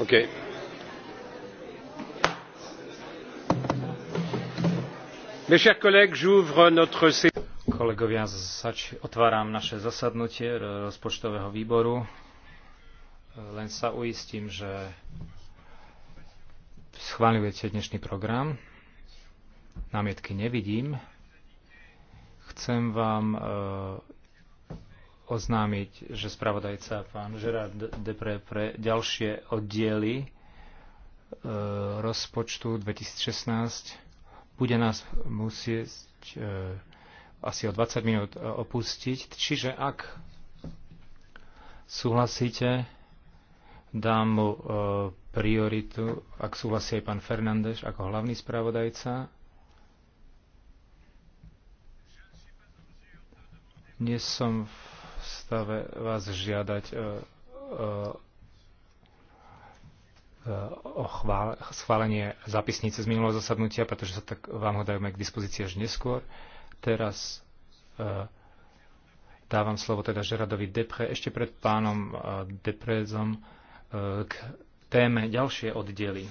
Okay. Mes chers collègues, j'ouvre notre Kolegovia, zač- otváram naše zasadnutie rozpočtového výboru. Len sa uistím, že schváľujete dnešný program. Námietky nevidím. Chcem vám e, oznámiť, že spravodajca pán Gerard Depre pre ďalšie oddiely e, rozpočtu 2016 bude nás musieť e, asi o 20 minút e, opustiť. Čiže ak súhlasíte, dám mu e, prioritu, ak súhlasí aj pán Fernández ako hlavný spravodajca nie som v stave vás žiadať e, e, e, o schválenie zápisnice z minulého zasadnutia, pretože sa tak vám ho dajú k dispozícii až neskôr. Teraz dávam slovo teda Žeradovi Depre, ešte pred pánom Deprezom k téme ďalšie oddiely.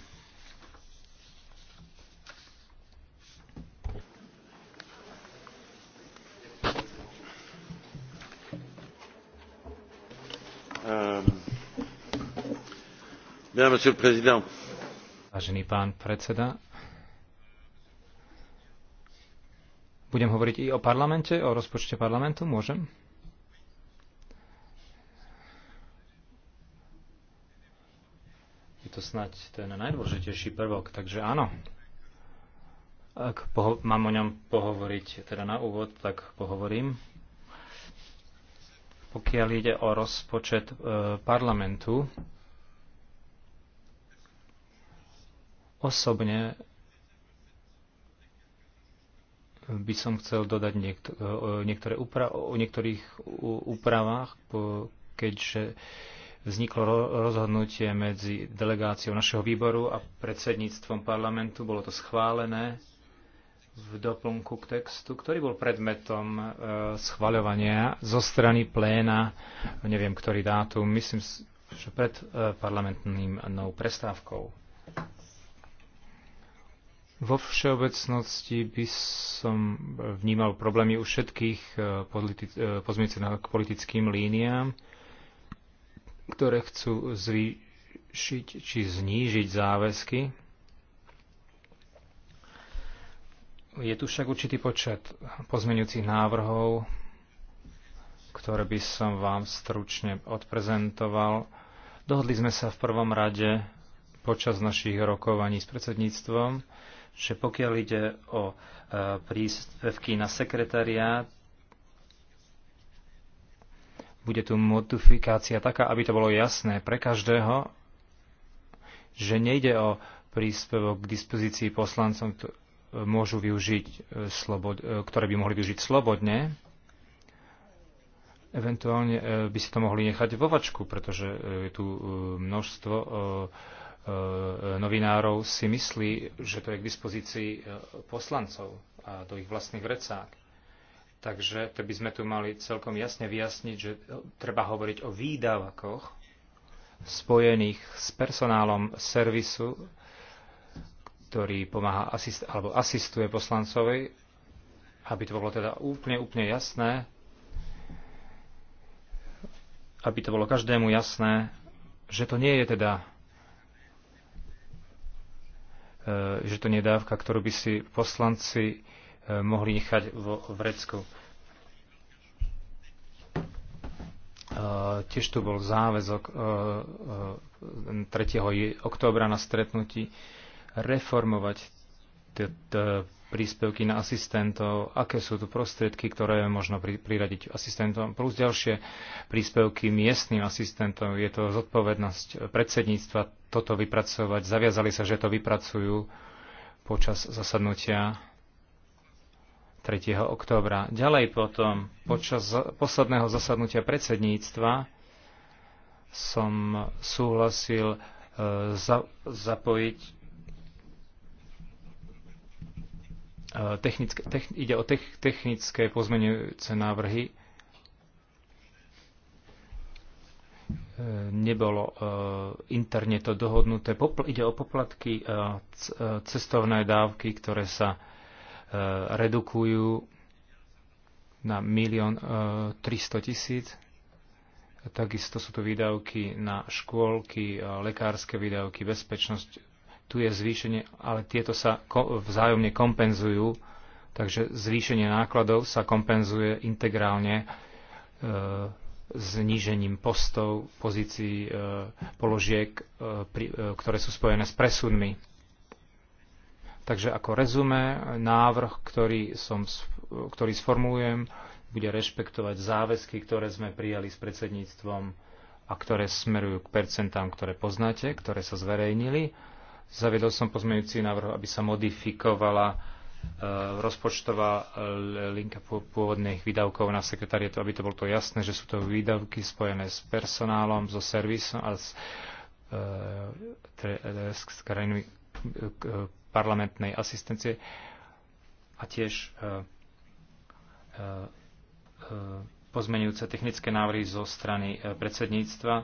Vážený pán predseda, budem hovoriť i o parlamente, o rozpočte parlamentu, môžem? Je to snáď ten najdôležitejší prvok, takže áno. Ak mám o ňom pohovoriť teda na úvod, tak pohovorím. Pokiaľ ide o rozpočet e, parlamentu, Osobne by som chcel dodať e, niektoré upra- o niektorých úpravách, keďže vzniklo rozhodnutie medzi delegáciou našeho výboru a predsedníctvom parlamentu. Bolo to schválené v doplnku k textu, ktorý bol predmetom e, schvaľovania zo strany pléna, neviem ktorý dátum, myslím, že pred e, parlamentným prestávkou. Vo všeobecnosti by som vnímal problémy u všetkých eh, eh, pozmiecí k politickým líniám, ktoré chcú zvýšiť či znížiť záväzky. Je tu však určitý počet pozmeňujúcich návrhov, ktoré by som vám stručne odprezentoval. Dohodli sme sa v prvom rade počas našich rokovaní s predsedníctvom, že pokiaľ ide o e, príspevky na sekretariát, bude tu modifikácia taká, aby to bolo jasné pre každého, že nejde o príspevok k dispozícii poslancom, e, môžu využiť, e, slobod, ktoré by mohli využiť slobodne. Eventuálne by si to mohli nechať vo vačku, pretože je tu množstvo E, novinárov si myslí, že to je k dispozícii e, poslancov a do ich vlastných vrecák. Takže to by sme tu mali celkom jasne vyjasniť, že e, treba hovoriť o výdavkoch spojených s personálom servisu, ktorý pomáha asist, alebo asistuje poslancovi, aby to bolo teda úplne, úplne jasné, aby to bolo každému jasné, že to nie je teda E, že to nie je dávka, ktorú by si poslanci e, mohli nechať vo vrecku. E, tiež tu bol záväzok 3. októbra na stretnutí reformovať príspevky na asistentov, aké sú tu prostriedky, ktoré je možno priradiť asistentom, plus ďalšie príspevky miestnym asistentom. Je to zodpovednosť predsedníctva toto vypracovať. Zaviazali sa, že to vypracujú počas zasadnutia 3. októbra. Ďalej potom, počas posledného zasadnutia predsedníctva som súhlasil e, za, zapojiť e, technické, techn, ide o tech, technické pozmenujúce návrhy E, nebolo e, interne to dohodnuté. Ide o poplatky e, cestovné dávky, ktoré sa redukujú na 1 300 tisíc. Takisto sú tu výdavky na škôlky, lekárske výdavky, bezpečnosť. Tu je zvýšenie, ale tieto sa vzájomne kompenzujú, takže zvýšenie nákladov sa kompenzuje integrálne znížením postov, pozícií, e, položiek, e, e, ktoré sú spojené s presunmi. Takže ako rezume, návrh, ktorý, som, ktorý sformulujem, bude rešpektovať záväzky, ktoré sme prijali s predsedníctvom a ktoré smerujú k percentám, ktoré poznáte, ktoré sa zverejnili. Zaviedol som pozmeňujúci návrh, aby sa modifikovala Eh, rozpočtová eh, linka pôvodných výdavkov na sekretariatu, aby to bolo to jasné, že sú to výdavky spojené s personálom, so servisom a s, e, s krajinami parlamentnej asistencie a tiež e, e, pozmenujúce technické návrhy zo strany predsedníctva,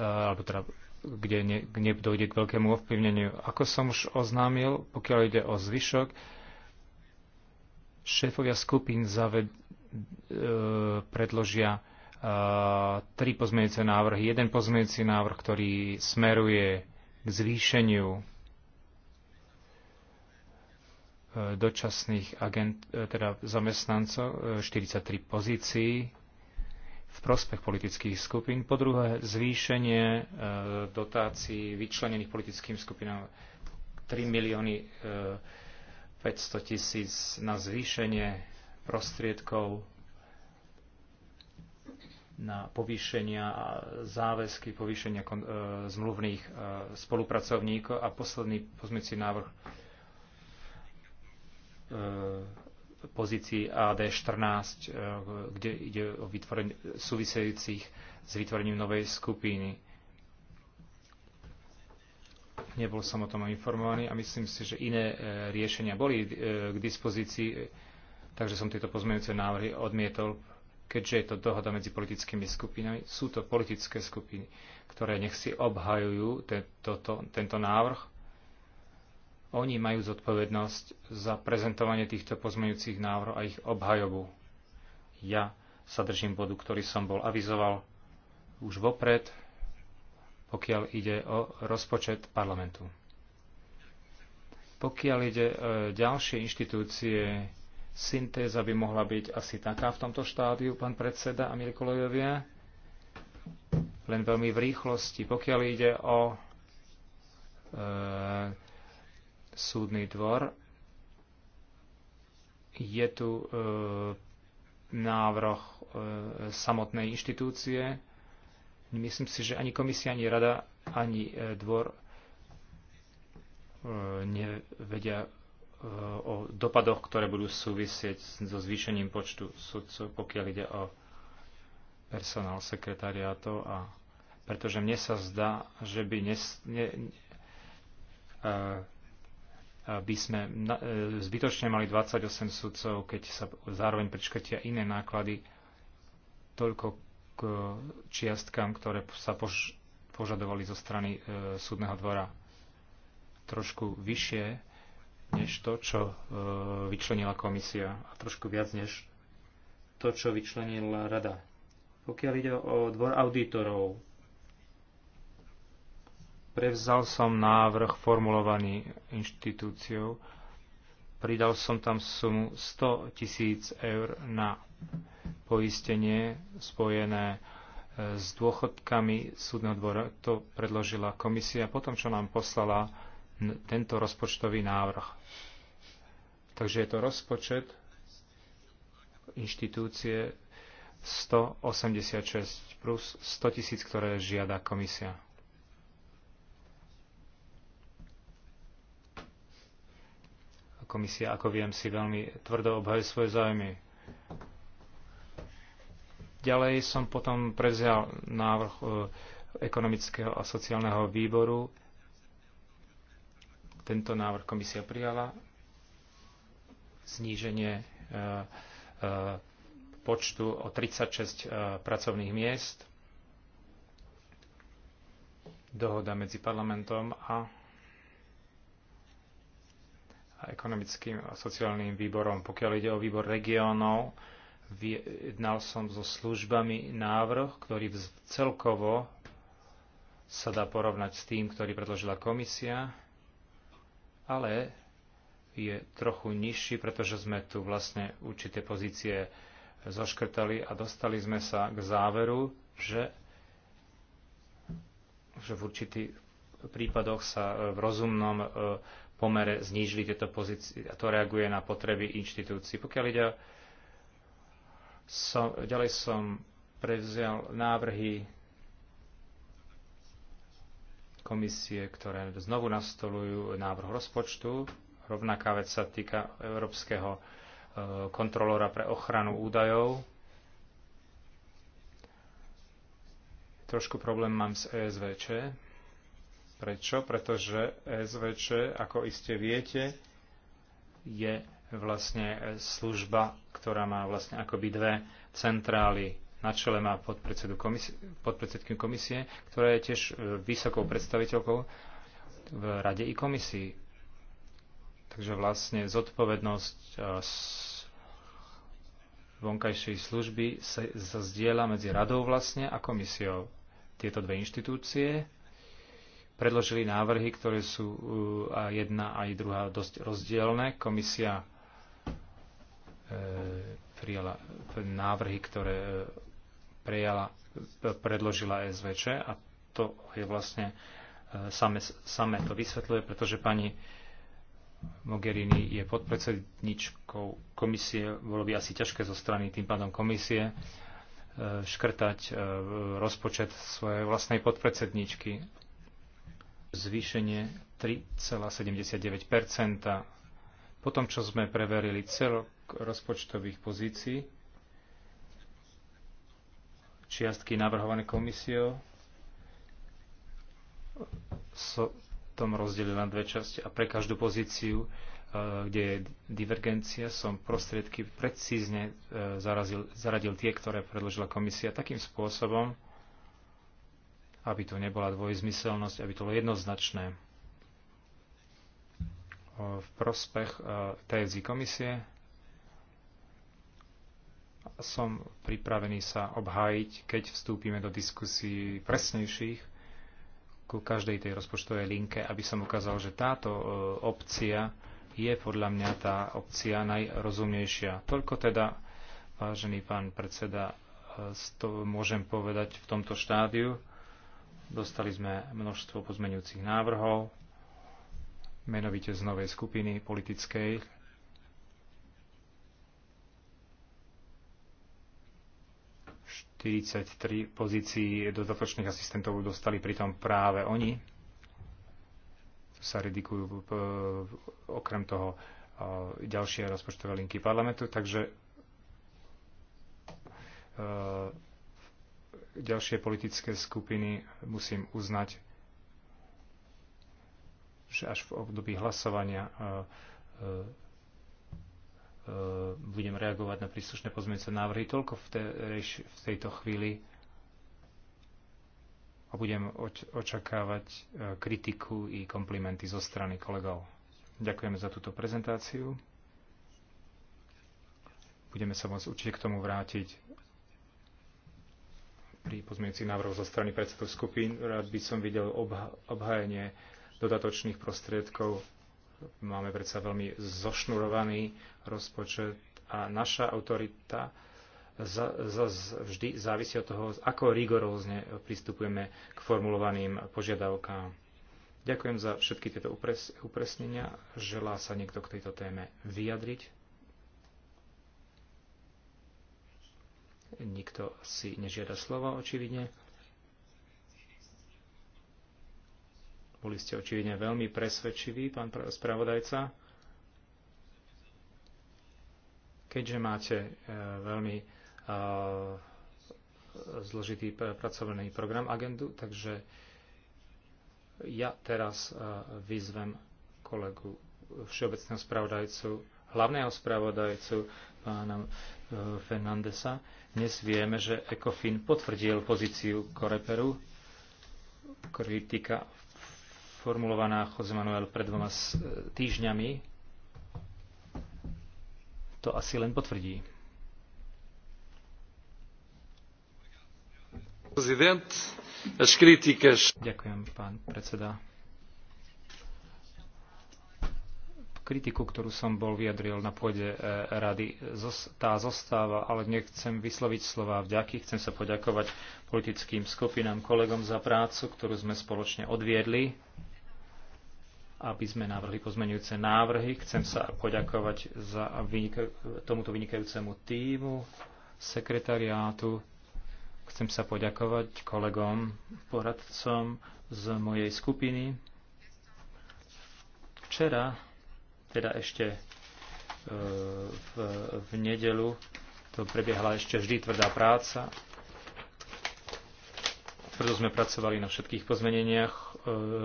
alebo teda kde ne, dojde k veľkému ovplyvneniu. Ako som už oznámil, pokiaľ ide o zvyšok, Šéfovia skupín zaved, e, predložia e, tri pozmeňujúce návrhy. Jeden pozmeňujúci návrh, ktorý smeruje k zvýšeniu e, dočasných agent, teda zamestnancov, 43 pozícií v prospech politických skupín. Po druhé, zvýšenie dotácií vyčlenených politickým skupinám 3 milióny 500 tisíc na zvýšenie prostriedkov na povýšenia záväzky, povýšenia kon, e, zmluvných e, spolupracovníkov a posledný pozmeci návrh e, AD14, e, kde ide o vytvorenie súvisejúcich s vytvorením novej skupiny Nebol som o tom informovaný a myslím si, že iné e, riešenia boli e, k dispozícii, e, takže som tieto pozmeňujúce návrhy odmietol, keďže je to dohoda medzi politickými skupinami. Sú to politické skupiny, ktoré nech si obhajujú tento, to, tento návrh. Oni majú zodpovednosť za prezentovanie týchto pozmeňujúcich návrhov a ich obhajobu. Ja sa držím bodu, ktorý som bol avizoval už vopred pokiaľ ide o rozpočet parlamentu. Pokiaľ ide o e, ďalšie inštitúcie, syntéza by mohla byť asi taká v tomto štádiu, pán predseda a milí kolegovia. Len veľmi v rýchlosti. Pokiaľ ide o e, súdny dvor, je tu e, návrh e, samotnej inštitúcie, Myslím si, že ani komisia, ani rada, ani e, dvor e, nevedia e, o dopadoch, ktoré budú súvisieť so zvýšením počtu sudcov, pokiaľ ide o personál sekretariátov a pretože mne sa zdá, že by, nes, ne, ne, by sme na, zbytočne mali 28 sudcov, keď sa zároveň prečkatia iné náklady, toľko k čiastkám, ktoré sa pož- požadovali zo strany e, súdneho dvora trošku vyššie než to, čo e, vyčlenila komisia a trošku viac než to, čo vyčlenila rada. Pokiaľ ide o dvor auditorov, prevzal som návrh formulovaný inštitúciou, pridal som tam sumu 100 tisíc eur na poistenie spojené e, s dôchodkami súdneho dvora. To predložila komisia potom, čo nám poslala tento rozpočtový návrh. Takže je to rozpočet inštitúcie 186 plus 100 tisíc, ktoré žiada komisia. Komisia, ako viem, si veľmi tvrdo obhajuje svoje zájmy. Ďalej som potom prevzal návrh e, ekonomického a sociálneho výboru. Tento návrh komisia prijala. Zníženie e, e, počtu o 36 pracovných miest. Dohoda medzi parlamentom a ekonomickým a sociálnym výborom. Pokiaľ ide o výbor regiónov, vyjednal som so službami návrh, ktorý celkovo sa dá porovnať s tým, ktorý predložila komisia, ale je trochu nižší, pretože sme tu vlastne určité pozície zoškrtali a dostali sme sa k záveru, že, že v určitých prípadoch sa e, v rozumnom e, pomere znížili tieto pozície a to reaguje na potreby inštitúcií. Pokiaľ ide o som, ďalej som prevzal návrhy komisie, ktoré znovu nastolujú návrh rozpočtu. Rovnaká vec sa týka Európskeho e, kontrolóra pre ochranu údajov. Trošku problém mám s ESVČ. Prečo? Pretože ESVČ, ako iste viete, je vlastne služba ktorá má vlastne akoby dve centrály. Na čele má podpredsedku komisie, podpredsedky komisie, ktorá je tiež e, vysokou predstaviteľkou v rade i komisii. Takže vlastne zodpovednosť e, vonkajšej služby sa, sa zdieľa medzi radou vlastne a komisiou. Tieto dve inštitúcie predložili návrhy, ktoré sú e, aj jedna, aj druhá dosť rozdielne. Komisia E, prijala návrhy, ktoré e, prijala, e, predložila SVČ a to je vlastne same, same to vysvetľuje, pretože pani Mogherini je podpredsedničkou komisie, bolo by asi ťažké zo strany tým pádom komisie škrtať rozpočet svojej vlastnej podpredsedničky. Zvýšenie 3,79 po tom, čo sme preverili celok rozpočtových pozícií, čiastky navrhované komisiou, so, tom rozdelil na dve časti a pre každú pozíciu, e, kde je divergencia, som prostriedky precízne e, zarazil, zaradil tie, ktoré predložila komisia takým spôsobom, aby tu nebola dvojzmyselnosť, aby to bolo jednoznačné v prospech e, TFZ komisie som pripravený sa obhájiť, keď vstúpime do diskusí presnejších ku každej tej rozpočtovej linke, aby som ukázal, že táto e, opcia je podľa mňa tá opcia najrozumnejšia. Toľko teda, vážený pán predseda, e, to môžem povedať v tomto štádiu. Dostali sme množstvo pozmenujúcich návrhov, menovite z novej skupiny politickej, 43 pozícií dodatočných asistentov dostali pritom práve oni. Sa redikujú e, okrem toho e, ďalšie rozpočtové linky parlamentu, takže e, ďalšie politické skupiny musím uznať, že až v období hlasovania E, budem reagovať na príslušné pozmeňujúce návrhy. Toľko v, v tejto chvíli a budem očakávať e, kritiku i komplimenty zo strany kolegov. Ďakujeme za túto prezentáciu. Budeme sa môcť určite k tomu vrátiť pri pozmeňujúcich návrhoch zo strany predsedov skupín. Rád by som videl obha obhájenie dodatočných prostriedkov Máme predsa veľmi zošnurovaný rozpočet a naša autorita za, za, vždy závisí od toho, ako rigorózne pristupujeme k formulovaným požiadavkám. Ďakujem za všetky tieto upres, upresnenia. Želá sa niekto k tejto téme vyjadriť? Nikto si nežiada slovo, očividne. Boli ste očividne veľmi presvedčiví, pán spravodajca. Keďže máte e, veľmi e, zložitý pracovný program agendu, takže ja teraz e, vyzvem kolegu všeobecného spravodajcu, hlavného spravodajcu pána Fernandesa. Dnes vieme, že ECOFIN potvrdil pozíciu Koreperu kritika formulovaná Jose Manuel pred dvoma týždňami, to asi len potvrdí. Ďakujem, pán predseda. Kritiku, ktorú som bol vyjadril na pôde e, rady, tá zostáva, ale nechcem vysloviť slova vďaky. Chcem sa poďakovať politickým skupinám, kolegom za prácu, ktorú sme spoločne odviedli aby sme navrhli pozmenujúce návrhy. Chcem sa poďakovať za vynik- tomuto vynikajúcemu týmu, sekretariátu. Chcem sa poďakovať kolegom, poradcom z mojej skupiny. Včera, teda ešte e, v, v nedelu, to prebiehala ešte vždy tvrdá práca. Tvrdo sme pracovali na všetkých pozmeneniach, e,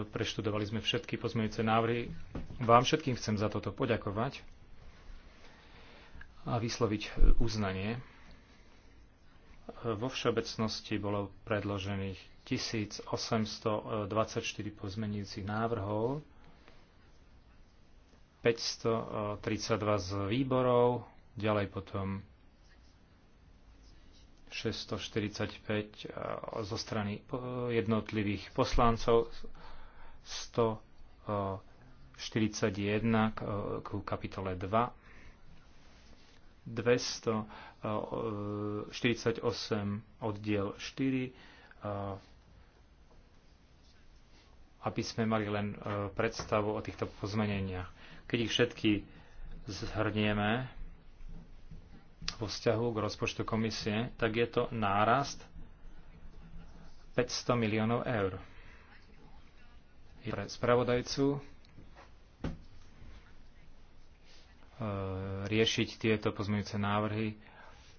preštudovali sme všetky pozmenujúce návrhy. Vám všetkým chcem za toto poďakovať a vysloviť uznanie. E, vo všeobecnosti bolo predložených 1824 pozmenujúcich návrhov, 532 z výborov, ďalej potom 645 eh, zo strany eh, jednotlivých poslancov, 141 eh, k kapitole 2, 248 oddiel 4, aby sme mali len predstavu o týchto pozmeneniach. Keď ich všetky zhrnieme, vo vzťahu k rozpočtu komisie, tak je to nárast 500 miliónov eur. Pre spravodajcu e, riešiť tieto pozmeňujúce návrhy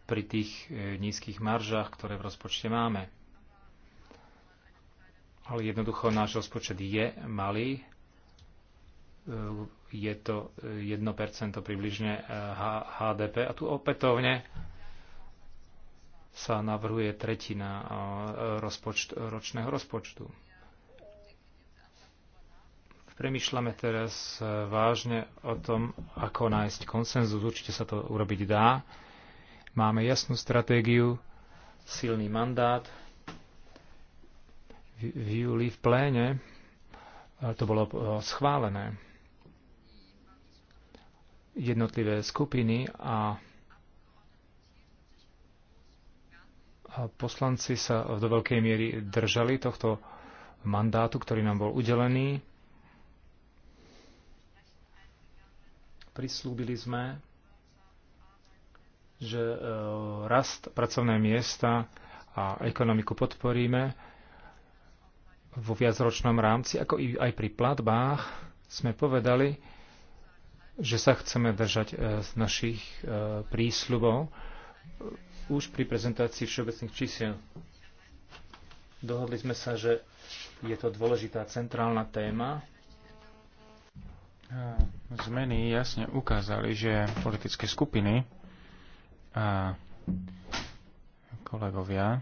pri tých e, nízkych maržách, ktoré v rozpočte máme. Ale jednoducho náš rozpočet je malý, E, je to 1% e, približne e, HDP. A tu opätovne sa navrhuje tretina rozpočt, ročného rozpočtu. Premýšľame teraz vážne o tom, ako nájsť konsenzus. Určite sa to urobiť dá. Máme jasnú stratégiu, silný mandát. V, v júli v pléne to bolo schválené jednotlivé skupiny a poslanci sa do veľkej miery držali tohto mandátu, ktorý nám bol udelený. Prislúbili sme, že e, rast pracovné miesta a ekonomiku podporíme vo viacročnom rámci, ako aj pri platbách sme povedali, že sa chceme držať e, z našich e, prísľubov e, už pri prezentácii všeobecných čísiel. Dohodli sme sa, že je to dôležitá centrálna téma. Zmeny jasne ukázali, že politické skupiny a kolegovia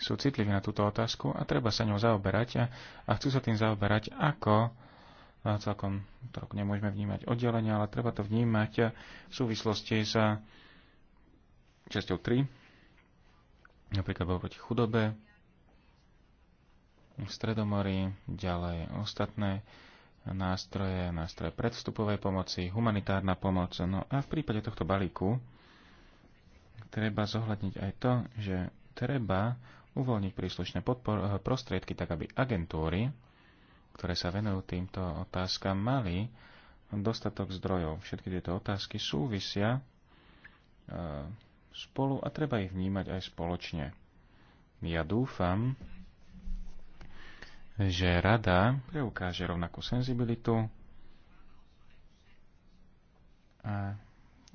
sú citliví na túto otázku a treba sa ňou zaoberať a, a chcú sa tým zaoberať ako celkom trochu nemôžeme vnímať oddelenia, ale treba to vnímať v súvislosti s časťou 3, napríklad bol proti chudobe, v Stredomorí, ďalej ostatné nástroje, nástroje predstupovej pomoci, humanitárna pomoc. No a v prípade tohto balíku treba zohľadniť aj to, že treba uvoľniť príslušné podpor- prostriedky tak, aby agentúry ktoré sa venujú týmto otázkam, mali dostatok zdrojov. Všetky tieto otázky súvisia e, spolu a treba ich vnímať aj spoločne. Ja dúfam, že rada preukáže rovnakú senzibilitu a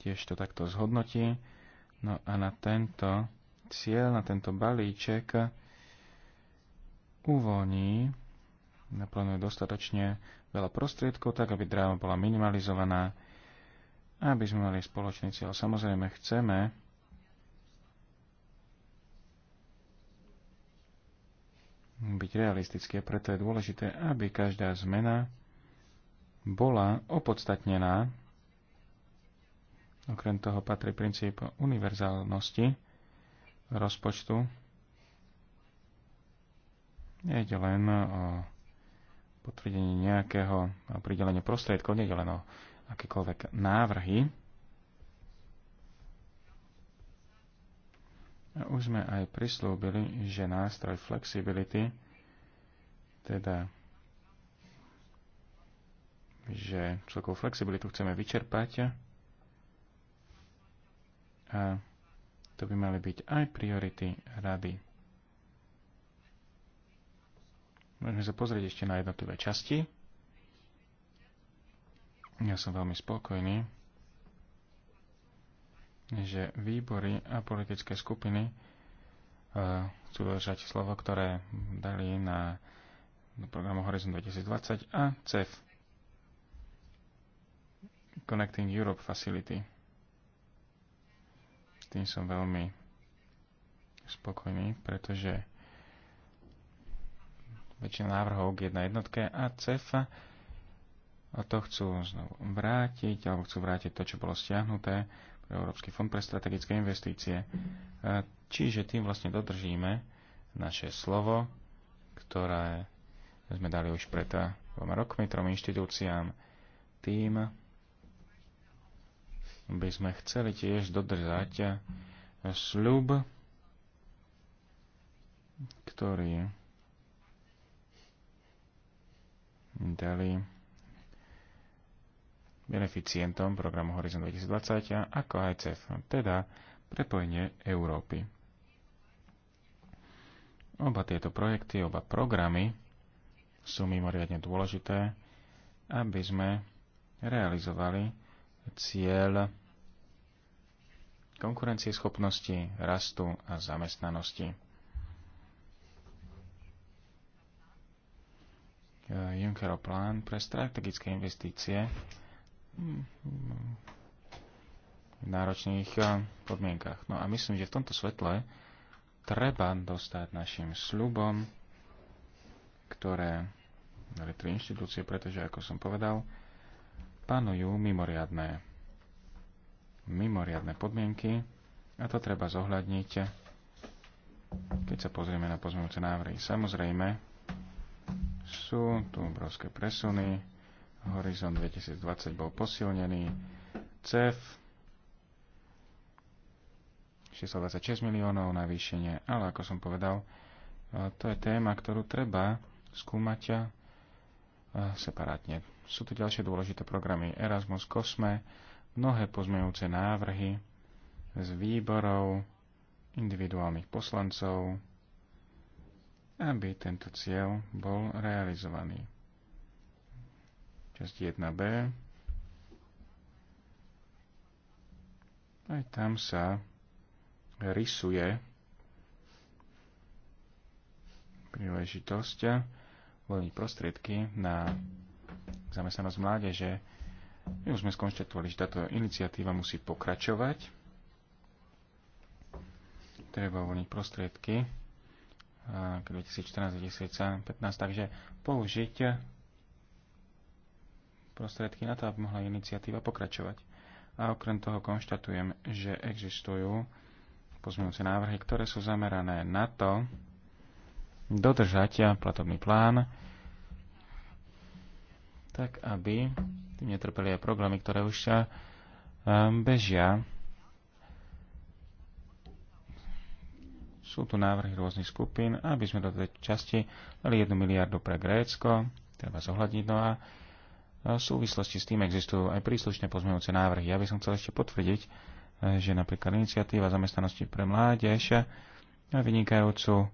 tiež to takto zhodnotí. No a na tento cieľ, na tento balíček uvoľní naplňujú dostatočne veľa prostriedkov, tak aby dráma bola minimalizovaná a aby sme mali spoločný cieľ. Samozrejme chceme byť realistické, preto je dôležité, aby každá zmena bola opodstatnená. Okrem toho patrí princíp univerzálnosti rozpočtu. Nejde len o potvrdenie nejakého pridelenia prostriedkov, nedeleno akékoľvek návrhy. A už sme aj prislúbili, že nástroj flexibility, teda že celkovú flexibilitu chceme vyčerpať a to by mali byť aj priority rady Môžeme sa pozrieť ešte na jednotlivé časti. Ja som veľmi spokojný, že výbory a politické skupiny e, chcú dodržať slovo, ktoré dali na programu Horizon 2020 a CEF Connecting Europe Facility. S tým som veľmi spokojný, pretože väčšina návrhov k jednej jednotke a CEF a to chcú znovu vrátiť, alebo chcú vrátiť to, čo bolo stiahnuté pre Európsky fond pre strategické investície. Čiže tým vlastne dodržíme naše slovo, ktoré sme dali už pred dvoma rokmi, trom inštitúciám. Tým by sme chceli tiež dodržať sľub, ktorý dali beneficientom programu Horizon 2020 ako aj CEF, teda prepojenie Európy. Oba tieto projekty, oba programy sú mimoriadne dôležité, aby sme realizovali cieľ konkurencieschopnosti, rastu a zamestnanosti. Eh, Junckerov plán pre strategické investície hm, hm, v náročných eh, podmienkach. No a myslím, že v tomto svetle treba dostať našim sľubom, ktoré dali tri inštitúcie, pretože, ako som povedal, panujú mimoriadné, mimoriadné podmienky a to treba zohľadniť, keď sa pozrieme na pozmeňujúce návrhy. Samozrejme, sú tu obrovské presuny. Horizont 2020 bol posilnený. CEF 626 miliónov na výšenie, ale ako som povedal, to je téma, ktorú treba skúmať separátne. Sú tu ďalšie dôležité programy Erasmus, Kosme, mnohé pozmejúce návrhy z výborov individuálnych poslancov, aby tento cieľ bol realizovaný. Časť 1b. Aj tam sa rysuje príležitosť voľniť prostriedky na zamestnanosť mládeže. My už sme skonštatovali, že táto iniciatíva musí pokračovať. Treba voľniť prostriedky 2014-2015, takže použiť prostriedky na to, aby mohla iniciatíva pokračovať. A okrem toho konštatujem, že existujú pozmeňujúce návrhy, ktoré sú zamerané na to, dodržať platobný plán, tak aby tým netrpeli aj programy, ktoré už sa bežia sú tu návrhy rôznych skupín, aby sme do tej časti dali 1 miliardu pre Grécko, treba zohľadniť, no a v súvislosti s tým existujú aj príslušné pozmeňujúce návrhy. Ja by som chcel ešte potvrdiť, e, že napríklad iniciatíva zamestnanosti pre mládež má vynikajúcu e,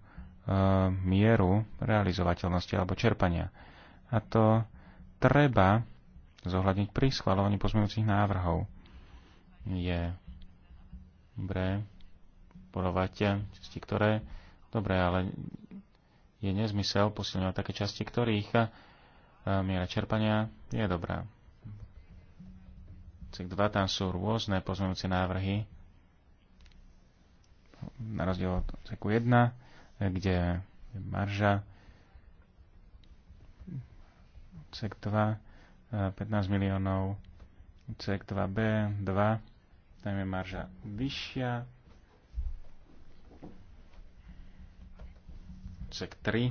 mieru realizovateľnosti alebo čerpania. A to treba zohľadniť pri schvalovaní pozmeňujúcich návrhov. Je dobré podporovať časti, ktoré dobre, ale je nezmysel posilňovať také časti, ktorých eh, miera čerpania je dobrá. Cek 2 tam sú rôzne pozmeňujúce návrhy na rozdiel od ceku 1, eh, kde je marža cek 2 15 eh, miliónov cek 2B 2 tam je marža vyššia odsek 3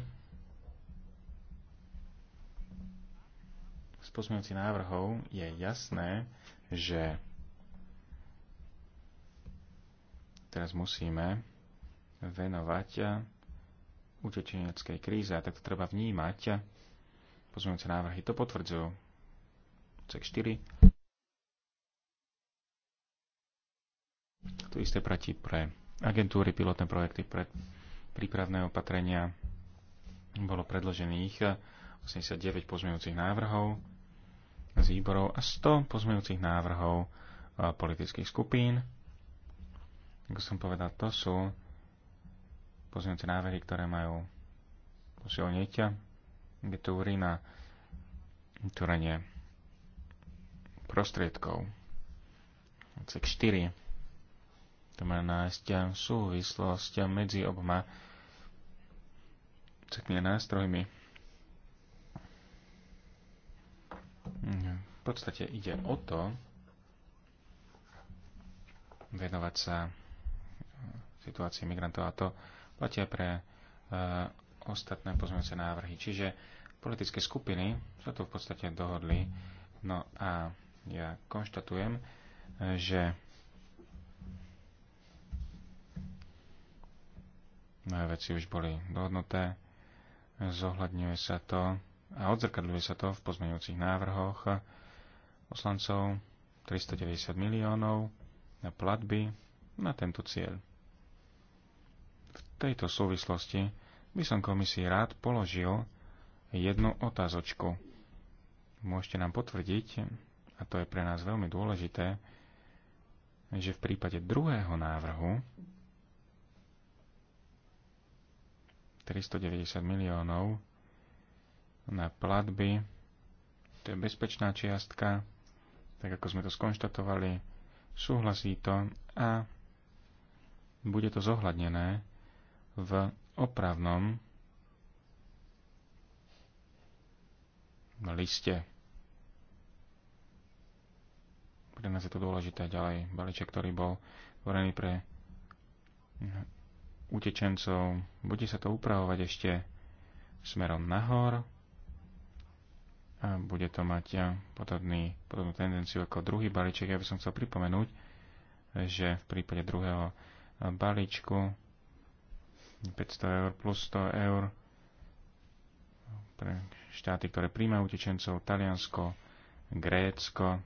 z pozmeňujúcich návrhov je jasné, že teraz musíme venovať utečeneckej kríze a tak to treba vnímať. Pozmeňujúce návrhy to potvrdzujú. Odsek 4 To isté platí pre agentúry, pilotné projekty, pre prípravné opatrenia. Bolo predložených 89 eh, pozmejúcich návrhov z výborov a 100 pozmejúcich návrhov eh, politických skupín. Ako som povedal, to sú pozmejúce návrhy, ktoré majú posilniť agentúry na vytvorenie prostriedkov. Cek 4 má nájsť súvislosť medzi oboma takými nástrojmi. V podstate ide o to, venovať sa e, situácii migrantov a to platia pre e, ostatné pozmeňujúce návrhy. Čiže politické skupiny sa tu v podstate dohodli. No a ja konštatujem, e, že veci už boli dohodnuté. Zohľadňuje sa to a odzrkadľuje sa to v pozmeňujúcich návrhoch poslancov 390 miliónov na platby na tento cieľ. V tejto súvislosti by som komisii rád položil jednu otázočku. Môžete nám potvrdiť, a to je pre nás veľmi dôležité, že v prípade druhého návrhu 390 miliónov na platby. To je bezpečná čiastka, tak ako sme to skonštatovali, súhlasí to a bude to zohľadnené v opravnom liste. Pre nás je to dôležité ďalej balíček, ktorý bol vorený pre utečencov. Bude sa to upravovať ešte smerom nahor a bude to mať podobný, podobnú tendenciu ako druhý balíček. Ja by som chcel pripomenúť, že v prípade druhého balíčku 500 eur plus 100 eur pre štáty, ktoré príjmajú utečencov, Taliansko, Grécko.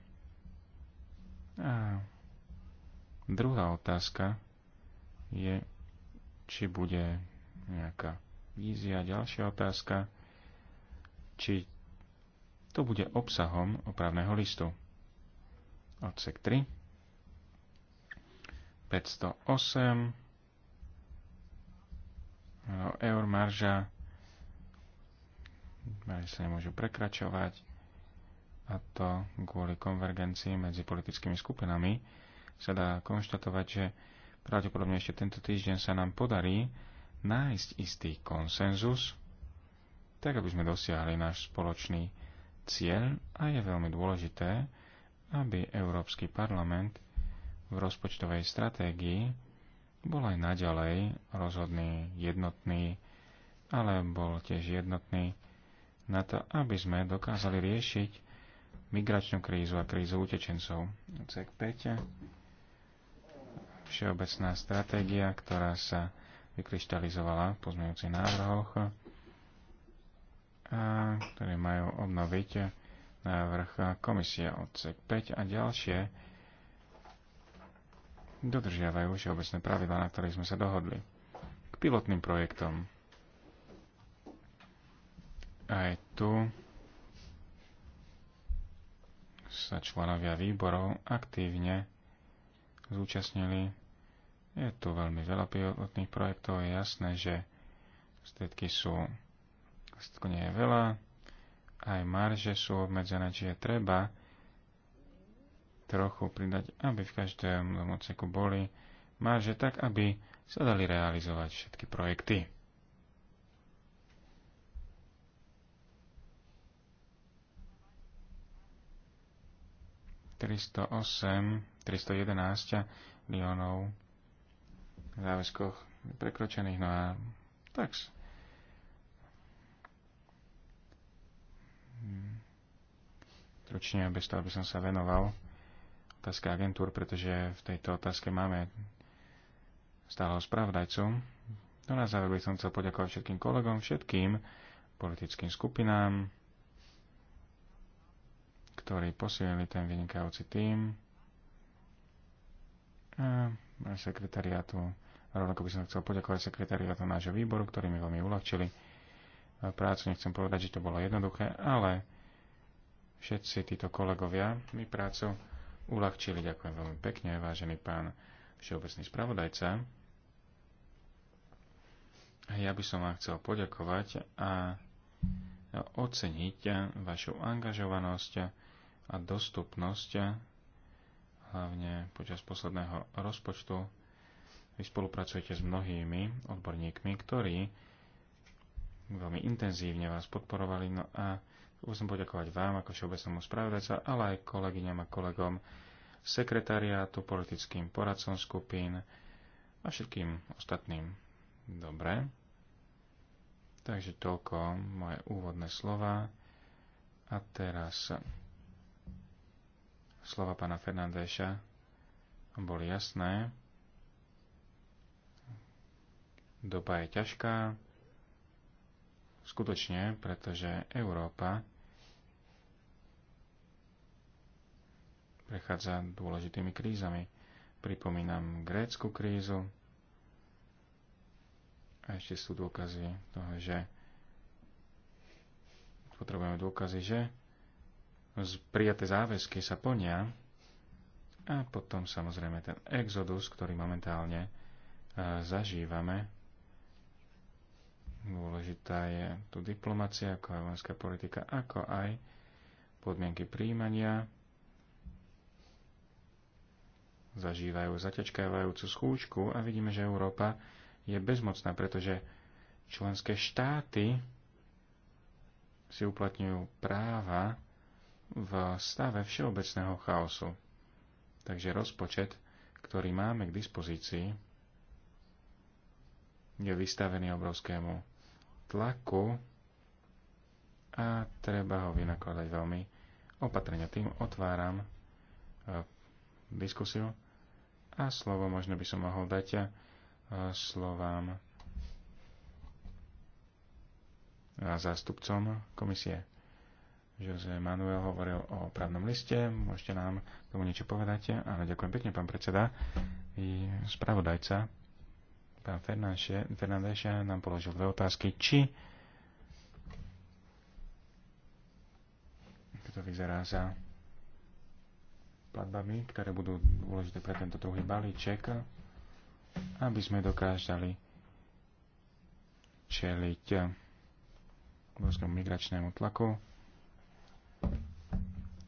A druhá otázka je, či bude nejaká vízia. Ďalšia otázka, či to bude obsahom opravného listu. Odsek 3. 508 eur marža marže sa nemôžu prekračovať a to kvôli konvergencii medzi politickými skupinami sa dá konštatovať, že pravdepodobne ešte tento týždeň sa nám podarí nájsť istý konsenzus, tak aby sme dosiahli náš spoločný cieľ a je veľmi dôležité, aby Európsky parlament v rozpočtovej stratégii bol aj naďalej rozhodný, jednotný, ale bol tiež jednotný na to, aby sme dokázali riešiť migračnú krízu a krízu utečencov. CEK 5 všeobecná stratégia, ktorá sa vykryštalizovala v pozmeňujúcich návrhoch, a ktoré majú obnoviť návrh komisie odsek 5 a ďalšie dodržiavajú všeobecné pravidlá, na ktorých sme sa dohodli. K pilotným projektom. Aj tu sa členovia výborov aktívne zúčastnili. Je tu veľmi veľa pilotných projektov, je jasné, že stredky sú, nie je veľa, aj marže sú obmedzené, čiže treba trochu pridať, aby v každom domoceku boli marže tak, aby sa dali realizovať všetky projekty. ...308 311 miliónov záväzkoch prekročených. No a tak. Ručne bez toho, aby som sa venoval otázke agentúr, pretože v tejto otázke máme stáleho spravodajcu. No na záver by som chcel poďakovať všetkým kolegom, všetkým politickým skupinám, ktorí posilili ten vynikajúci tým. Eh, sekretariátu. Rovnako by som chcel poďakovať sekretariátu nášho výboru, ktorí mi veľmi uľahčili eh, prácu. Nechcem povedať, že to bolo jednoduché, ale všetci títo kolegovia mi prácu uľahčili. Ďakujem veľmi pekne, vážený pán všeobecný spravodajca. Ja by som vám chcel poďakovať a oceniť vašu angažovanosť a dostupnosť hlavne počas posledného rozpočtu. Vy spolupracujete s mnohými odborníkmi, ktorí veľmi intenzívne vás podporovali. No a musím poďakovať vám ako všeobecnému spravodajca, ale aj kolegyňam a kolegom sekretariátu, politickým poradcom skupín a všetkým ostatným. Dobre. Takže toľko moje úvodné slova. A teraz slova pána Fernandéša boli jasné. Doba je ťažká, skutočne, pretože Európa prechádza dôležitými krízami. Pripomínam grécku krízu a ešte sú dôkazy toho, že potrebujeme dôkazy, že prijaté záväzky sa plnia a potom samozrejme ten exodus, ktorý momentálne e, zažívame. Dôležitá je tu diplomacia, ako aj vojenská politika, ako aj podmienky príjmania. Zažívajú zaťačkávajúcu schúčku a vidíme, že Európa je bezmocná, pretože členské štáty si uplatňujú práva, v stave všeobecného chaosu. Takže rozpočet, ktorý máme k dispozícii, je vystavený obrovskému tlaku a treba ho vynakladať veľmi opatrne. Tým otváram eh, diskusiu a slovo možno by som mohol dať eh, slovám eh, zástupcom komisie. Jose Manuel hovoril o právnom liste. Môžete nám tomu niečo povedať? Áno, ďakujem pekne, pán predseda. I spravodajca, pán Fernández, nám položil dve otázky. Či to vyzerá za platbami, ktoré budú dôležité pre tento druhý balíček, aby sme dokázali čeliť obrovskému migračnému tlaku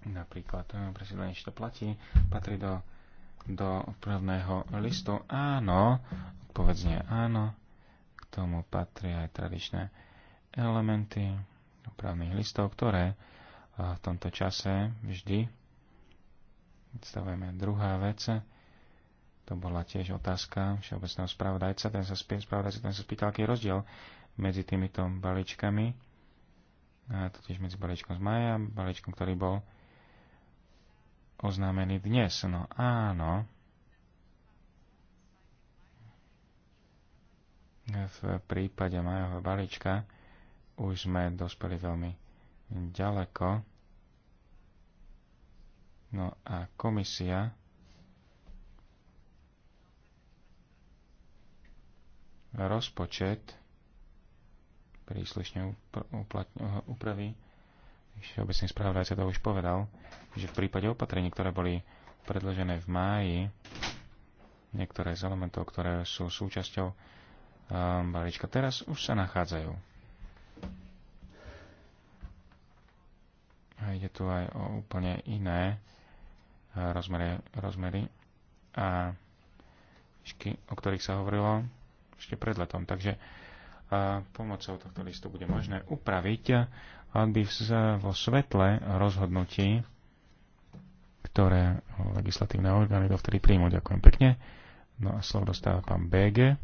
Napríklad presídlenie, eh, či to platí, patrí do, do prvného listu. Áno, povedzne áno, k tomu patria aj tradičné elementy právnych listov, ktoré eh, v tomto čase vždy predstavujeme. Druhá vec, to bola tiež otázka všeobecného spravodajca, ten sa, spie, spravodajca, ten sa spýtal, aký je rozdiel medzi týmito balíčkami totiž medzi balíčkom z maja a balíčkom, ktorý bol oznámený dnes. No áno, v prípade majového balíčka už sme dospeli veľmi ďaleko. No a komisia rozpočet príslušne upraví. Eh, všeobecný správodajca to už povedal, že v prípade opatrení, ktoré boli predložené v máji, niektoré z elementov, ktoré sú súčasťou eh, balíčka, teraz už sa nachádzajú. A ide tu aj o úplne iné eh, rozmery, rozmery a o ktorých sa hovorilo ešte pred letom. Takže pomocou tohto listu bude možné upraviť, aby vo svetle rozhodnutí, ktoré legislatívne orgány dovtedy príjmu. Ďakujem pekne. No a slovo dostáva pán BG.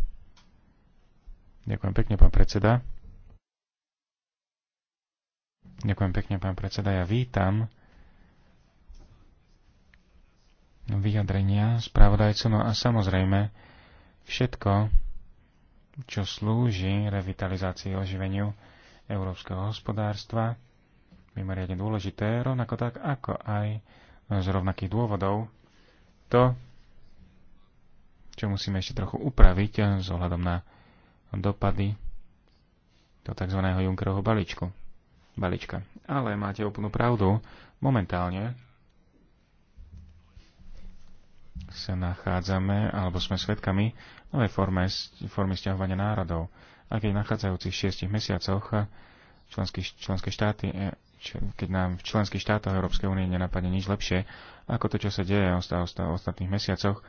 Ďakujem pekne, pán predseda. Ďakujem pekne, pán predseda. Ja vítam vyjadrenia spravodajcu. No a samozrejme, všetko, čo slúži revitalizácii oživeniu európskeho hospodárstva, mimoriadne dôležité, rovnako tak ako aj z rovnakých dôvodov to, čo musíme ešte trochu upraviť s ohľadom na dopady do tzv. Junckerovho balíčku. balíčka. Ale máte úplnú pravdu, momentálne sa nachádzame, alebo sme svedkami novej forme, formy stiahovania národov. A keď v nachádzajúcich šiestich mesiacoch členský, členské štáty, e, keď nám v členských štátoch Európskej únie nenapadne nič lepšie, ako to, čo sa deje v ostatných mesiacoch,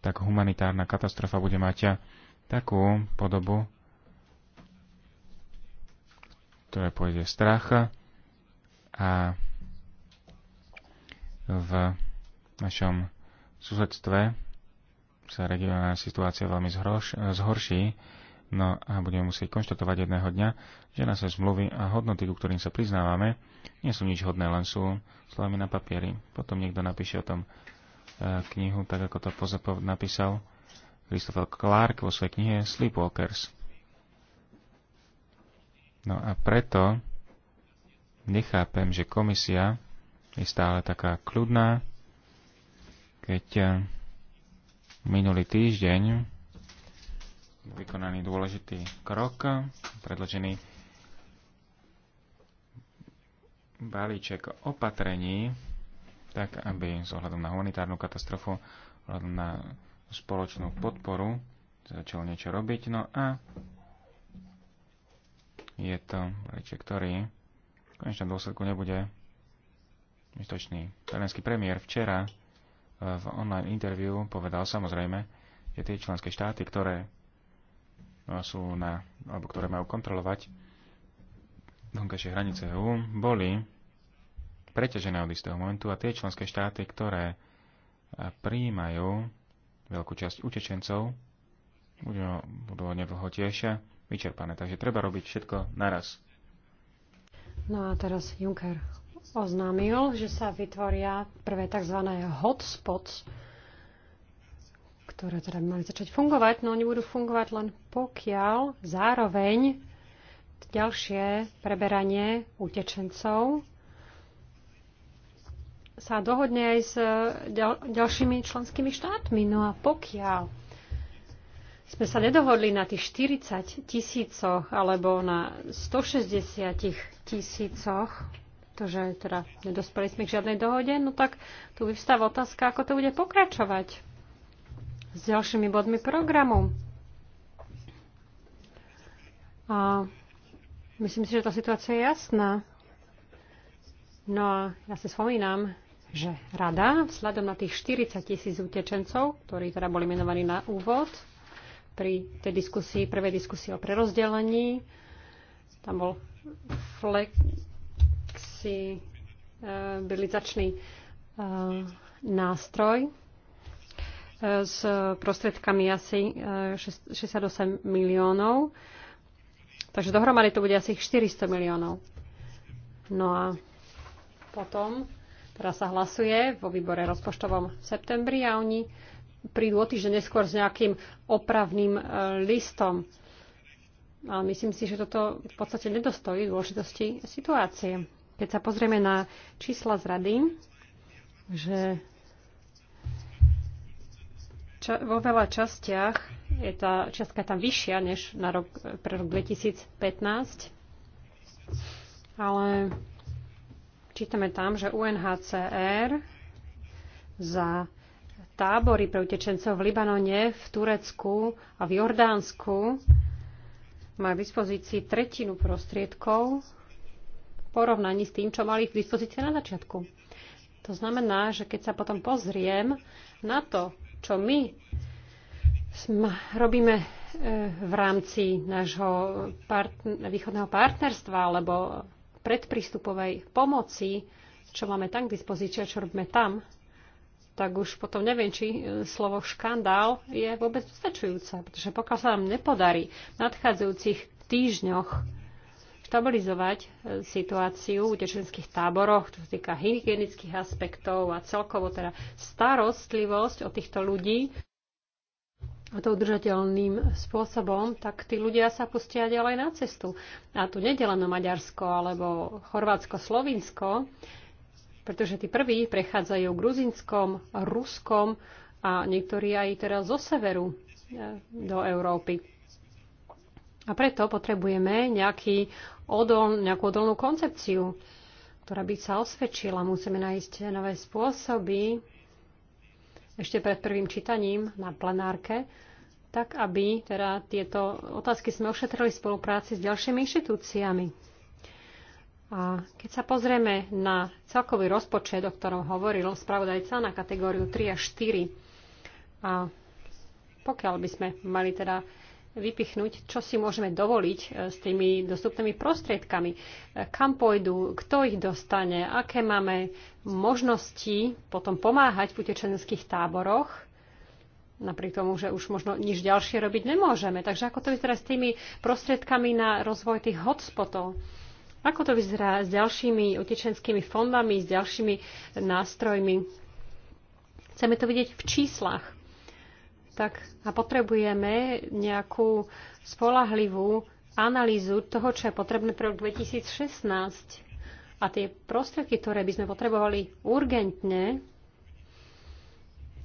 tak humanitárna katastrofa bude mať takú podobu, ktoré pôjde strach a v našom susedstve sa regionálna situácia veľmi zhorš, zhorší, no a budeme musieť konštatovať jedného dňa, že naše zmluvy a hodnoty, ku ktorým sa priznávame, nie sú nič hodné, len sú slovami na papieri. Potom niekto napíše o tom e, knihu, tak ako to pozapov napísal Christopher Clark vo svojej knihe Sleepwalkers. No a preto nechápem, že komisia je stále taká kľudná, keď eh, minulý týždeň vykonaný dôležitý krok, predložený balíček opatrení, tak aby s ohľadom na humanitárnu katastrofu, ohľadom na spoločnú podporu začal niečo robiť. No a je to balíček, ktorý v konečnom dôsledku nebude istočný. Talianský premiér včera v online interviu povedal samozrejme, že tie členské štáty, ktoré sú na, alebo ktoré majú kontrolovať vonkajšie hranice EU, boli preťažené od istého momentu a tie členské štáty, ktoré prijímajú veľkú časť utečencov, budú nedlho tiež vyčerpané. Takže treba robiť všetko naraz. No a teraz Juncker oznámil, že sa vytvoria prvé tzv. hotspots, ktoré teda by mali začať fungovať, no oni budú fungovať len pokiaľ zároveň ďalšie preberanie utečencov sa dohodne aj s ďal, ďalšími členskými štátmi. No a pokiaľ sme sa nedohodli na tých 40 tisícoch alebo na 160 tisícoch to, že teda nedospeli sme k žiadnej dohode, no tak tu vyvstáva otázka, ako to bude pokračovať s ďalšími bodmi programu. A myslím si, že tá situácia je jasná. No a ja si spomínam, že rada vzhľadom na tých 40 tisíc utečencov, ktorí teda boli menovaní na úvod pri tej diskusii, prvej diskusii o prerozdelení, tam bol flek, flexibilizačný e, nástroj e, s prostriedkami asi 68 e, miliónov. Takže dohromady to bude asi 400 miliónov. No a potom teraz sa hlasuje vo výbore rozpočtovom v septembri a oni prídu o týždeň neskôr s nejakým opravným listom. Ale myslím si, že toto v podstate nedostojí dôležitosti situácie. Keď sa pozrieme na čísla z rady, že ča- vo veľa častiach je tá čiastka tam vyššia než na rok, pre rok 2015, ale čítame tam, že UNHCR za tábory pre utečencov v Libanone, v Turecku a v Jordánsku má v dispozícii tretinu prostriedkov porovnaní s tým, čo mali k dispozícii na začiatku. To znamená, že keď sa potom pozriem na to, čo my robíme e, v rámci nášho partner, východného partnerstva alebo predprístupovej pomoci, čo máme tam k dispozícii a čo robíme tam, tak už potom neviem, či e, slovo škandál je vôbec dostačujúce, pretože pokiaľ sa nám nepodarí v nadchádzajúcich týždňoch stabilizovať e, situáciu v utečenských táboroch, čo sa týka hygienických aspektov a celkovo teda starostlivosť o týchto ľudí a to udržateľným spôsobom, tak tí ľudia sa pustia ďalej na cestu. A tu nie na Maďarsko alebo Chorvátsko, Slovinsko, pretože tí prví prechádzajú gruzinskom, ruskom a niektorí aj teraz zo severu e, do Európy. A preto potrebujeme nejaký odol, nejakú odolnú koncepciu, ktorá by sa osvedčila. Musíme nájsť nové spôsoby ešte pred prvým čítaním na plenárke, tak aby teda tieto otázky sme ošetrili v spolupráci s ďalšími inštitúciami. A keď sa pozrieme na celkový rozpočet, o ktorom hovoril spravodajca na kategóriu 3 a 4, a pokiaľ by sme mali teda vypichnúť, čo si môžeme dovoliť e, s tými dostupnými prostriedkami. E, kam pôjdu, kto ich dostane, aké máme možnosti potom pomáhať v utečenských táboroch, napriek tomu, že už možno nič ďalšie robiť nemôžeme. Takže ako to vyzerá s tými prostriedkami na rozvoj tých hotspotov? Ako to vyzerá s ďalšími utečenskými fondami, s ďalšími nástrojmi? Chceme to vidieť v číslach tak a potrebujeme nejakú spolahlivú analýzu toho, čo je potrebné pre rok 2016. A tie prostriedky, ktoré by sme potrebovali urgentne,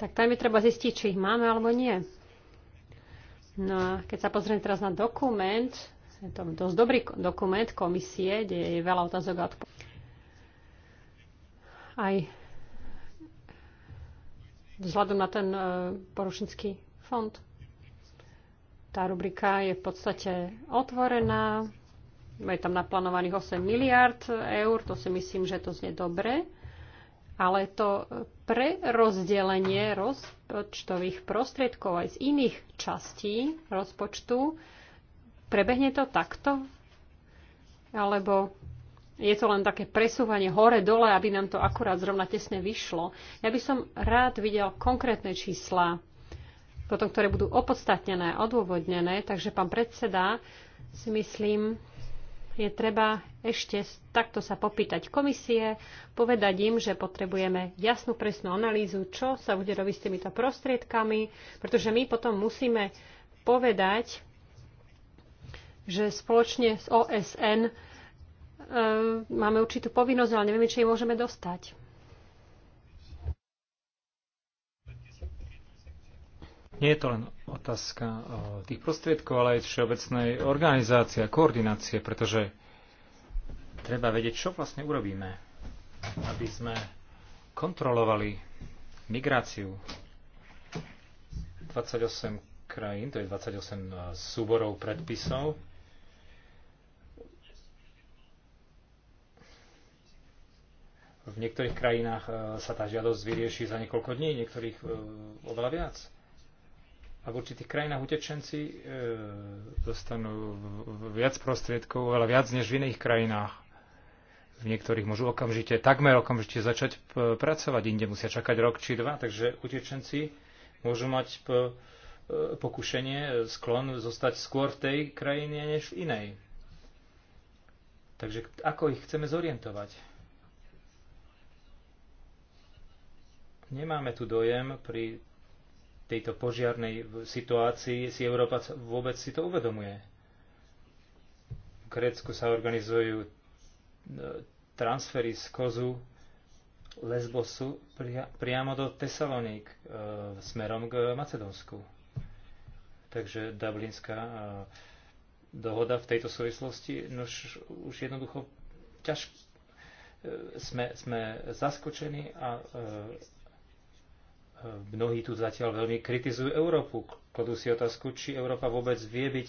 tak tam je treba zistiť, či ich máme alebo nie. No a keď sa pozrieme teraz na dokument, je to dosť dobrý dokument komisie, kde je veľa otázok a odpovedí. Aj vzhľadom na ten e, porušnický fond. Tá rubrika je v podstate otvorená. Je tam naplánovaných 8 miliard eur, to si myslím, že to znie dobre. Ale to prerozdelenie rozpočtových prostriedkov aj z iných častí rozpočtu, prebehne to takto? Alebo je to len také presúvanie hore-dole, aby nám to akurát zrovna tesne vyšlo. Ja by som rád videl konkrétne čísla, potom, ktoré budú opodstatnené, odôvodnené. Takže, pán predseda, si myslím, je treba ešte takto sa popýtať komisie, povedať im, že potrebujeme jasnú, presnú analýzu, čo sa bude robiť s týmito prostriedkami, pretože my potom musíme povedať, že spoločne s OSN E, máme určitú povinnosť, ale nevieme, či jej môžeme dostať. Nie je to len otázka e, tých prostriedkov, ale aj všeobecnej organizácie a koordinácie, pretože treba vedieť, čo vlastne urobíme, aby sme kontrolovali migráciu 28 krajín, to je 28 e, súborov predpisov, V niektorých krajinách e, sa tá žiadosť vyrieši za niekoľko dní, niektorých e, oveľa viac. A v určitých krajinách utečenci e, dostanú viac prostriedkov, oveľa viac než v iných krajinách. V niektorých môžu okamžite, takmer okamžite začať pracovať, inde musia čakať rok či dva, takže utečenci môžu mať pokušenie, sklon zostať skôr v tej krajine než v inej. Takže ako ich chceme zorientovať? Nemáme tu dojem pri tejto požiarnej situácii, si Európa vôbec si to uvedomuje. V Grécku sa organizujú e, transfery z Kozu, Lesbosu priamo do Tesaloník e, smerom k Macedónsku. Takže Dublinská e, dohoda v tejto súvislosti nož, už jednoducho ťažko sme, sme zaskočení a Mnohí tu zatiaľ veľmi kritizujú Európu. Kladú si otázku, či Európa vôbec vie byť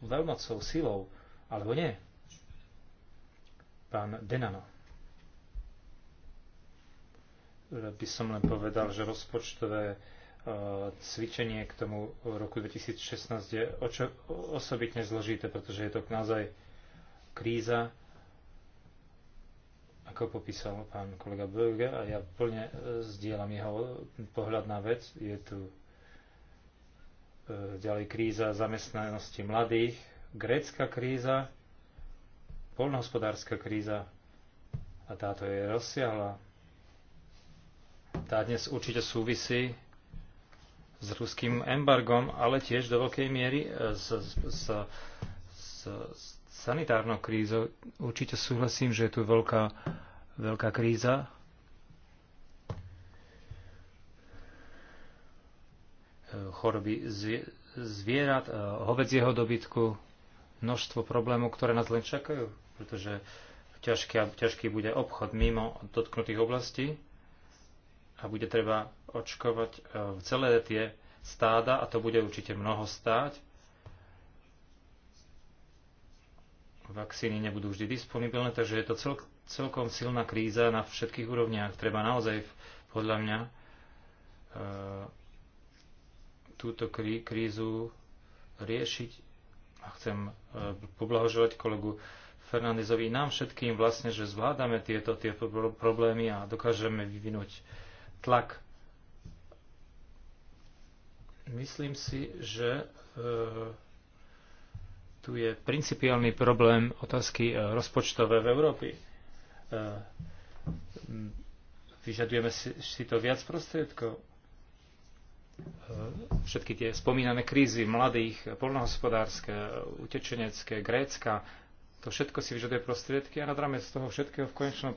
veľmocou, silou, alebo nie. Pán Denano. By som len povedal, že rozpočtové e, cvičenie k tomu roku 2016 je osobitne zložité, pretože je to naozaj kríza, ako popísal pán kolega Böge, a ja plne e, zdieľam jeho pohľad na vec, je tu e, ďalej kríza zamestnanosti mladých, grécka kríza, polnohospodárska kríza a táto je rozsiahla. Tá dnes určite súvisí s ruským embargom, ale tiež do veľkej miery e, s, s, s, s sanitárnou krízou. Určite súhlasím, že je tu veľká, veľká kríza. Choroby zvierat, hovedzieho dobytku, množstvo problémov, ktoré nás len čakajú, pretože ťažký, ťažký bude obchod mimo dotknutých oblastí a bude treba očkovať e, celé tie stáda a to bude určite mnoho stáť vakcíny nebudú vždy disponibilné, takže je to cel, celkom silná kríza na všetkých úrovniach. Treba naozaj, podľa mňa, e, túto krí, krízu riešiť. A chcem e, poblahožovať kolegu Fernandezovi nám všetkým vlastne, že zvládame tieto, tieto problémy a dokážeme vyvinúť tlak. Myslím si, že e, tu je principiálny problém otázky e, rozpočtové v Európy. E, vyžadujeme si to viac prostriedkov. E, všetky tie spomínané krízy mladých, polnohospodárske, utečenecké, grécka, to všetko si vyžaduje prostriedky a nad rámec toho všetkého v konečnom,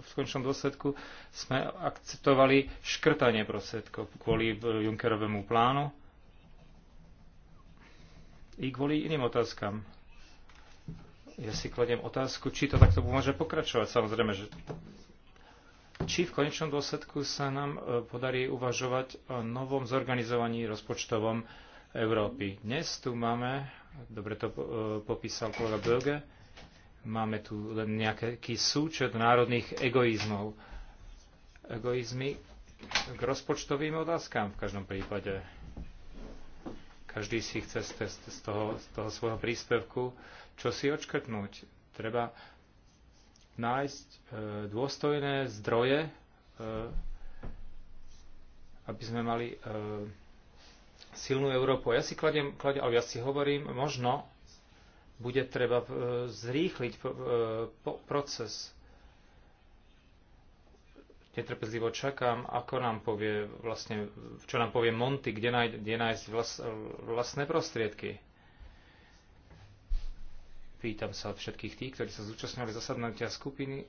v konečnom dôsledku sme akceptovali škrtanie prostriedkov kvôli Junckerovému plánu i kvôli iným otázkam. Ja si kladiem otázku, či to takto môže pokračovať. Samozrejme, že či v konečnom dôsledku sa nám e, podarí uvažovať o novom zorganizovaní rozpočtovom Európy. Dnes tu máme, dobre to e, popísal kolega Böge, máme tu len nejaký súčet národných egoizmov. Egoizmy k rozpočtovým otázkam v každom prípade každý si chce z, toho, z toho svojho príspevku čo si očkrtnúť. Treba nájsť e, dôstojné zdroje, e, aby sme mali e, silnú Európu. Ja si kladiem, kladiem, ja si hovorím, možno bude treba e, zrýchliť e, po, proces netrpezlivo čakám, ako nám povie vlastne, čo nám povie Monty, kde, náj, kde nájsť vlas, vlastné prostriedky. Pýtam sa všetkých tých, ktorí sa zúčastňovali zasadnutia skupiny.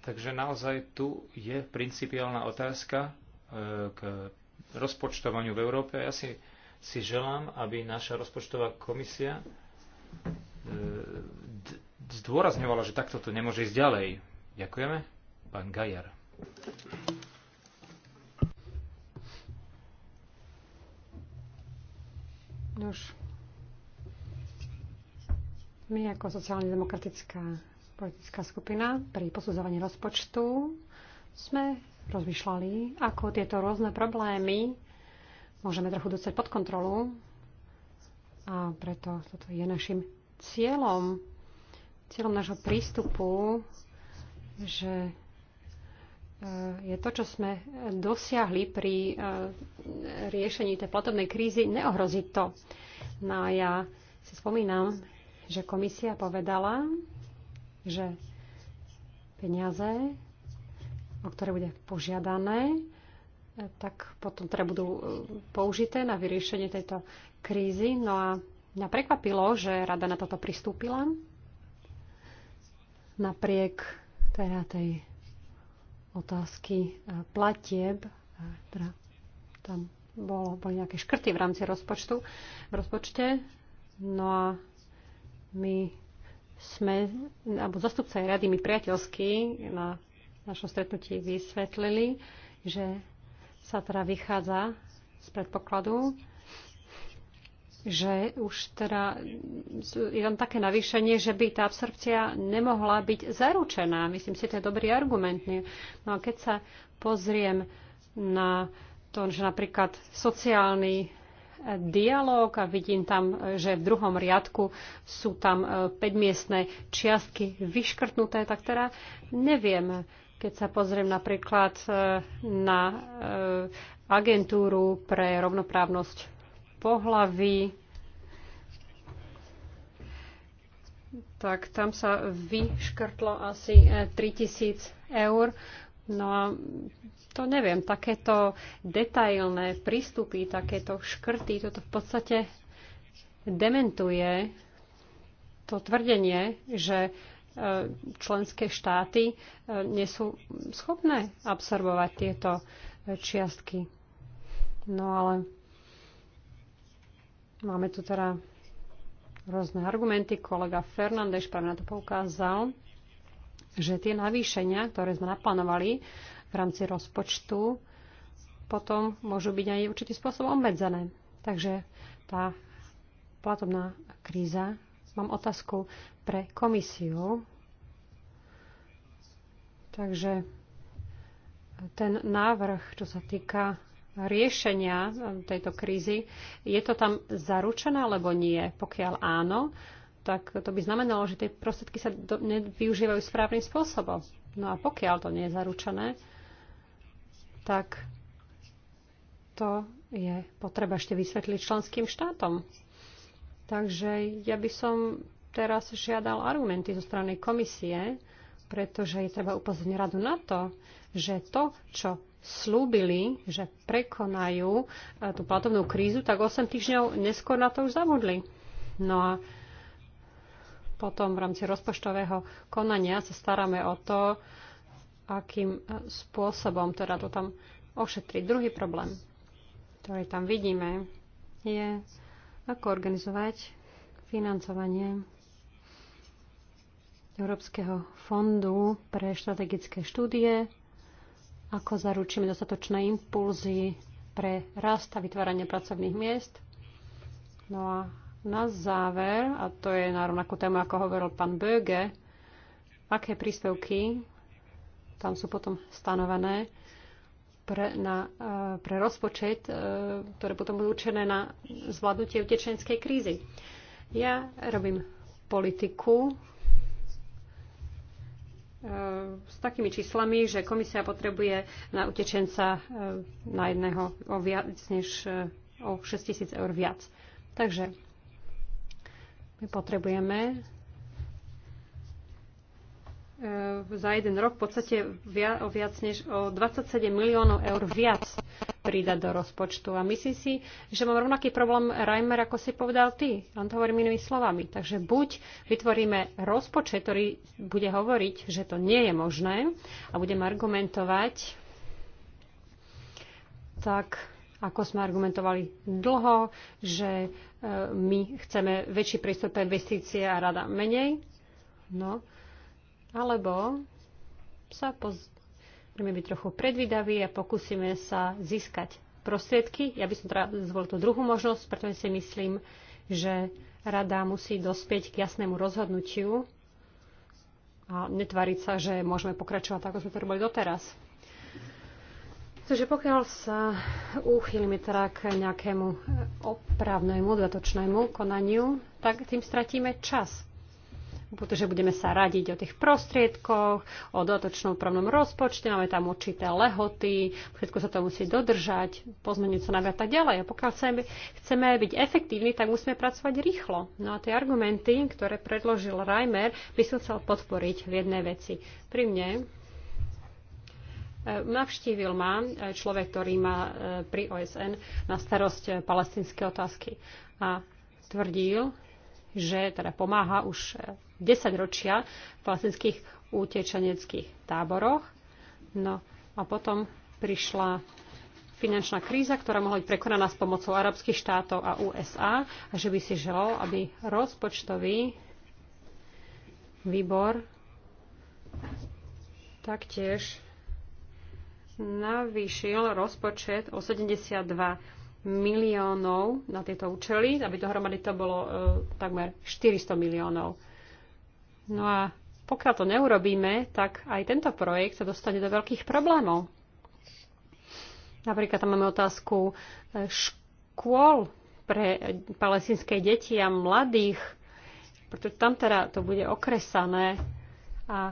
Takže naozaj tu je principiálna otázka e, k rozpočtovaniu v Európe. Ja si, si želám, aby naša rozpočtová komisia e, zdôrazňovala, že takto to nemôže ísť ďalej. Ďakujeme. Pán Gajar. Nož. My ako sociálne demokratická politická skupina pri posudzovaní rozpočtu sme rozmýšľali, ako tieto rôzne problémy môžeme trochu dostať pod kontrolu a preto toto je našim cieľom, cieľom nášho prístupu, že Eh, je to, čo sme eh, dosiahli pri eh, riešení tej platobnej krízy, neohrozí to. No a ja si spomínam, že komisia povedala, že peniaze, o ktoré bude požiadané, tak potom teda budú použité na vyriešenie tejto krízy. No a mňa prekvapilo, že rada na toto pristúpila. Napriek teda tej otázky e, platieb, e, teda tam bolo, boli nejaké škrty v rámci rozpočtu, v rozpočte. No a my sme, alebo zastupca rady my priateľsky na našom stretnutí vysvetlili, že sa teda vychádza z predpokladu, že už teda je tam také navýšenie, že by tá absorpcia nemohla byť zaručená. Myslím si, to je dobrý argument. No a keď sa pozriem na to, že napríklad sociálny e, dialog a vidím tam, e, že v druhom riadku sú tam 5 e, čiastky vyškrtnuté, tak teda neviem, keď sa pozriem napríklad na agentúru pre rovnoprávnosť pohlaví, tak tam sa vyškrtlo asi 3000 e, eur. No a to neviem, takéto detailné prístupy, takéto škrty, toto v podstate dementuje to tvrdenie, že e, členské štáty nie sú schopné absorbovať tieto e, čiastky. No ale Máme tu teda rôzne argumenty. Kolega Fernández práve na to poukázal, že tie navýšenia, ktoré sme naplánovali v rámci rozpočtu, potom môžu byť aj určitým spôsobom obmedzené. Takže tá platobná kríza. Mám otázku pre komisiu. Takže ten návrh, čo sa týka riešenia um, tejto krízy. Je to tam zaručené alebo nie? Pokiaľ áno, tak to by znamenalo, že tie prostriedky sa do, nevyužívajú správnym spôsobom. No a pokiaľ to nie je zaručené, tak to je potreba ešte vysvetliť členským štátom. Takže ja by som teraz žiadal argumenty zo strany komisie, pretože je treba upozorniť radu na to, že to, čo slúbili, že prekonajú e, tú platovnú krízu, tak 8 týždňov neskôr na to už zabudli. No a potom v rámci rozpočtového konania sa staráme o to, akým e, spôsobom teda to tam ošetriť. Druhý problém, ktorý tam vidíme, je ako organizovať financovanie Európskeho fondu pre štrategické štúdie ako zaručíme dostatočné impulzy pre rast a vytváranie pracovných miest. No a na záver, a to je na rovnakú tému, ako hovoril pán Böge, aké príspevky tam sú potom stanovené pre, na, e, pre rozpočet, e, ktoré potom budú určené na zvládnutie utečenskej krízy. Ja robím politiku s takými číslami, že komisia potrebuje na utečenca e, na jedného o viac než e, o 6 tisíc eur viac. Takže my potrebujeme E, za jeden rok v podstate o viac než o 27 miliónov eur viac pridať do rozpočtu. A myslím si, že mám rovnaký problém, Reimer, ako si povedal ty. On to hovorím inými slovami. Takže buď vytvoríme rozpočet, ktorý bude hovoriť, že to nie je možné a budeme argumentovať tak, ako sme argumentovali dlho, že e, my chceme väčší prístup pre investície a rada menej. No, alebo sa budeme byť trochu predvydaví a pokúsime sa získať prostriedky. Ja by som teda zvolil tú druhú možnosť, pretože si myslím, že rada musí dospieť k jasnému rozhodnutiu a netvariť sa, že môžeme pokračovať ako sme to robili doteraz. Takže pokiaľ sa úchylíme teda k nejakému opravnému dodatočnému konaniu, tak tým stratíme čas pretože budeme sa radiť o tých prostriedkoch, o dotočnom právnom rozpočte, máme tam určité lehoty, všetko sa to musí dodržať, pozmeniť sa naviac tak ďalej. A pokiaľ chceme, chceme byť efektívni, tak musíme pracovať rýchlo. No a tie argumenty, ktoré predložil Reimer, by som chcel podporiť v jednej veci. Pri mne e, Navštívil ma človek, ktorý má e, pri OSN na starosť palestinské otázky a tvrdil, že teda pomáha už 10 e, ročia v palestinských utečeneckých táboroch. No a potom prišla finančná kríza, ktorá mohla byť prekonaná s pomocou arabských štátov a USA a že by si želal, aby rozpočtový výbor taktiež navýšil rozpočet o 72 miliónov na tieto účely, aby dohromady to bolo e, takmer 400 miliónov. No a pokiaľ to neurobíme, tak aj tento projekt sa dostane do veľkých problémov. Napríklad tam máme otázku e, škôl pre palestinské deti a mladých, pretože tam teda to bude okresané a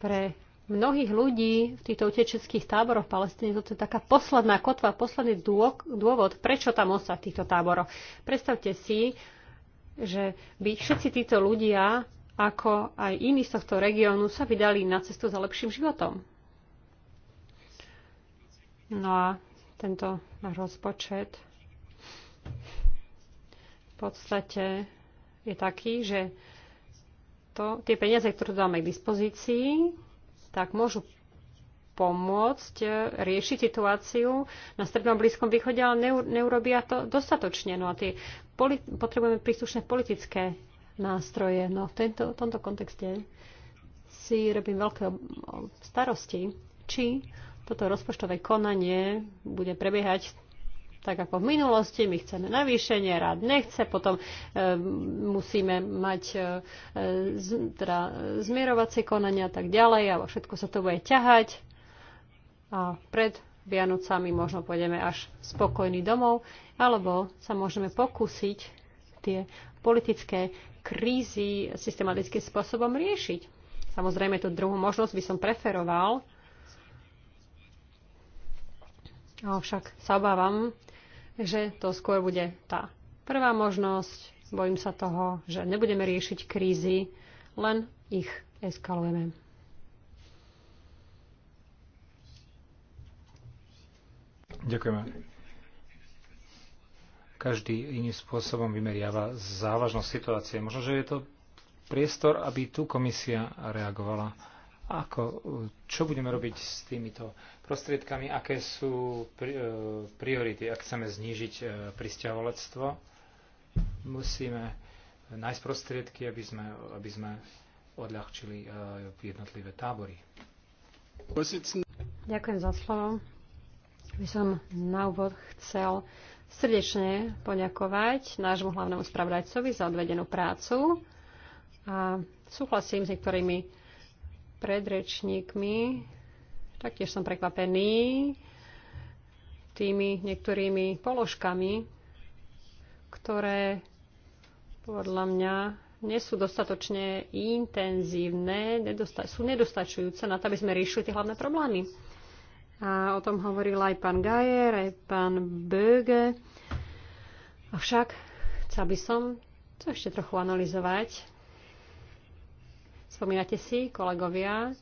pre mnohých ľudí v týchto utečeckých táboroch v Palestíne, toto je taká posledná kotva, posledný dôvod, prečo tam ostať v týchto táboroch. Predstavte si, že by všetci títo ľudia, ako aj iní z tohto regiónu, sa vydali na cestu za lepším životom. No a tento náš rozpočet v podstate je taký, že to, tie peniaze, ktoré dáme k dispozícii, tak môžu pomôcť e, riešiť situáciu na strednom Blízkom východe, ale neurobia to dostatočne. No a tie potrebujeme príslušné politické nástroje. No v tento, v tomto kontexte si robím veľké starosti, či toto rozpočtové konanie bude prebiehať tak ako v minulosti. My chceme navýšenie, rád nechce, potom e, musíme mať e, teda zmierovacie konania a tak ďalej a všetko sa to bude ťahať. A pred Vianocami možno pôjdeme až spokojný domov, alebo sa môžeme pokúsiť tie politické krízy systematickým spôsobom riešiť. Samozrejme, tú druhú možnosť by som preferoval, avšak sa obávam, Takže to skôr bude tá prvá možnosť. Bojím sa toho, že nebudeme riešiť krízy, len ich eskalujeme. Ďakujeme. Každý iným spôsobom vymeriava závažnosť situácie. Možno, že je to priestor, aby tu komisia reagovala ako, čo budeme robiť s týmito prostriedkami? Aké sú e, priority, ak chceme znížiť e, pristiavolectvo? Musíme nájsť prostriedky, aby sme, aby sme odľahčili e, jednotlivé tábory. Ďakujem za slovo. By som na úvod chcel srdečne poďakovať nášmu hlavnému spravodajcovi za odvedenú prácu a súhlasím s niektorými predrečníkmi. Taktiež som prekvapený tými niektorými položkami, ktoré podľa mňa nie sú dostatočne intenzívne, nedosta- sú nedostačujúce na to, aby sme riešili tie hlavné problémy. A o tom hovoril aj pán Gajer, aj pán Böge. Avšak chcel by som to ešte trochu analyzovať. Spomínate si, kolegovia,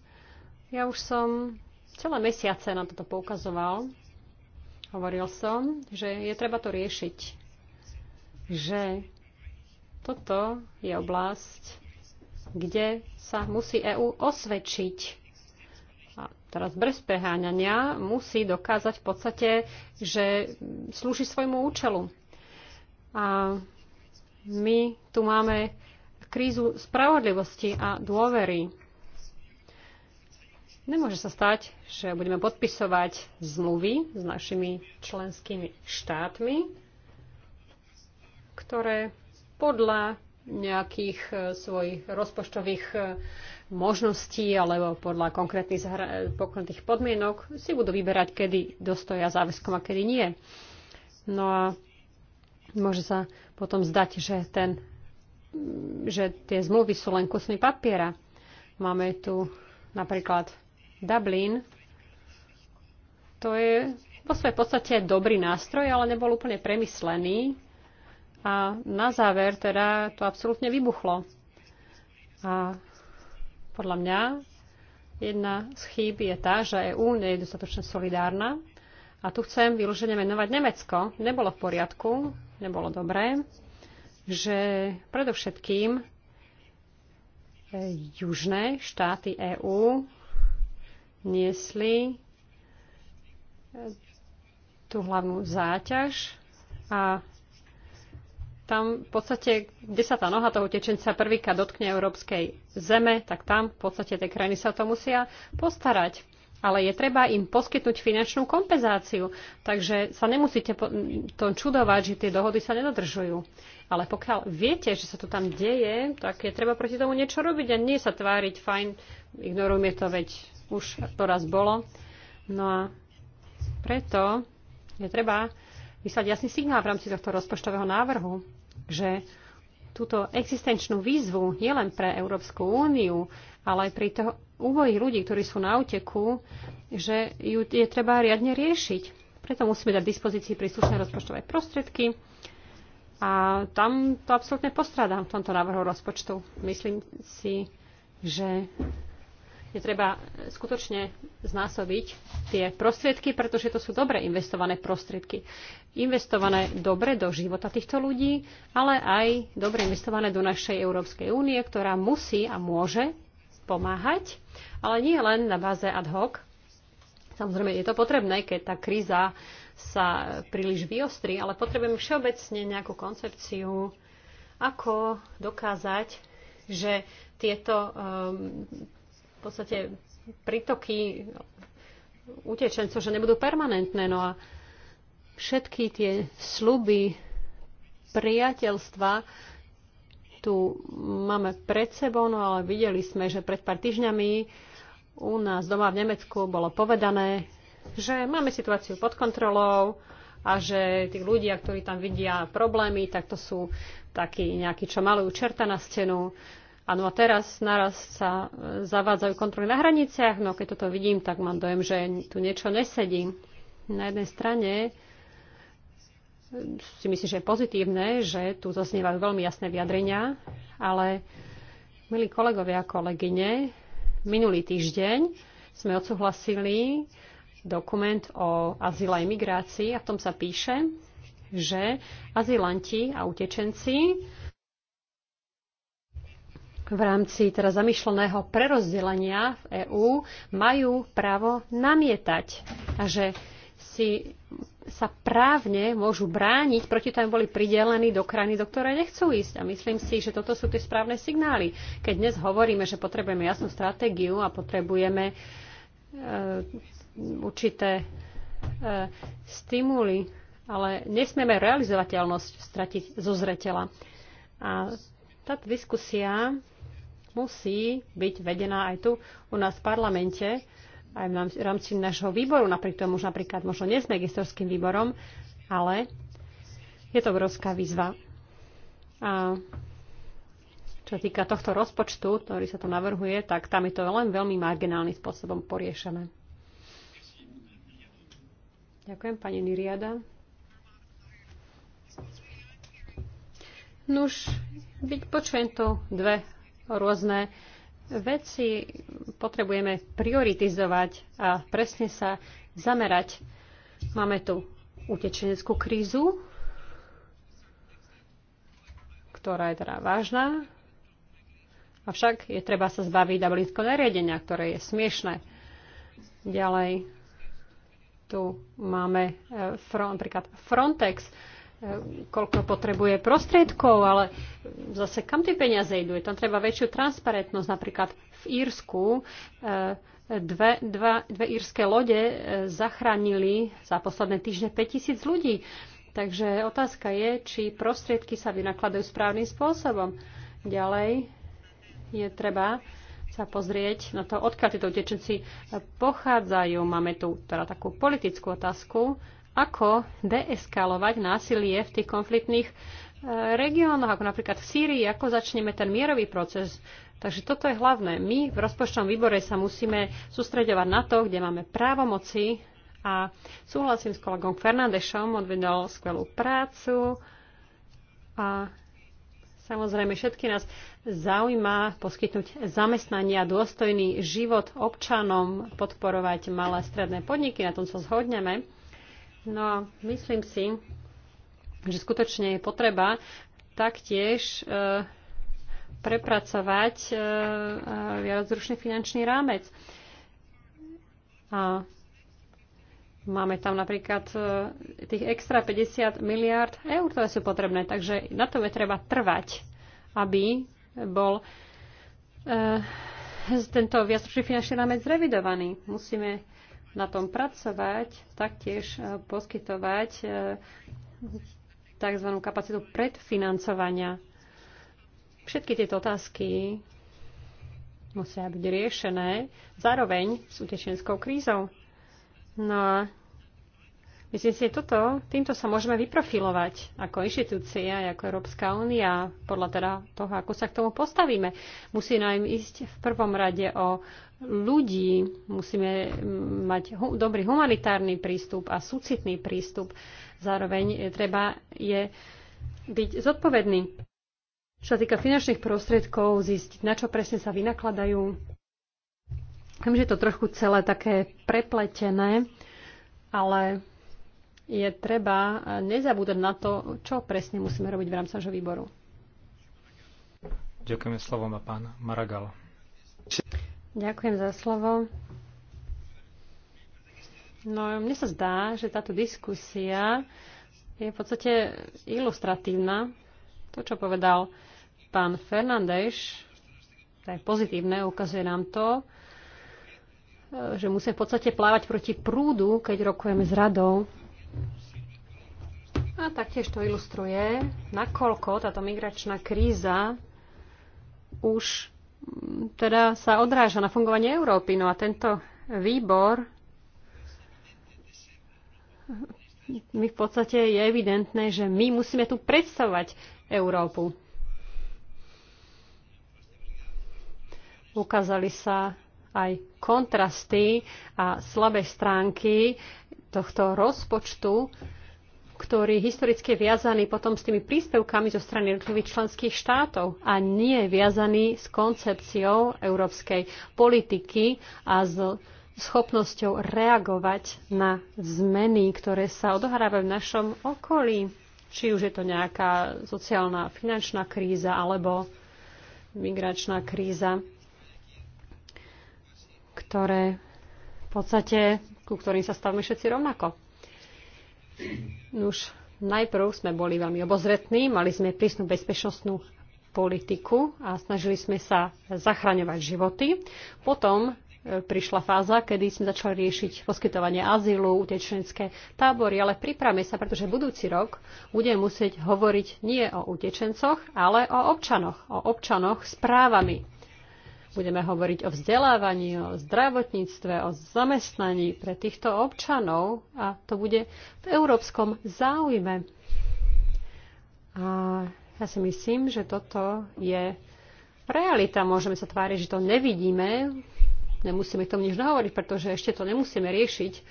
ja už som celé mesiace na toto poukazoval. Hovoril som, že je treba to riešiť. Že toto je oblasť, kde sa musí EÚ osvedčiť a teraz bez preháňania, musí dokázať v podstate, že slúži svojmu účelu. A my tu máme krízu spravodlivosti a dôvery. Nemôže sa stať, že budeme podpisovať zmluvy s našimi členskými štátmi, ktoré podľa nejakých eh, svojich rozpočtových eh, možností alebo podľa konkrétnych, eh, konkrétnych podmienok si budú vyberať, kedy dostoja záväzkom a kedy nie. No a môže sa potom zdať, že ten že tie zmluvy sú len kusmi papiera. Máme tu napríklad Dublin. To je vo svojej podstate dobrý nástroj, ale nebol úplne premyslený. A na záver teda to absolútne vybuchlo. A podľa mňa jedna z chýb je tá, že EÚ nie je dostatočne solidárna. A tu chcem vyloženie menovať Nemecko. Nebolo v poriadku, nebolo dobré že predovšetkým e, južné štáty EÚ niesli e, tú hlavnú záťaž a tam v podstate, kde sa tá noha toho tečenca prvýka dotkne európskej zeme, tak tam v podstate tie krajiny sa to musia postarať ale je treba im poskytnúť finančnú kompenzáciu. Takže sa nemusíte to čudovať, že tie dohody sa nedodržujú. Ale pokiaľ viete, že sa to tam deje, tak je treba proti tomu niečo robiť a nie sa tváriť, fajn, ignorujme to, veď už to raz bolo. No a preto je treba vyslať jasný signál v rámci tohto rozpočtového návrhu, že túto existenčnú výzvu nielen pre Európsku úniu, ale aj pri toho úvoji ľudí, ktorí sú na uteku, že ju je treba riadne riešiť. Preto musíme dať dispozícii príslušné rozpočtové prostriedky a tam to absolútne postráda v tomto návrhu rozpočtu. Myslím si, že je treba skutočne znásobiť tie prostriedky, pretože to sú dobre investované prostriedky. Investované dobre do života týchto ľudí, ale aj dobre investované do našej Európskej únie, ktorá musí a môže pomáhať, ale nie len na báze ad hoc. Samozrejme, je to potrebné, keď tá kríza sa príliš vyostri, ale potrebujeme všeobecne nejakú koncepciu, ako dokázať, že tieto um, v podstate prítoky utečencov, že nebudú permanentné. No a všetky tie sluby priateľstva, tu máme pred sebou, no ale videli sme, že pred pár týždňami u nás doma v Nemecku bolo povedané, že máme situáciu pod kontrolou a že tí ľudia, ktorí tam vidia problémy, tak to sú takí nejakí, čo malujú čerta na stenu. no a teraz naraz sa zavádzajú kontroly na hraniciach, no keď toto vidím, tak mám dojem, že tu niečo nesedí. Na jednej strane si myslím, že je pozitívne, že tu zaznievajú veľmi jasné vyjadrenia, ale milí kolegovia a kolegyne, minulý týždeň sme odsúhlasili dokument o azyle a imigrácii a v tom sa píše, že azylanti a utečenci v rámci teda zamýšľaného prerozdelenia v EÚ majú právo namietať a že si sa právne môžu brániť proti tomu, boli pridelení do krajiny, do ktorej nechcú ísť. A myslím si, že toto sú tie správne signály. Keď dnes hovoríme, že potrebujeme jasnú stratégiu a potrebujeme e, určité e, stimuly, ale nesmieme realizovateľnosť stratiť zo zretela. A tá diskusia musí byť vedená aj tu u nás v parlamente, aj v rámci nášho výboru, napriek tomu už napríklad možno nie sme gestorským výborom, ale je to obrovská výzva. A čo týka tohto rozpočtu, ktorý sa to navrhuje, tak tam je to len veľmi marginálnym spôsobom poriešené. Ďakujem, pani Niriada. Nuž, počujem tu dve rôzne veci potrebujeme prioritizovať a presne sa zamerať. Máme tu utečeneckú krízu, ktorá je teda vážna, avšak je treba sa zbaviť dublinského nariadenia, ktoré je smiešné. Ďalej tu máme eh, front, napríklad Frontex, koľko potrebuje prostriedkov, ale zase kam tie peniaze idú? Je tam treba väčšiu transparentnosť. Napríklad v Írsku eh, dve, dva, dve írske lode eh, zachránili za posledné týždne 5000 ľudí. Takže otázka je, či prostriedky sa vynakladajú správnym spôsobom. Ďalej je treba sa pozrieť na to, odkiaľ tieto utečenci pochádzajú. Máme tu teda takú politickú otázku, ako deeskalovať násilie v tých konfliktných e, regiónoch, ako napríklad v Sýrii, ako začneme ten mierový proces. Takže toto je hlavné. My v rozpočtovom výbore sa musíme sústredovať na to, kde máme právomoci a súhlasím s kolegom Fernandešom, odvedol skvelú prácu a samozrejme všetky nás zaujíma poskytnúť zamestnanie a dôstojný život občanom, podporovať malé stredné podniky, na tom sa zhodneme. No, myslím si, že skutočne je potreba taktiež e, prepracovať e, e viacručný finančný rámec. A máme tam napríklad e, tých extra 50 miliard eur, ktoré sú potrebné. Takže na to je treba trvať, aby bol e, tento viacručný finančný rámec zrevidovaný. Musíme na tom pracovať, taktiež e, poskytovať e, tzv. kapacitu predfinancovania. Všetky tieto otázky musia byť riešené zároveň s utečenskou krízou. No a Myslím si, že toto, týmto sa môžeme vyprofilovať ako inštitúcia, ako Európska únia, podľa teda toho, ako sa k tomu postavíme. Musí nám ísť v prvom rade o ľudí, musíme mať hu- dobrý humanitárny prístup a súcitný prístup. Zároveň je, treba je byť zodpovedný. Čo sa týka finančných prostriedkov, zistiť, na čo presne sa vynakladajú. Viem, že je to trochu celé také prepletené, ale je treba eh, nezabúdať na to, čo presne musíme robiť v rámci nášho výboru. Ďakujeme slovo na pán Maragal. Ďakujem za slovo. No, mne sa zdá, že táto diskusia je v podstate ilustratívna. To, čo povedal pán Fernández, to je pozitívne, ukazuje nám to, eh, že musíme v podstate plávať proti prúdu, keď rokujeme s radou. A taktiež to ilustruje, nakoľko táto migračná kríza už mm, teda sa odráža na fungovanie Európy. No a tento výbor mi v podstate je evidentné, že my musíme tu predstavovať Európu. Ukázali sa aj kontrasty a slabé stránky tohto rozpočtu, ktorý historicky je viazaný potom s tými príspevkami zo strany jednotlivých členských štátov a nie je viazaný s koncepciou európskej politiky a s schopnosťou reagovať na zmeny, ktoré sa odohrávajú v našom okolí. Či už je to nejaká sociálna finančná kríza alebo migračná kríza, ktoré v podstate, ku ktorým sa stavme všetci rovnako. Už najprv sme boli veľmi obozretní, mali sme prísnu bezpečnostnú politiku a snažili sme sa zachraňovať životy. Potom e, prišla fáza, kedy sme začali riešiť poskytovanie azylu, utečenské tábory, ale pripravme sa, pretože budúci rok budeme musieť hovoriť nie o utečencoch, ale o občanoch, o občanoch s právami. Budeme hovoriť o vzdelávaní, o zdravotníctve, o zamestnaní pre týchto občanov a to bude v európskom záujme. A ja si myslím, že toto je realita. Môžeme sa tváriť, že to nevidíme, nemusíme k tomu nič nahovoriť, pretože ešte to nemusíme riešiť.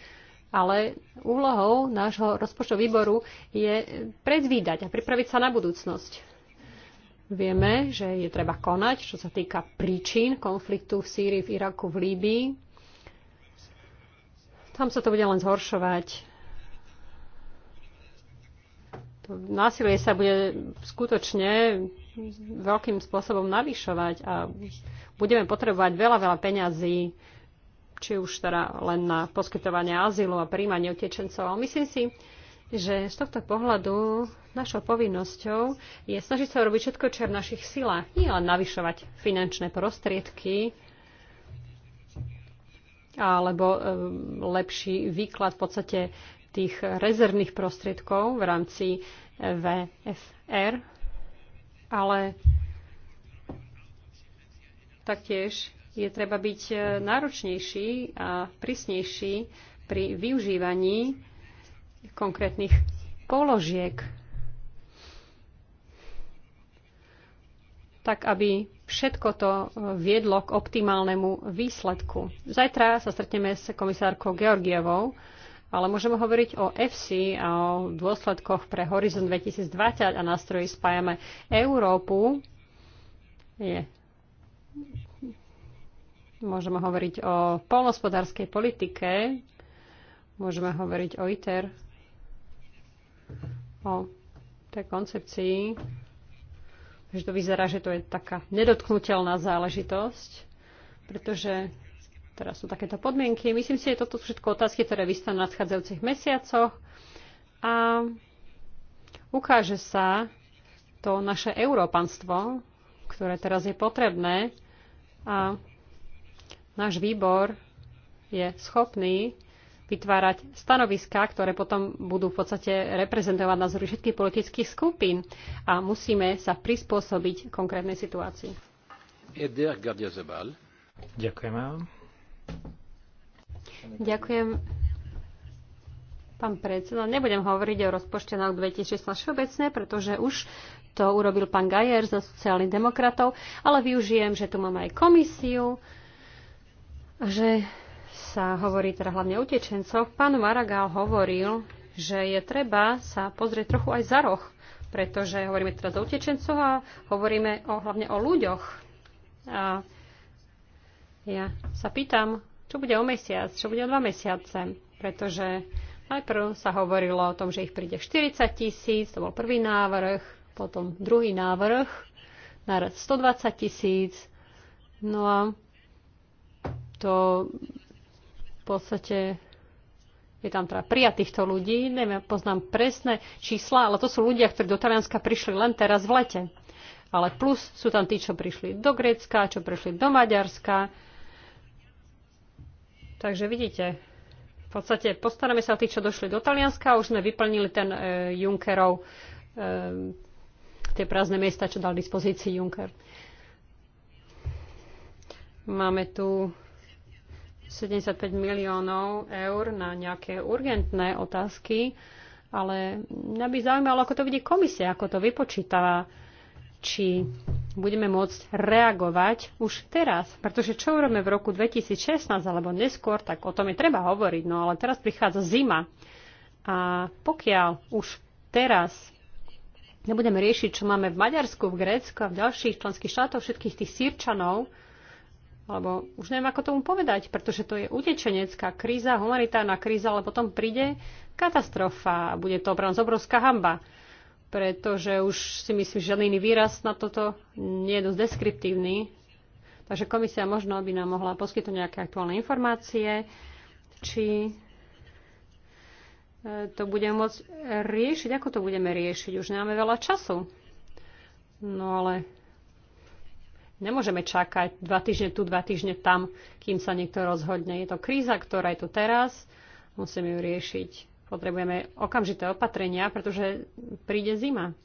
Ale úlohou nášho rozpočtového výboru je predvídať a pripraviť sa na budúcnosť. Vieme, že je treba konať, čo sa týka príčin konfliktu v Sýrii, v Iraku, v Líbii. Tam sa to bude len zhoršovať. To Násilie sa bude skutočne veľkým spôsobom navyšovať a budeme potrebovať veľa, veľa peňazí, či už teda len na poskytovanie azylu a príjmanie utečencov. Ale myslím si, že z tohto pohľadu našou povinnosťou je snažiť sa robiť všetko, čo je v našich silách. Nie len navyšovať finančné prostriedky, alebo e, lepší výklad v podstate tých rezervných prostriedkov v rámci e, VFR, ale taktiež je treba byť e, náročnejší a prísnejší pri využívaní konkrétnych položiek, tak aby všetko to eh, viedlo k optimálnemu výsledku. Zajtra sa stretneme s komisárkou Georgievou, ale môžeme hovoriť o FC a o dôsledkoch pre Horizon 2020 a nástroji spájame Európu. Je. Môžeme hovoriť o polnospodárskej politike, môžeme hovoriť o ITER, o tej koncepcii, že to vyzerá, že to je taká nedotknutelná záležitosť, pretože teraz sú takéto podmienky. Myslím si, že toto sú všetko otázky, ktoré vystanú v nadchádzajúcich mesiacoch a ukáže sa to naše európanstvo, ktoré teraz je potrebné a náš výbor je schopný vytvárať stanoviská, ktoré potom budú v podstate reprezentovať názory všetkých politických skupín a musíme sa prispôsobiť konkrétnej situácii. Eder Gardiazabal. Ďakujem vám. Ďakujem. Pán predseda, nebudem hovoriť o rozpočte na 2016 všeobecné, pretože už to urobil pán Gajer za sociálnych demokratov, ale využijem, že tu mám aj komisiu, že sa hovorí teda hlavne o utečencoch, pán Maragál hovoril, že je treba sa pozrieť trochu aj za roh, pretože hovoríme teraz o utečencoch a hovoríme o, hlavne o ľuďoch. A ja sa pýtam, čo bude o mesiac, čo bude o dva mesiace, pretože najprv sa hovorilo o tom, že ich príde 40 tisíc, to bol prvý návrh, potom druhý návrh, naraz 120 tisíc, no a to podstate je tam teda prijat týchto ľudí, neviem, poznám presné čísla, ale to sú ľudia, ktorí do Talianska prišli len teraz v lete. Ale plus sú tam tí, čo prišli do Grécka, čo prišli do Maďarska. Takže vidíte, v podstate postaráme sa o tých, čo došli do Talianska a už sme vyplnili ten e, Junckerov, e, tie prázdne miesta, čo dal dispozícii Juncker. Máme tu 75 miliónov eur na nejaké urgentné otázky, ale mňa by zaujímalo, ako to vidí komisia, ako to vypočítava, či budeme môcť reagovať už teraz. Pretože čo urobíme v roku 2016 alebo neskôr, tak o tom je treba hovoriť. No ale teraz prichádza zima. A pokiaľ už teraz nebudeme riešiť, čo máme v Maďarsku, v Grécku a v ďalších členských štátoch, všetkých tých sírčanov, lebo už neviem, ako tomu povedať, pretože to je utečenecká kríza, humanitárna kríza, ale potom príde katastrofa a bude to pre nás obrovská hamba. Pretože už si myslím, že žiadny iný výraz na toto nie je dosť deskriptívny. Takže komisia možno by nám mohla poskytnúť nejaké aktuálne informácie, či e, to budeme môcť riešiť. Ako to budeme riešiť? Už nemáme veľa času. No ale Nemôžeme čakať dva týždne tu, dva týždne tam, kým sa niekto rozhodne. Je to kríza, ktorá je tu teraz, musíme ju riešiť. Potrebujeme okamžité opatrenia, pretože príde zima.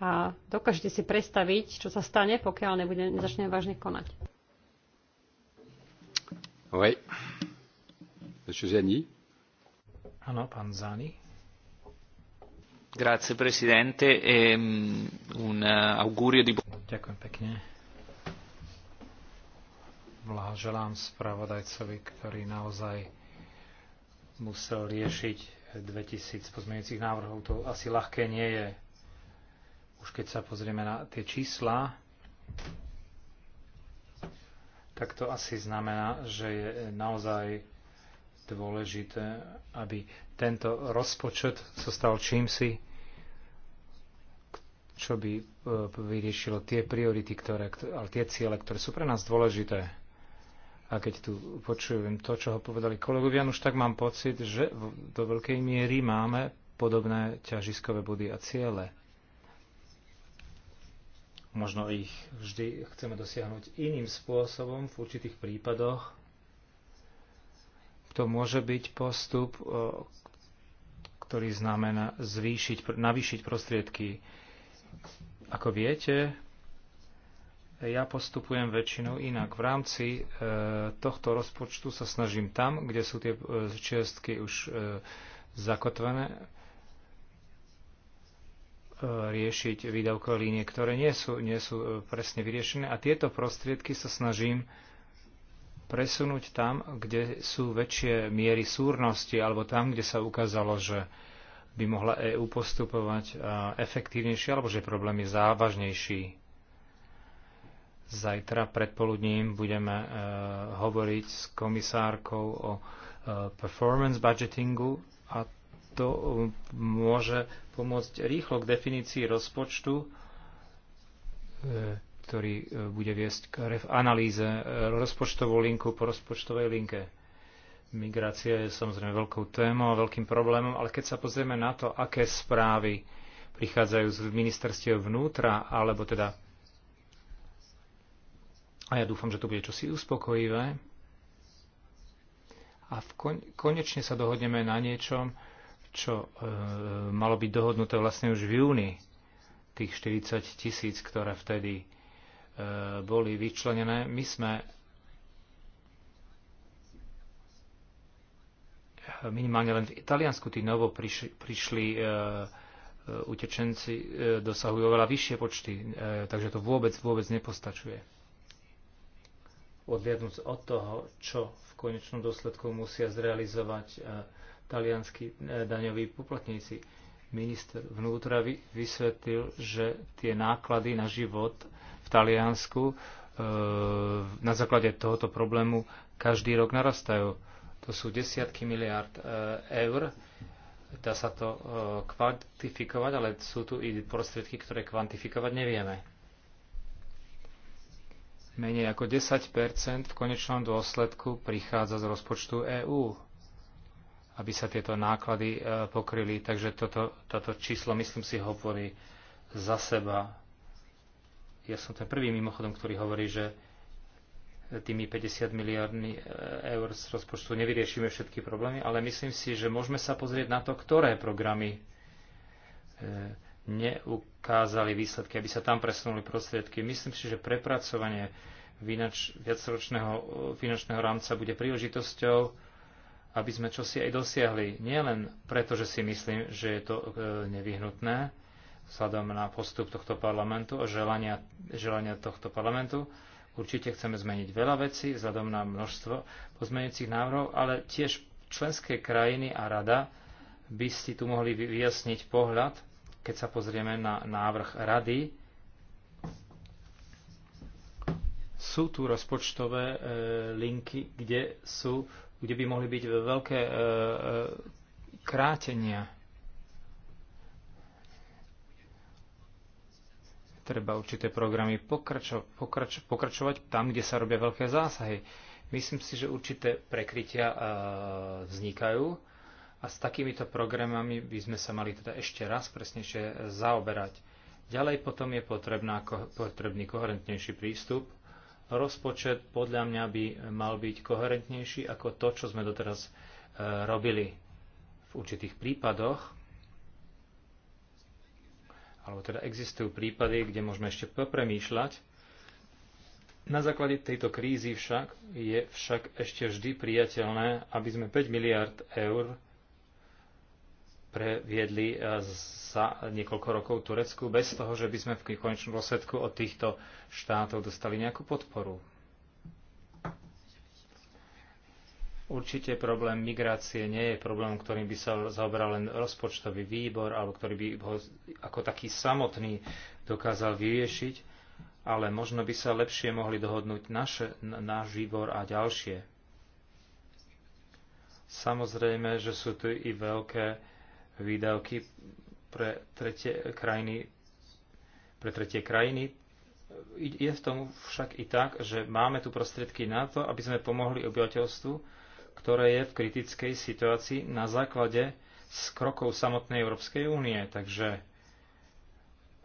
A dokážete si predstaviť, čo sa stane, pokiaľ nebude, nezačne vážne konať. Oui. Monsieur Zani. non, pas Zani. Grazie Presidente e mm, un augurio di... Ďakujem pekne. Blahoželám spravodajcovi, ktorý naozaj musel riešiť 2000 pozmeňujúcich návrhov. To asi ľahké nie je. Už keď sa pozrieme na tie čísla, tak to asi znamená, že je naozaj dôležité, aby tento rozpočet sa stal čímsi, čo by e, vyriešilo tie priority, ktoré, ale tie ciele, ktoré sú pre nás dôležité. A keď tu počujem to, čo ho povedali kolegovia, už tak mám pocit, že do veľkej miery máme podobné ťažiskové body a ciele. Možno ich vždy chceme dosiahnuť iným spôsobom v určitých prípadoch. To môže byť postup, ktorý znamená zvýšiť, navýšiť prostriedky ako viete, ja postupujem väčšinou inak. V rámci e, tohto rozpočtu sa snažím tam, kde sú tie e, čiastky už e, zakotvené, e, riešiť výdavkové línie, ktoré nie sú, nie sú e, presne vyriešené. A tieto prostriedky sa snažím presunúť tam, kde sú väčšie miery súrnosti, alebo tam, kde sa ukázalo, že e, by mohla EÚ postupovať e, efektívnejšie, alebo že problém je závažnejší. Zajtra predpoludním budeme e, hovoriť s komisárkou o e, performance budgetingu a to môže pomôcť rýchlo k definícii rozpočtu, ktorý bude viesť k analýze rozpočtovú linku po rozpočtovej linke Migrácia je samozrejme veľkou témou a veľkým problémom, ale keď sa pozrieme na to, aké správy prichádzajú z ministerstiev vnútra, alebo teda a ja dúfam, že to bude čosi uspokojivé. A v kon- konečne sa dohodneme na niečom, čo e, malo byť dohodnuté vlastne už v júni. Tých 40 tisíc, ktoré vtedy e, boli vyčlenené. My sme minimálne len v Taliansku tí novo prišli, prišli e, e, utečenci e, dosahujú oveľa vyššie počty, e, takže to vôbec, vôbec nepostačuje. Odliadnúc od toho, čo v konečnom dôsledku musia zrealizovať e, talianskí e, daňoví poplatníci, minister vnútra vy, vysvetlil, že tie náklady na život v Taliansku e, na základe tohoto problému každý rok narastajú to sú desiatky miliard e, eur. Dá sa to e, kvantifikovať, ale sú tu i prostriedky, ktoré kvantifikovať nevieme. Menej ako 10 v konečnom dôsledku prichádza z rozpočtu EÚ, aby sa tieto náklady e, pokryli. Takže toto, toto číslo, myslím si, hovorí za seba. Ja som ten prvý mimochodom, ktorý hovorí, že tými 50 miliardmi e, eur z rozpočtu nevyriešime všetky problémy, ale myslím si, že môžeme sa pozrieť na to, ktoré programy e, neukázali výsledky, aby sa tam presunuli prostriedky. Myslím si, že prepracovanie viacročného e, finančného rámca bude príležitosťou, aby sme čosi aj dosiahli. Nie len preto, že si myslím, že je to nevyhnutné, vzhľadom na postup tohto parlamentu a želania, želania tohto parlamentu, Určite chceme zmeniť veľa vecí vzhľadom na množstvo pozmeniacich návrhov, ale tiež členské krajiny a rada by si tu mohli vyjasniť pohľad, keď sa pozrieme na návrh rady. Sú tu rozpočtové e, linky, kde, sú, kde by mohli byť veľké e, e, krátenia treba určité programy pokračo, pokrač, pokračovať tam, kde sa robia veľké zásahy. Myslím si, že určité prekrytia e, vznikajú a s takýmito programami by sme sa mali teda ešte raz presnejšie zaoberať. Ďalej potom je potrebná, potrebný koherentnejší prístup. Rozpočet podľa mňa by mal byť koherentnejší ako to, čo sme doteraz e, robili. V určitých prípadoch alebo teda existujú prípady, kde môžeme ešte popremýšľať. Na základe tejto krízy však je však ešte vždy priateľné, aby sme 5 miliard eur previedli e, za niekoľko rokov Turecku bez toho, že by sme v konečnom dôsledku od týchto štátov dostali nejakú podporu. Určite problém migrácie nie je problém, ktorým by sa zaoberal len rozpočtový výbor, alebo ktorý by ho ako taký samotný dokázal vyriešiť, ale možno by sa lepšie mohli dohodnúť naše, náš výbor a ďalšie. Samozrejme, že sú tu i veľké výdavky pre tretie krajiny. Pre tretie krajiny. Je v tom však i tak, že máme tu prostriedky na to, aby sme pomohli obyvateľstvu, ktoré je v kritickej situácii na základe s krokov samotnej Európskej únie. Takže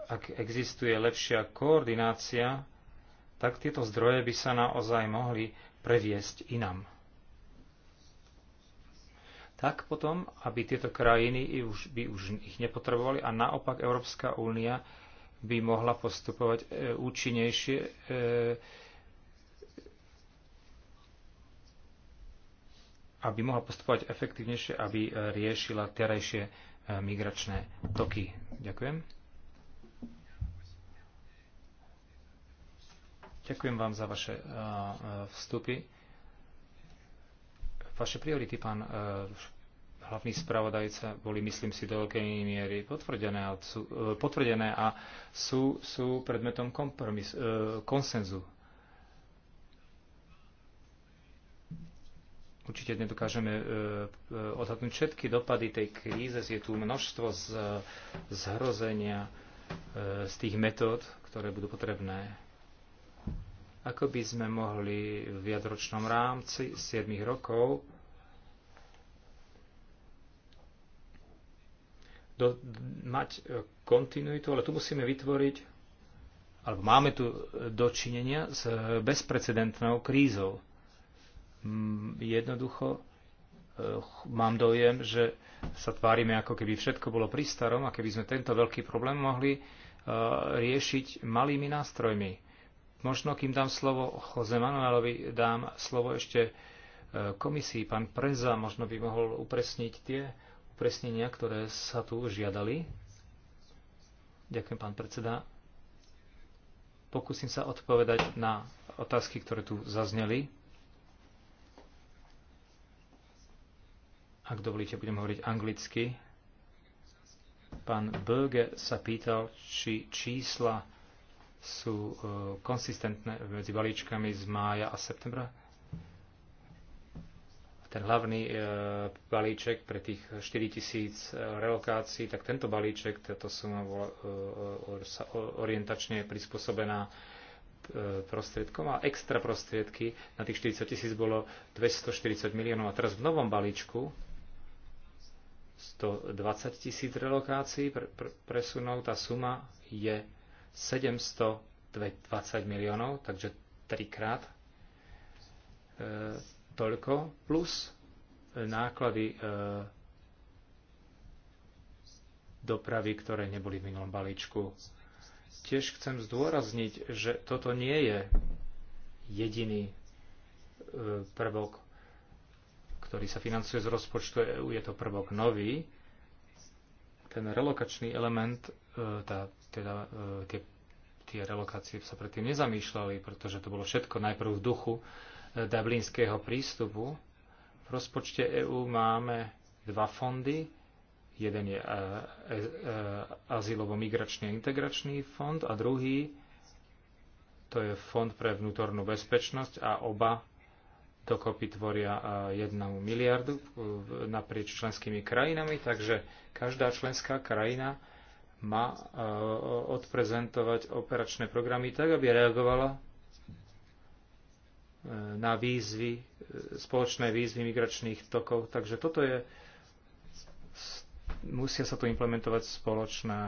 ak existuje lepšia koordinácia, tak tieto zdroje by sa naozaj mohli previesť inam. Tak potom, aby tieto krajiny už, by už ich nepotrebovali a naopak Európska únia by mohla postupovať e, účinnejšie e, aby mohla postupovať efektívnejšie, aby e, riešila terajšie e, migračné toky. Ďakujem. Ďakujem vám za vaše e, vstupy. Vaše priority, pán hlavný spravodajca, boli, myslím si, do veľkej miery potvrdené a sú, potvrdené a sú, sú predmetom kompromis, konsenzu Určite nedokážeme e, e, odhadnúť všetky dopady tej kríze. Je tu množstvo z, zhrozenia e, z tých metód, ktoré budú potrebné. Ako by sme mohli v viadročnom rámci 7 rokov do, mať kontinuitu, ale tu musíme vytvoriť, alebo máme tu dočinenia s bezprecedentnou krízou Mm, jednoducho eh, mám dojem, že sa tvárime, ako keby všetko bolo pri starom a keby sme tento veľký problém mohli eh, riešiť malými nástrojmi. Možno, kým dám slovo Jose Manuelovi, dám slovo ešte eh, komisii. Pán Preza možno by mohol upresniť tie upresnenia, ktoré sa tu žiadali. Ďakujem, pán predseda. Pokúsim sa odpovedať na otázky, ktoré tu zazneli Ak dovolíte, budem hovoriť anglicky. Pán Böge sa pýtal, či čísla sú e, konsistentné medzi balíčkami z mája a septembra. Ten hlavný e, balíček pre tých 4000 e, relokácií, tak tento balíček, táto suma bola orientačne prispôsobená prostriedkom a extra prostriedky na tých 40 tisíc bolo 240 miliónov a teraz v novom balíčku 120 tisíc relokácií pre, pr- presunov, tá suma je 720 miliónov, takže trikrát e, toľko, plus e, náklady e, dopravy, ktoré neboli v minulom balíčku. Tiež chcem zdôrazniť, že toto nie je jediný e, prvok ktorý sa financuje z rozpočtu EÚ, je to prvok nový. Ten relokačný element, e, tá, teda, e, tie, tie relokácie sa predtým nezamýšľali, pretože to bolo všetko najprv v duchu e, dublinského prístupu. V rozpočte EÚ máme dva fondy. Jeden je azylovo-migračný a integračný fond a druhý to je fond pre vnútornú bezpečnosť a oba dokopy tvoria jednu miliardu naprieč členskými krajinami, takže každá členská krajina má odprezentovať operačné programy tak, aby reagovala e, na výzvy, e, spoločné výzvy migračných tokov. Takže toto je, musia sa tu implementovať spoločné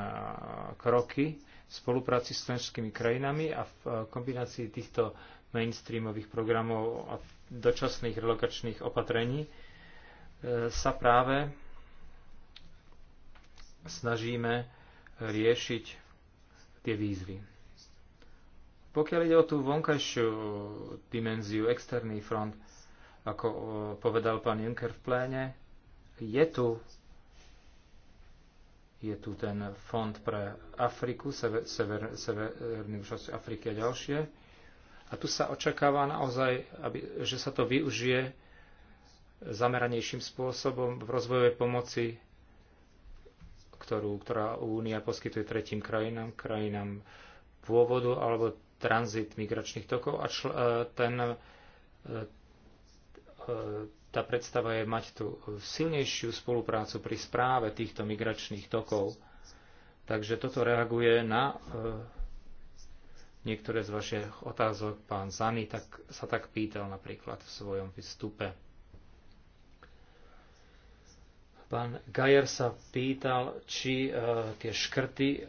kroky v spolupráci s členskými krajinami a v kombinácii týchto mainstreamových programov a v dočasných relokačných opatrení e, sa práve snažíme riešiť tie výzvy. Pokiaľ ide o tú vonkajšiu dimenziu, externý front, ako e, povedal pán Juncker v pléne, je tu, je tu ten fond pre Afriku, sever, sever, severnú časť Afriky a ďalšie, a tu sa očakáva naozaj, aby, že sa to využije zameranejším spôsobom v rozvojovej pomoci, ktorú, ktorá Únia poskytuje tretím krajinám, krajinám pôvodu alebo tranzit migračných tokov. A čl, e, ten, e, e, tá predstava je mať tu silnejšiu spoluprácu pri správe týchto migračných tokov. Takže toto reaguje na niektoré z vašich otázok pán Zany tak, sa tak pýtal napríklad v svojom vystupe. Pán Gajer sa pýtal, či e, tie škrty e, e,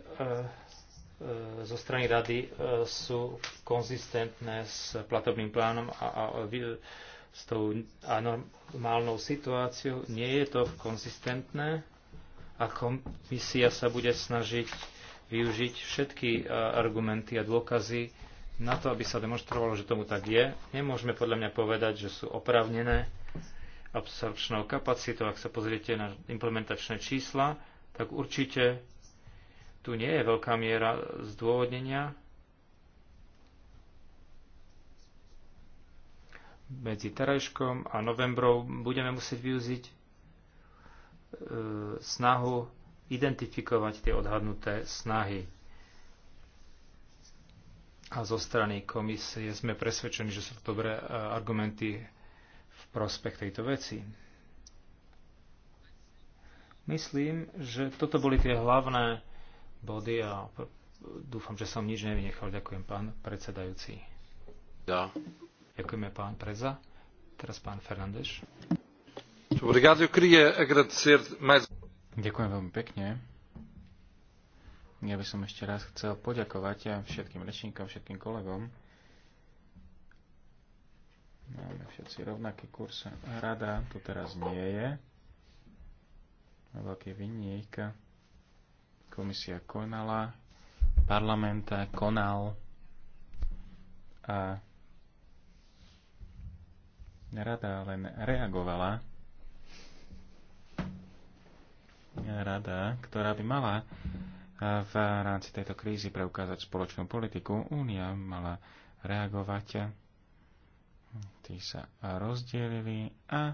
zo strany rady e, sú konzistentné s platobným plánom a, a, a s tou anormálnou situáciou. Nie je to konzistentné a komisia sa bude snažiť využiť všetky e, argumenty a dôkazy na to, aby sa demonstrovalo, že tomu tak je. Nemôžeme podľa mňa povedať, že sú opravnené absorpčnou kapacitou. Ak sa pozriete na implementačné čísla, tak určite tu nie je veľká miera zdôvodnenia medzi terajškom a novembrom budeme musieť využiť e, snahu identifikovať tie odhadnuté snahy. A zo strany komisie sme presvedčení, že sú to dobré e, argumenty v prospech tejto veci. Myslím, že toto boli tie hlavné body a dúfam, že som nič nevynechal. Ďakujem, pán predsedajúci. Ja. Ďakujeme, pán Preza. Teraz pán Fernández. Obrigado, eu queria agradecer mais Ďakujem veľmi pekne. Ja by som ešte raz chcel poďakovať všetkým rečníkom, všetkým kolegom. Máme všetci rovnaký kurz. Rada tu teraz nie je. Veľký vinník. Komisia konala. Parlament konal. A rada len reagovala rada, ktorá by mala v rámci tejto krízy preukázať spoločnú politiku. Únia mala reagovať, tí sa rozdielili a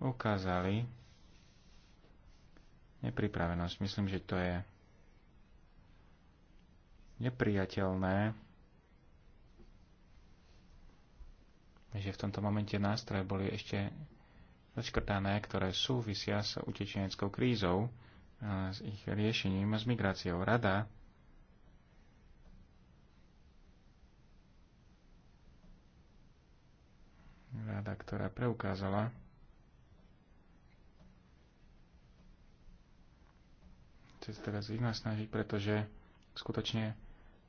ukázali nepripravenosť. Myslím, že to je nepriateľné, že v tomto momente nástroje boli ešte zaškrtané, ktoré súvisia s utečeneckou krízou, a e, s ich riešením a s migráciou. Rada rada, ktorá preukázala sa teraz iná snažiť, pretože skutočne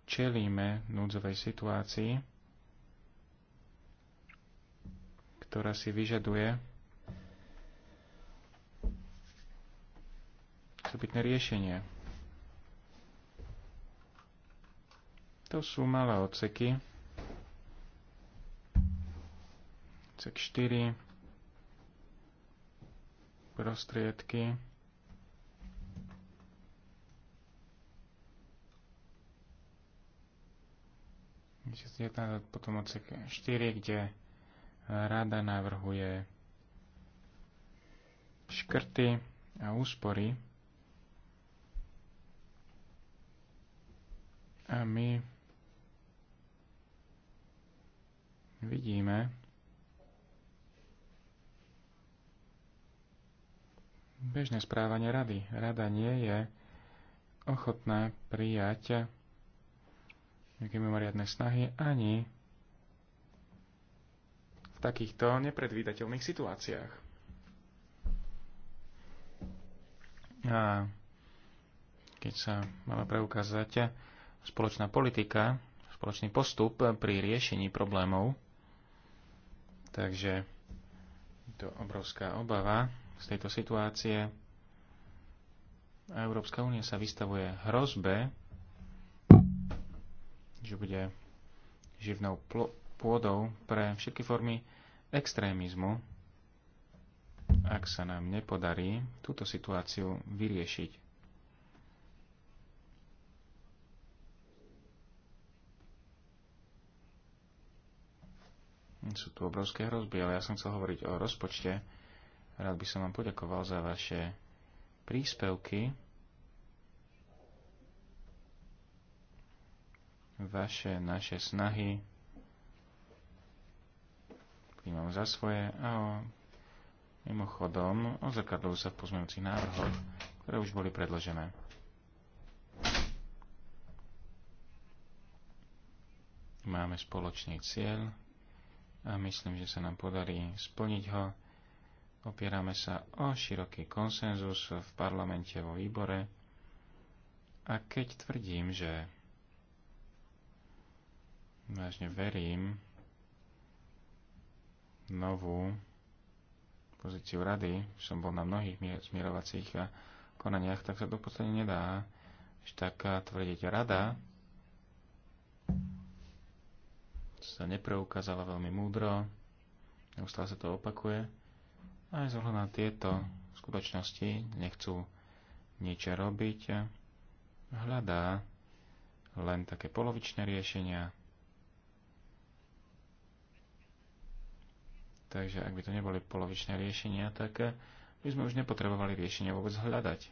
čelíme núdzovej situácii, ktorá si vyžaduje osobitné riešenie. To sú malé odseky. Odsek 4. Prostriedky. potom odsek 4, kde rada navrhuje škrty a úspory A my vidíme bežné správanie rady. Rada nie je ochotná prijať nejaké mimoriadne snahy ani v takýchto nepredvídateľných situáciách. A keď sa máme preukázať spoločná politika, spoločný postup pri riešení problémov. Takže to obrovská obava z tejto situácie. A Európska únia sa vystavuje hrozbe, že bude živnou pôdou pre všetky formy extrémizmu, ak sa nám nepodarí túto situáciu vyriešiť. Sú tu obrovské hrozby, ale ja som chcel hovoriť o rozpočte. Rád by som vám poďakoval za vaše príspevky. Vaše, naše snahy Vnímam za svoje a o, mimochodom ozrkadľujú sa v pozmeňujúcich návrhoch, ktoré už boli predložené. Máme spoločný cieľ, a myslím, že sa nám podarí splniť ho. Opierame sa o široký konsenzus v parlamente vo výbore a keď tvrdím, že vážne verím novú pozíciu rady, som bol na mnohých zmierovacích konaniach, tak sa to v podstate nedá až tak tvrdiť rada, sa nepreukázala veľmi múdro, neustále sa to opakuje. Aj zohľad na tieto skutočnosti nechcú nič robiť, hľadá len také polovičné riešenia. Takže ak by to neboli polovičné riešenia, tak by sme už nepotrebovali riešenia vôbec hľadať.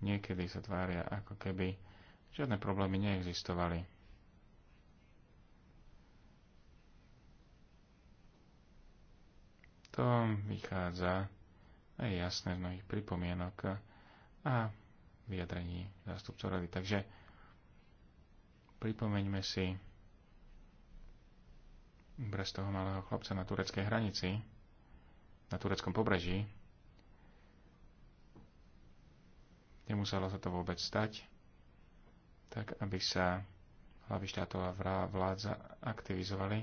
Niekedy sa tvária, ako keby žiadne problémy neexistovali. To vychádza aj jasné z mnohých pripomienok a vyjadrení zástupcov rady. Takže pripomeňme si brez toho malého chlapca na tureckej hranici, na tureckom pobreží. Nemuselo sa to vôbec stať, tak aby sa hlavy štátov a vládza aktivizovali,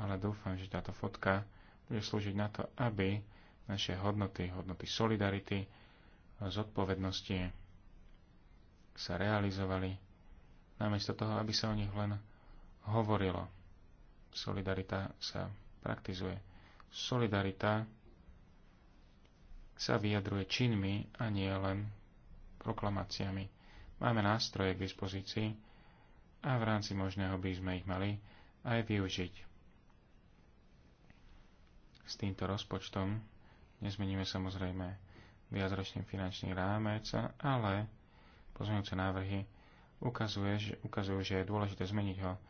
ale dúfam, že táto fotka bude slúžiť na to, aby naše hodnoty, hodnoty solidarity, zodpovednosti sa realizovali, namiesto toho, aby sa o nich len hovorilo. Solidarita sa praktizuje. Solidarita sa vyjadruje činmi a nie len proklamáciami. Máme nástroje k dispozícii a v rámci možného by sme ich mali aj využiť s týmto rozpočtom. Nezmeníme samozrejme viacročný finančný rámec, ale pozmeňujúce návrhy ukazuje, že, ukazujú, že je dôležité zmeniť ho. E,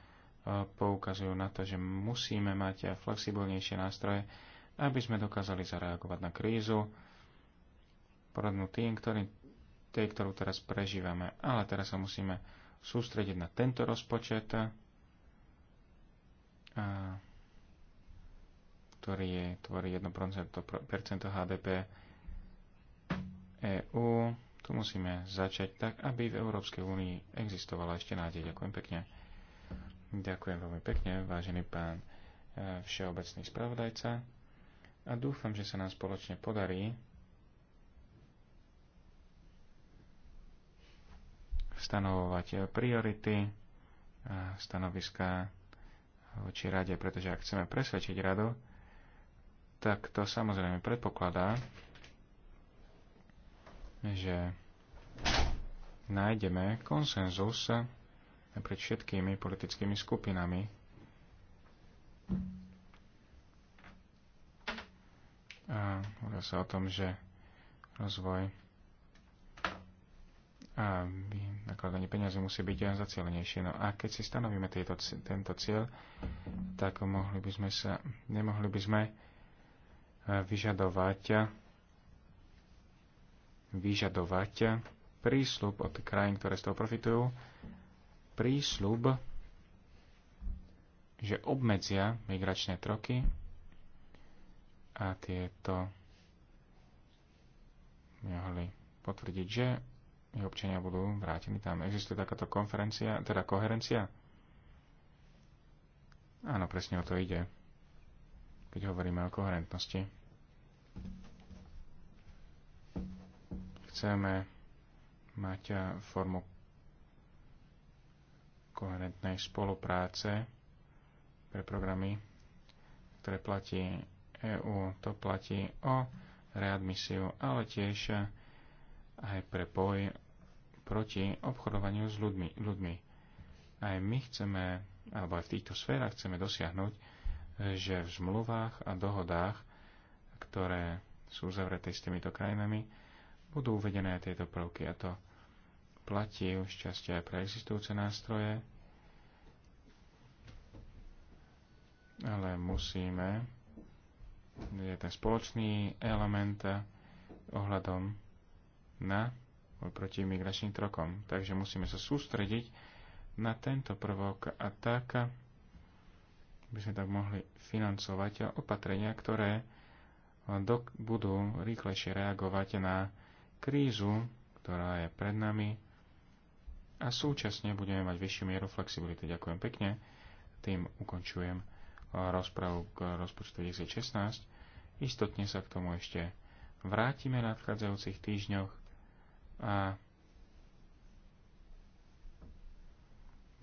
poukazujú na to, že musíme mať flexibilnejšie nástroje, aby sme dokázali zareagovať na krízu, poradnú tým, ktorý, tej, ktorú teraz prežívame. Ale teraz sa musíme sústrediť na tento rozpočet. A ktorý je tvorí 1% HDP EÚ. Tu musíme začať tak, aby v Európskej únii existovala ešte nádej. Ďakujem pekne. Ďakujem veľmi pekne, vážený pán e, všeobecný spravodajca. A dúfam, že sa nám spoločne podarí stanovovať priority a stanoviská voči rade, pretože ak chceme presvedčiť radu, tak to samozrejme predpokladá, že nájdeme konsenzus pred všetkými politickými skupinami. A hovorí sa o tom, že rozvoj a nakladanie peniazy musí byť zacielenejšie. No a keď si stanovíme tieto, tento cieľ, tak mohli by sme sa, nemohli by sme vyžadovať vyžadovať prísľub od krajín, ktoré z toho profitujú, prísľub, že obmedzia migračné troky a tieto mohli potvrdiť, že ich občania budú vrátení tam. Existuje takáto konferencia, teda koherencia? Áno, presne o to ide, keď hovoríme o koherentnosti. chceme mať formu koherentnej spolupráce pre programy, ktoré platí EU, To platí o readmisiu, ale tiež aj pre boj proti obchodovaniu s ľuďmi. ľuďmi. Aj my chceme, alebo aj v týchto sférach chceme dosiahnuť, že v zmluvách a dohodách, ktoré sú zavreté s týmito krajinami, budú uvedené tieto prvky a to platí už časti aj pre existujúce nástroje, ale musíme, je ten spoločný element ohľadom na proti migračným trokom. Takže musíme sa sústrediť na tento prvok a tak by sme tak mohli financovať opatrenia, ktoré dok- budú rýchlejšie reagovať na krízu, ktorá je pred nami a súčasne budeme mať vyššiu mieru flexibility. Ďakujem pekne. Tým ukončujem rozpravu k rozpočtu 2016. Istotne sa k tomu ešte vrátime v nadchádzajúcich týždňoch a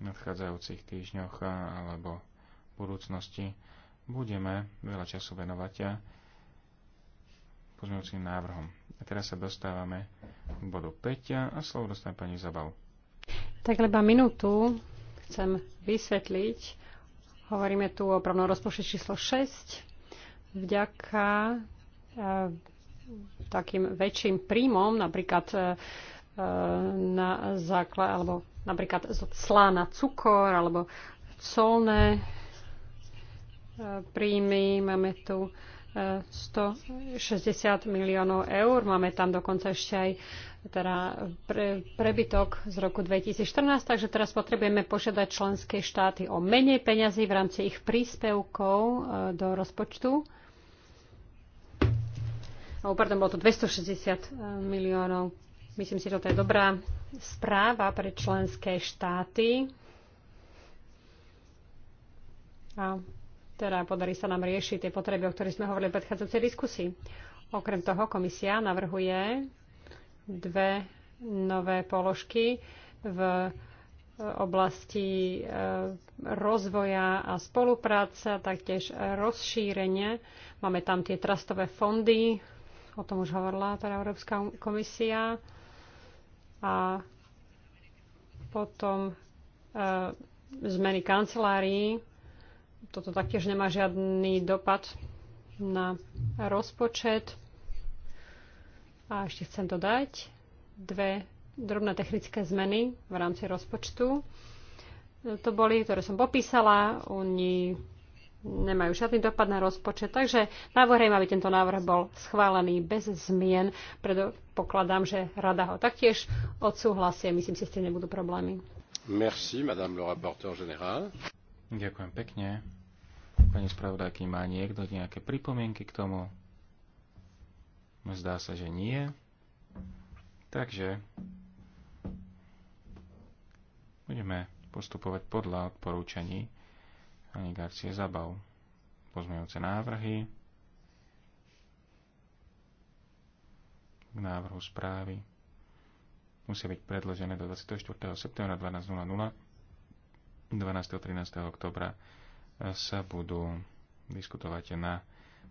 v nadchádzajúcich týždňoch alebo v budúcnosti budeme veľa času venovať a pozmeňujúcim návrhom. A teraz sa dostávame k bodu 5 a slovo dostane pani Zabal. Tak leba minútu chcem vysvetliť. Hovoríme tu o právnom rozpočte číslo 6. Vďaka eh, takým väčším príjmom, napríklad eh, na základ, alebo napríklad zo clá na cukor, alebo colné eh, príjmy. Máme tu 160 miliónov eur. Máme tam dokonca ešte aj teda pre, prebytok z roku 2014, takže teraz potrebujeme požiadať členské štáty o menej peňazí v rámci ich príspevkov e, do rozpočtu. Oh, pardon, bolo to 260 e, miliónov. Myslím si, že to je dobrá správa pre členské štáty. A teda podarí sa nám riešiť tie potreby, o ktorých sme hovorili v predchádzajúcej diskusii. Okrem toho komisia navrhuje dve nové položky v e, oblasti e, rozvoja a spolupráce, taktiež rozšírenie. Máme tam tie trastové fondy, o tom už hovorila teda Európska komisia. A potom e, zmeny kancelárií toto taktiež nemá žiadny dopad na rozpočet. A ešte chcem dodať dve drobné technické zmeny v rámci rozpočtu. To boli, ktoré som popísala. Oni nemajú žiadny dopad na rozpočet, takže návrhujem, aby tento návrh bol schválený bez zmien. Preto pokladám, že rada ho taktiež odsúhlasie. Myslím si, že s tým nebudú problémy. Merci, madame le rapporteur général. Ďakujem pekne pani spravodajky, má niekto nejaké pripomienky k tomu? Zdá sa, že nie. Takže budeme postupovať podľa odporúčaní pani Garcie Zabav. Pozmejúce návrhy k návrhu správy musia byť predložené do 24. septembra 12.00 12.13 oktobra sa budú diskutovať na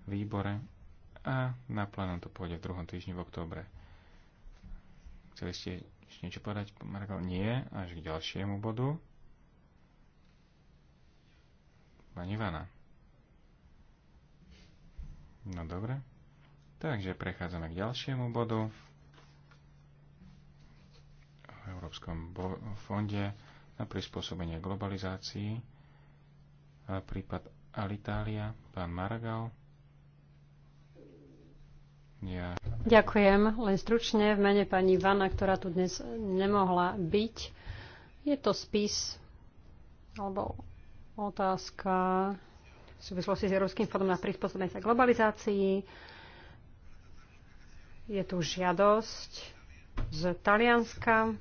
výbore a na plánom to pôjde v druhom týždni v októbre. Chceli ste ešte niečo povedať, Margo? Nie, až k ďalšiemu bodu. Pani Ivana. No dobre. Takže prechádzame k ďalšiemu bodu. V Európskom fonde na prispôsobenie globalizácii prípad Alitalia, pán Maragal. Ja. Ďakujem. Len stručne v mene pani Vana, ktorá tu dnes nemohla byť. Je to spis alebo otázka v súvislosti s Európskym fondom na prispôsobenie sa globalizácii. Je tu žiadosť z Talianska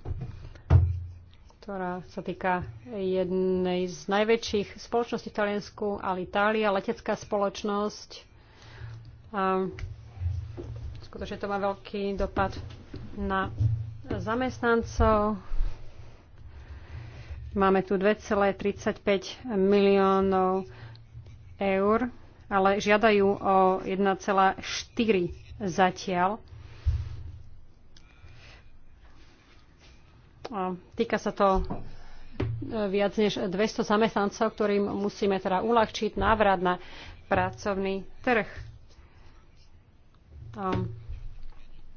ktorá sa týka jednej z najväčších spoločností v Taliansku, Alitalia, letecká spoločnosť. A skutočne to má veľký dopad na zamestnancov. Máme tu 2,35 miliónov eur, ale žiadajú o 1,4 zatiaľ. Týka sa to e, viac než 200 zamestnancov, ktorým musíme teda uľahčiť návrat na pracovný trh.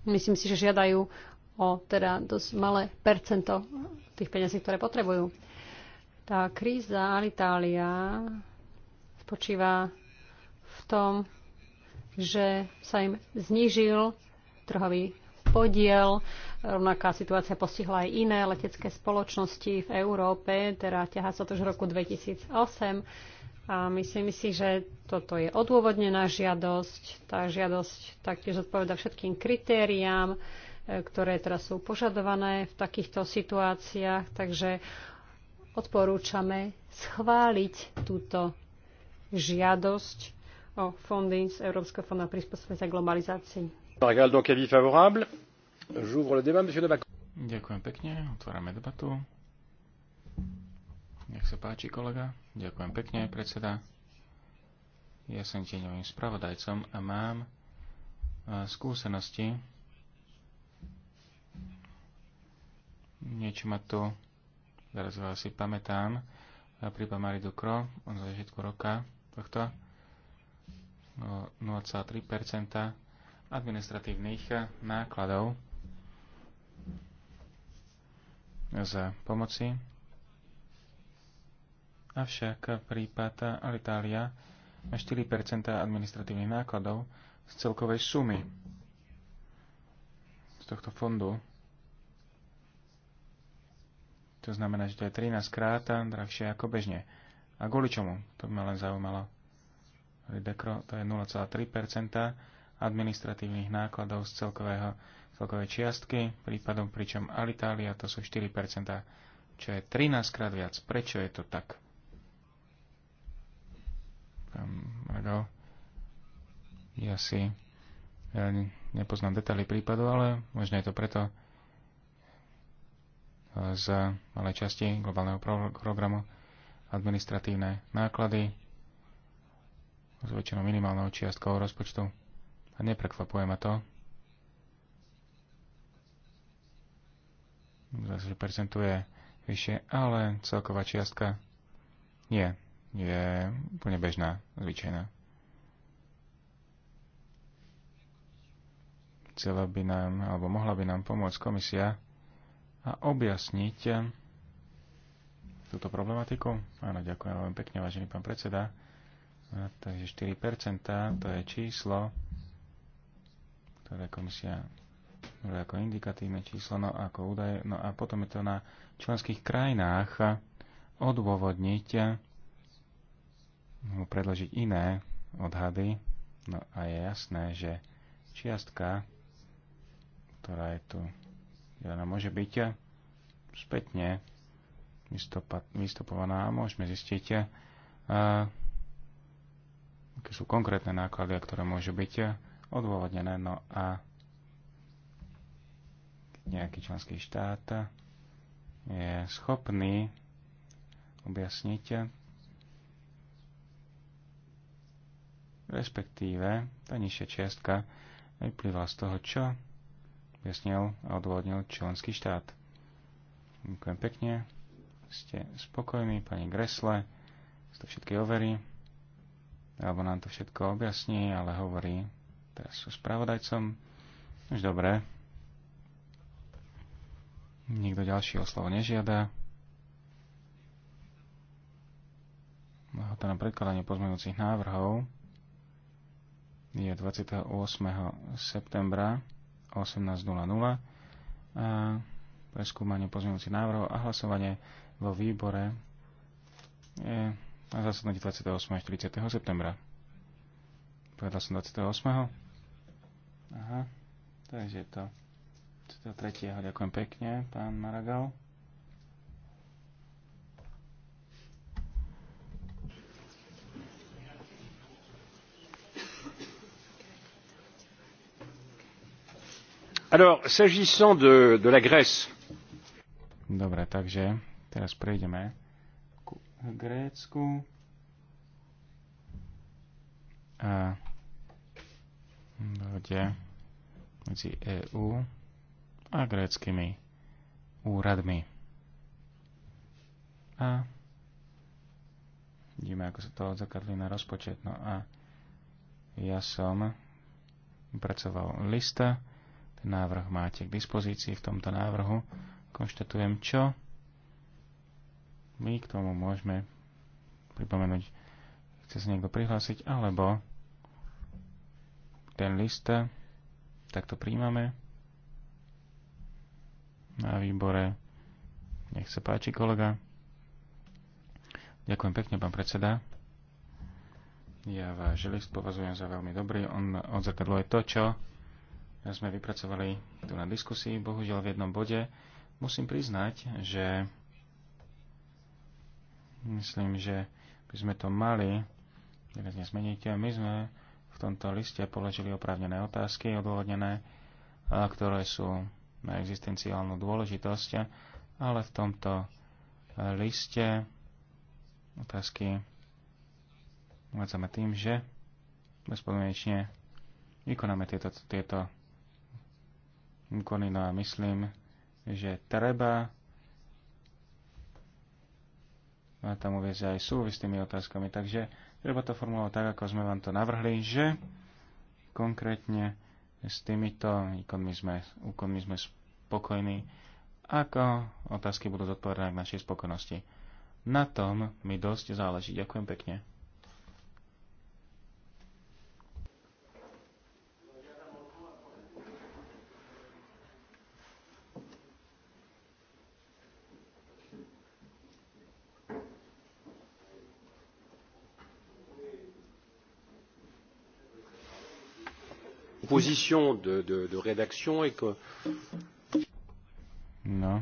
Myslím si, že žiadajú o teda dosť malé percento tých peniazí, ktoré potrebujú. Tá kríza Alitalia spočíva v tom, že sa im znížil trhový podiel Rovnaká situácia postihla aj iné letecké spoločnosti v Európe, teda ťahá sa to už v roku 2008. A myslím si, že toto je odôvodnená žiadosť. Tá žiadosť taktiež odpoveda všetkým kritériám, e, ktoré teraz sú požadované v takýchto situáciách. Takže odporúčame schváliť túto žiadosť o fondy z Európskeho fonda prispôsobenia globalizácii. Paragraf donc avis favorable. Ďakujem pekne, otvárame debatu. Nech sa páči, kolega. Ďakujem pekne, predseda. Ja som tieňovým spravodajcom a mám skúsenosti. Niečo ma tu, teraz ho asi pamätám, prípad Marie Ducro, on za začiatku roka tohto, 0,3% administratívnych nákladov za pomoci. Avšak prípad Alitalia má 4 administratívnych nákladov z celkovej sumy z tohto fondu. To znamená, že to je 13 krát drahšie ako bežne. A kvôli čomu? To by ma len zaujímalo. Dekro to je 0,3 administratívnych nákladov z celkového celkové čiastky prípadom, pričom Alitalia to sú 4%, čo je 13 krát viac. Prečo je to tak? Ja si ja nepoznám detaily prípadu, ale možno je to preto e, z malej časti globálneho programu administratívne náklady s väčšinou minimálnou čiastkou rozpočtu. A neprekvapuje ma to, zase, že je vyššie, ale celková čiastka nie, je úplne bežná, zvyčajná. Chcela by nám, alebo mohla by nám pomôcť komisia a objasniť túto problematiku. Áno, ďakujem veľmi pekne, vážený pán predseda. A takže 4% to je číslo, ktoré komisia ako indikatívne číslo, no ako údaj, no a potom je to na členských krajinách odôvodniť predložiť iné odhady. No a je jasné, že čiastka, ktorá je tu, ona môže byť spätne vystupovaná a môžeme zistiť, eh, aké sú konkrétne náklady, ktoré môžu byť odôvodnené. No a nejaký členský štát je schopný objasniť, respektíve tá nižšia čiastka vyplýva z toho, čo objasnil a odvodnil členský štát. Ďakujem pekne. Ste spokojní, pani Gresle. To všetky overí. Alebo nám to všetko objasní, ale hovorí teraz so spravodajcom. Už dobre, Nikto ďalší o slovo nežiada. Lehota na predkladanie pozmeňujúcich návrhov je 28. septembra 18.00 a preskúmanie pozmeňujúcich návrhov a hlasovanie vo výbore je na zasadnutí 28. až 30. septembra. Povedal som 28. Aha, takže to. Teda tretieho. Ďakujem pekne, pán Maragal. Alors, s'agissant de, de la Grèce. Dobre, takže teraz prejdeme ku Grécku. A dohode medzi EU a gréckými úradmi. A vidíme, ako sa to odzakadli na rozpočet. No a ja som pracoval lista, ten návrh máte k dispozícii v tomto návrhu. Konštatujem, čo my k tomu môžeme pripomenúť. Chce sa niekto prihlásiť, alebo ten list takto príjmame na výbore. Nech sa páči, kolega. Ďakujem pekne, pán predseda. Ja váš list považujem za veľmi dobrý. On odzrkadluje to, čo sme vypracovali tu na diskusii. Bohužiaľ v jednom bode musím priznať, že myslím, že by sme to mali výrazne zmeniť. My sme v tomto liste položili oprávnené otázky, odôvodnené, ktoré sú na existenciálnu dôležitosť, ale v tomto e, liste otázky uvádzame tým, že bezpodmienečne vykonáme tieto, tieto úkony, no a myslím, že treba a tam uviezť aj súvis s tými otázkami. Takže treba to formulovať tak, ako sme vám to navrhli, že konkrétne s týmito ikonmi sme, úkonmi sme spokojní. Ako otázky budú zodpovedané k našej spokojnosti? Na tom mi dosť záleží. Ďakujem pekne. proposition de, de, de rédaction et que... No,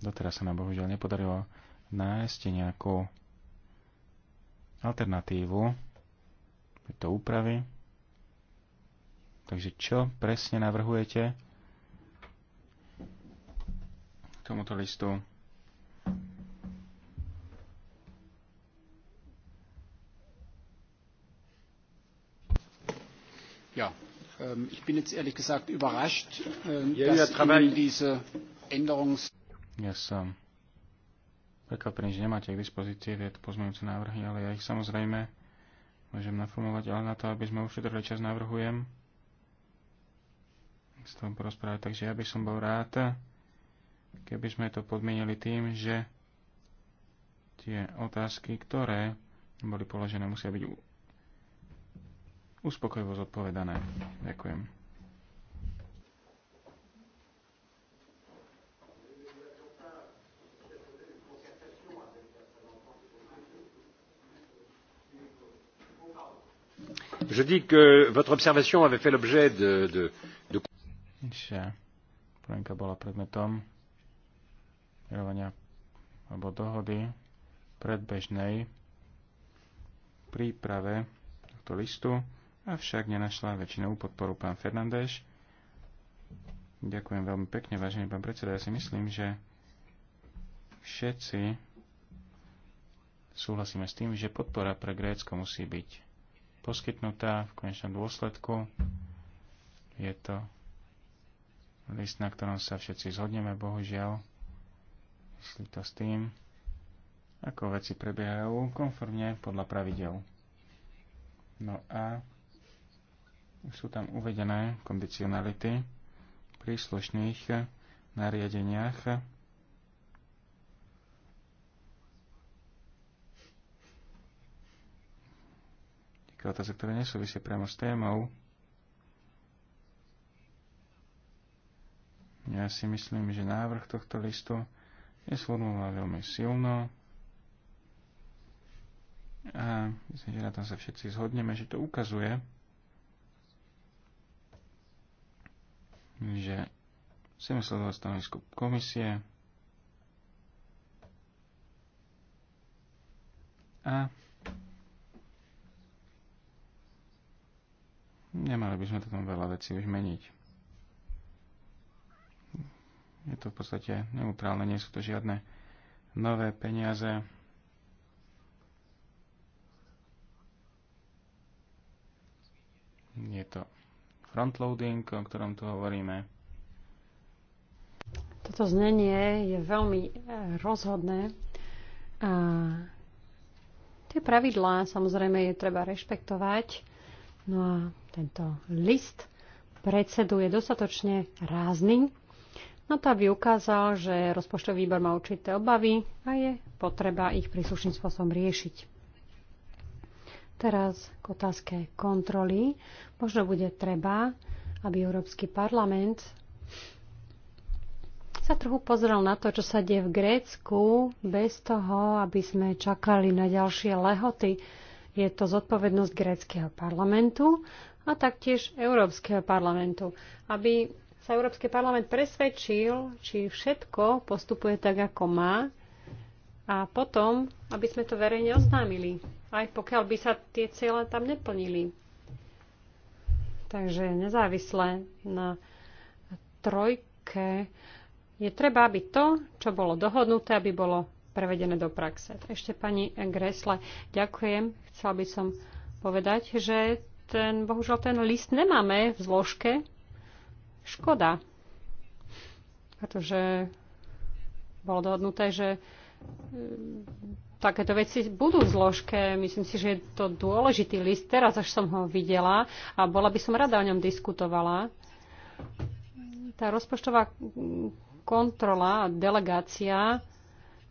doteraz sa nám bohužiaľ nepodarilo nájsť nejakú alternatívu tejto úpravy. Takže čo presne navrhujete tomuto listu? Ähm, ich bin jetzt ehrlich gesagt überrascht, ähm, dass Ihnen diese Änderungs... Ja som prekvapený, že nemáte k dispozícii tieto pozmeňujúce návrhy, ale ja ich samozrejme môžem naformulovať, ale na to, aby sme ušetrili čas, navrhujem s tom porozprávať. Takže ja by som bol rád, keby sme to podmienili tým, že tie otázky, ktoré boli položené, musia byť uspokojivo zodpovedané. Ďakujem. je dis que votre observation avait fait l'objet de, de, de... Že bola predmetom mirovania alebo dohody predbežnej príprave tohto listu avšak nenašla väčšinovú podporu pán Fernández. Ďakujem veľmi pekne, vážený pán predseda. Ja si myslím, že všetci súhlasíme s tým, že podpora pre Grécko musí byť poskytnutá v konečnom dôsledku. Je to list, na ktorom sa všetci zhodneme, bohužiaľ. Myslí to s tým, ako veci prebiehajú konformne podľa pravidel. No a sú tam uvedené kondicionality v príslušných nariadeniach. Také otázky, ktoré nesúvisia priamo s témou. Ja si myslím, že návrh tohto listu je sformulovaný veľmi silno. A myslím, že na tom sa všetci zhodneme, že to ukazuje, že musíme sledovať stanovisko komisie a nemali by sme tam veľa vecí už meniť. Je to v podstate neutrálne, nie sú to žiadne nové peniaze. Je to frontloading, o ktorom tu hovoríme. Toto znenie je veľmi e, rozhodné a tie pravidlá samozrejme je treba rešpektovať. No a tento list predsedu je dostatočne rázny na to, aby ukázal, že rozpočtový výbor má určité obavy a je potreba ich príslušným spôsobom riešiť. Teraz k otázke kontroly. Možno bude treba, aby Európsky parlament sa trochu pozrel na to, čo sa deje v Grécku, bez toho, aby sme čakali na ďalšie lehoty. Je to zodpovednosť gréckého parlamentu a taktiež Európskeho parlamentu, aby sa Európsky parlament presvedčil, či všetko postupuje tak, ako má, a potom, aby sme to verejne oznámili aj pokiaľ by sa tie ciele tam neplnili. Takže nezávisle na trojke je treba, aby to, čo bolo dohodnuté, aby bolo prevedené do praxe. Ešte pani Gresle, ďakujem. Chcela by som povedať, že ten, bohužiaľ ten list nemáme v zložke. Škoda. Pretože bolo dohodnuté, že takéto veci budú v zložke. Myslím si, že je to dôležitý list. Teraz až som ho videla a bola by som rada o ňom diskutovala. Tá rozpočtová kontrola, delegácia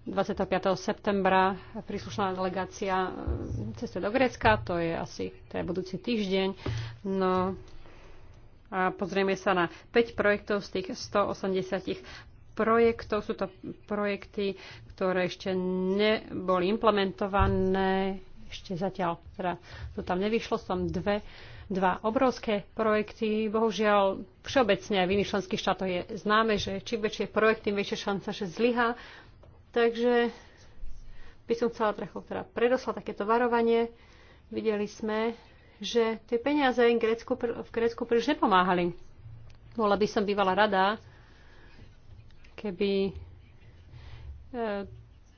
25. septembra príslušná delegácia e, ceste do Grécka, to je asi to je budúci týždeň. No, a pozrieme sa na 5 projektov z tých 180 projektov. Sú to projekty, ktoré ešte neboli implementované, ešte zatiaľ teda to tam nevyšlo, som dve, dva obrovské projekty. Bohužiaľ, všeobecne aj v iných členských štátoch je známe, že čím väčšie projekt, tým väčšia šanca, že zlyha. Takže by som chcela trochu teda predoslať takéto varovanie. Videli sme, že tie peniaze v Grécku, v Grécku príliš nepomáhali. Bola by som bývala rada, keby e,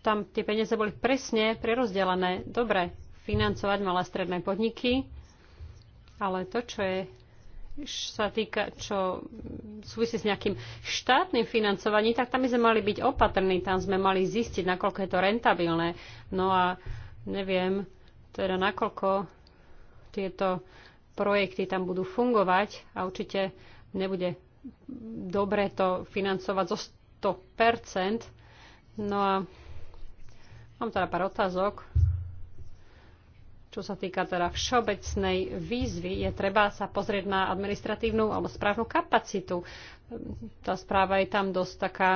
tam tie peniaze boli presne prerozdelené. Dobre, financovať malé stredné podniky, ale to, čo je sa týka, čo súvisí s nejakým štátnym financovaním, tak tam by sme mali byť opatrní, tam sme mali zistiť, nakoľko je to rentabilné. No a neviem, teda nakoľko tieto projekty tam budú fungovať a určite nebude dobre to financovať zo No a mám teda pár otázok. Čo sa týka teda všeobecnej výzvy, je treba sa pozrieť na administratívnu alebo správnu kapacitu. Tá správa je tam dosť taká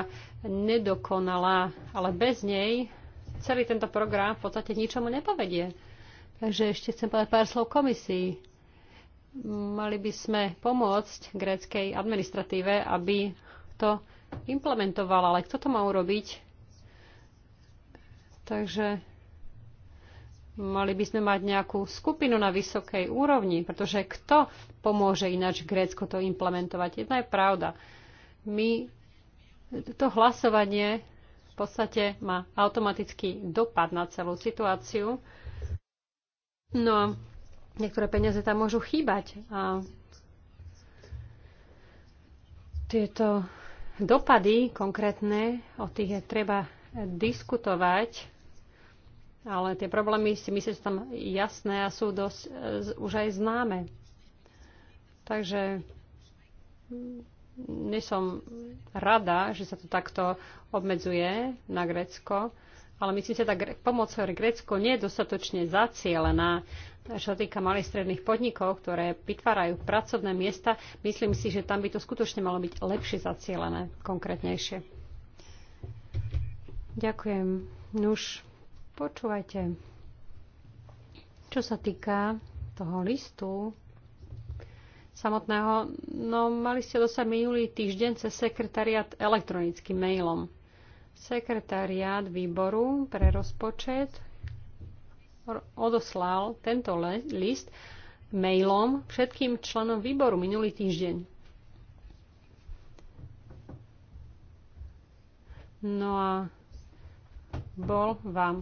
nedokonalá, ale bez nej celý tento program v podstate ničomu nepovedie. Takže ešte chcem povedať pár slov komisii. Mali by sme pomôcť gréckej administratíve, aby to implementoval, ale kto to má urobiť? Takže mali by sme mať nejakú skupinu na vysokej úrovni, pretože kto pomôže ináč Grécko to implementovať? Jedna je pravda. My to hlasovanie v podstate má automatický dopad na celú situáciu. No a niektoré peniaze tam môžu chýbať a tieto dopady konkrétne, o tých je treba diskutovať, ale tie problémy si myslím, že tam jasné a sú dosť e, už aj známe. Takže nesom rada, že sa to takto obmedzuje na Grécko ale myslím si, že tá pomoc pre Grécko nie je dostatočne zacielená. Čo sa týka malých stredných podnikov, ktoré vytvárajú pracovné miesta, myslím si, že tam by to skutočne malo byť lepšie zacielené, konkrétnejšie. Ďakujem. Nuž, počúvajte. Čo sa týka toho listu samotného, no mali ste dostať minulý týždeň cez sekretariat elektronickým mailom. Sekretariát výboru pre rozpočet odoslal tento list mailom všetkým členom výboru minulý týždeň. No a bol vám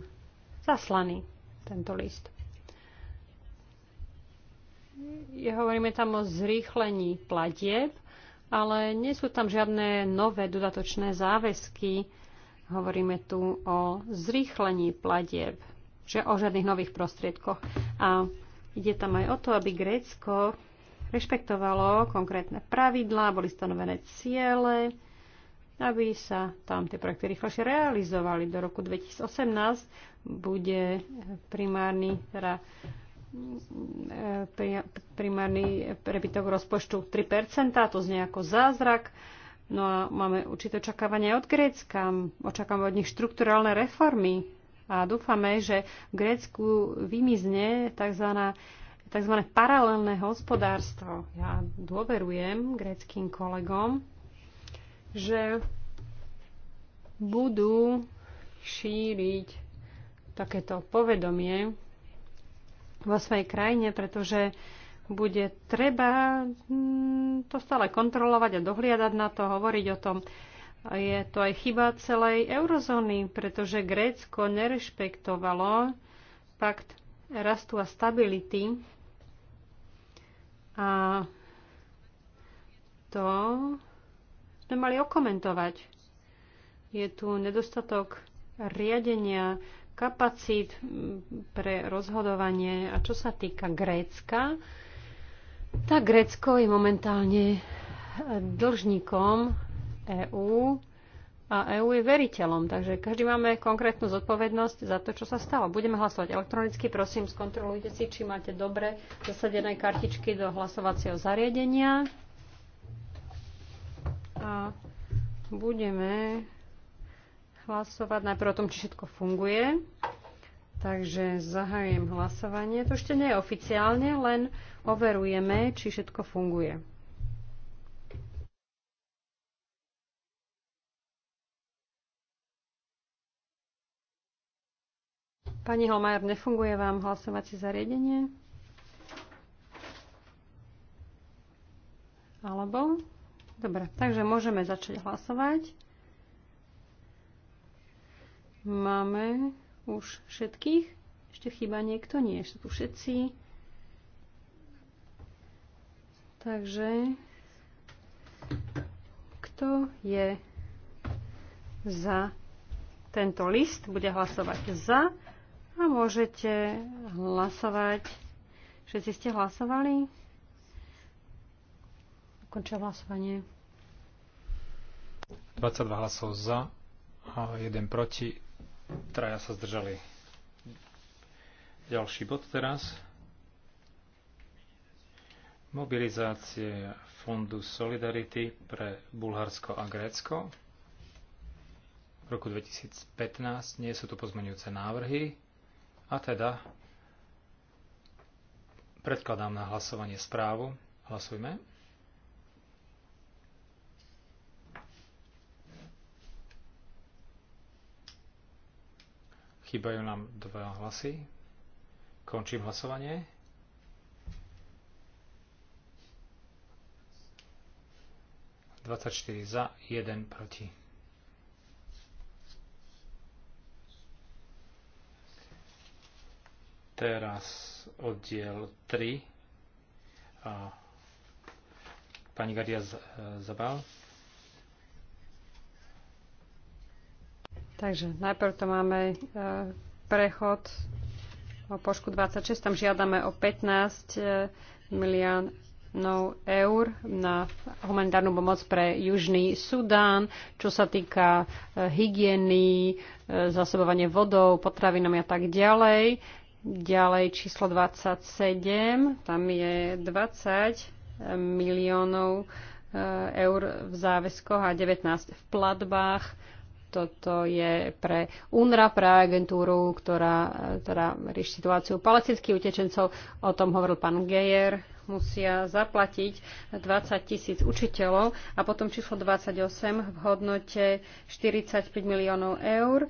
zaslaný tento list. Je hovoríme tam o zrýchlení platieb, ale nie sú tam žiadne nové dodatočné záväzky Hovoríme tu o zrýchlení platieb, že o žiadnych nových prostriedkoch. A ide tam aj o to, aby Grécko rešpektovalo konkrétne pravidlá, boli stanovené ciele, aby sa tam tie projekty rýchlejšie realizovali. Do roku 2018 bude primárny, teda primárny prebytok rozpočtu 3%, to znie ako zázrak. No a máme určité očakávania od Grécka. Očakávame od nich štrukturálne reformy. A dúfame, že v Grécku vymizne tzv. tzv. paralelné hospodárstvo. Ja dôverujem gréckým kolegom, že budú šíriť takéto povedomie vo svojej krajine, pretože bude treba mm, to stále kontrolovať a dohliadať na to, hovoriť o tom. Je to aj chyba celej eurozóny, pretože Grécko nerešpektovalo pakt rastu a stability a to sme mali okomentovať. Je tu nedostatok riadenia kapacít mm, pre rozhodovanie a čo sa týka Grécka, tak Grécko je momentálne eh, dlžníkom EÚ a EÚ je veriteľom, takže každý máme konkrétnu zodpovednosť za to, čo sa stalo. Budeme hlasovať elektronicky, prosím, skontrolujte si, či máte dobre zasadené kartičky do hlasovacieho zariadenia. A budeme hlasovať najprv o tom, či všetko funguje. Takže zahajujem hlasovanie. To ešte nie je oficiálne, len overujeme, či všetko funguje. Pani Holmajer, nefunguje vám hlasovacie zariadenie? Alebo? Dobre, takže môžeme začať hlasovať. Máme už všetkých? Ešte chýba niekto? Nie, ešte tu všetci. Takže kto je za tento list, bude hlasovať za a môžete hlasovať. Všetci ste hlasovali? Končia hlasovanie. 22 hlasov za a 1 proti. Traja sa zdržali. Ďalší bod teraz. Mobilizácie Fondu Solidarity pre Bulharsko a Grécko. V roku 2015 nie sú tu pozmenujúce návrhy a teda predkladám na hlasovanie správu. Hlasujme. Chýbajú nám dva hlasy. Končím hlasovanie. Dvadsaťštyri za, jeden proti. Teraz oddiel 3. Pani Gadia Zabal. Takže najprv to máme e, prechod o pošku 26, tam žiadame o 15 e, miliónov eur na humanitárnu pomoc pre Južný Sudán, čo sa týka e, hygieny, zásobovanie vodou, potravinami a tak ďalej. Ďalej číslo 27, tam je 20 miliónov eur v záväzkoch a 19 v platbách toto je pre UNRA, pre agentúru, ktorá e, teda rieši situáciu palestinských utečencov. O tom hovoril pán Gejer. Musia zaplatiť 20 tisíc učiteľov a potom číslo 28 v hodnote 45 miliónov eur.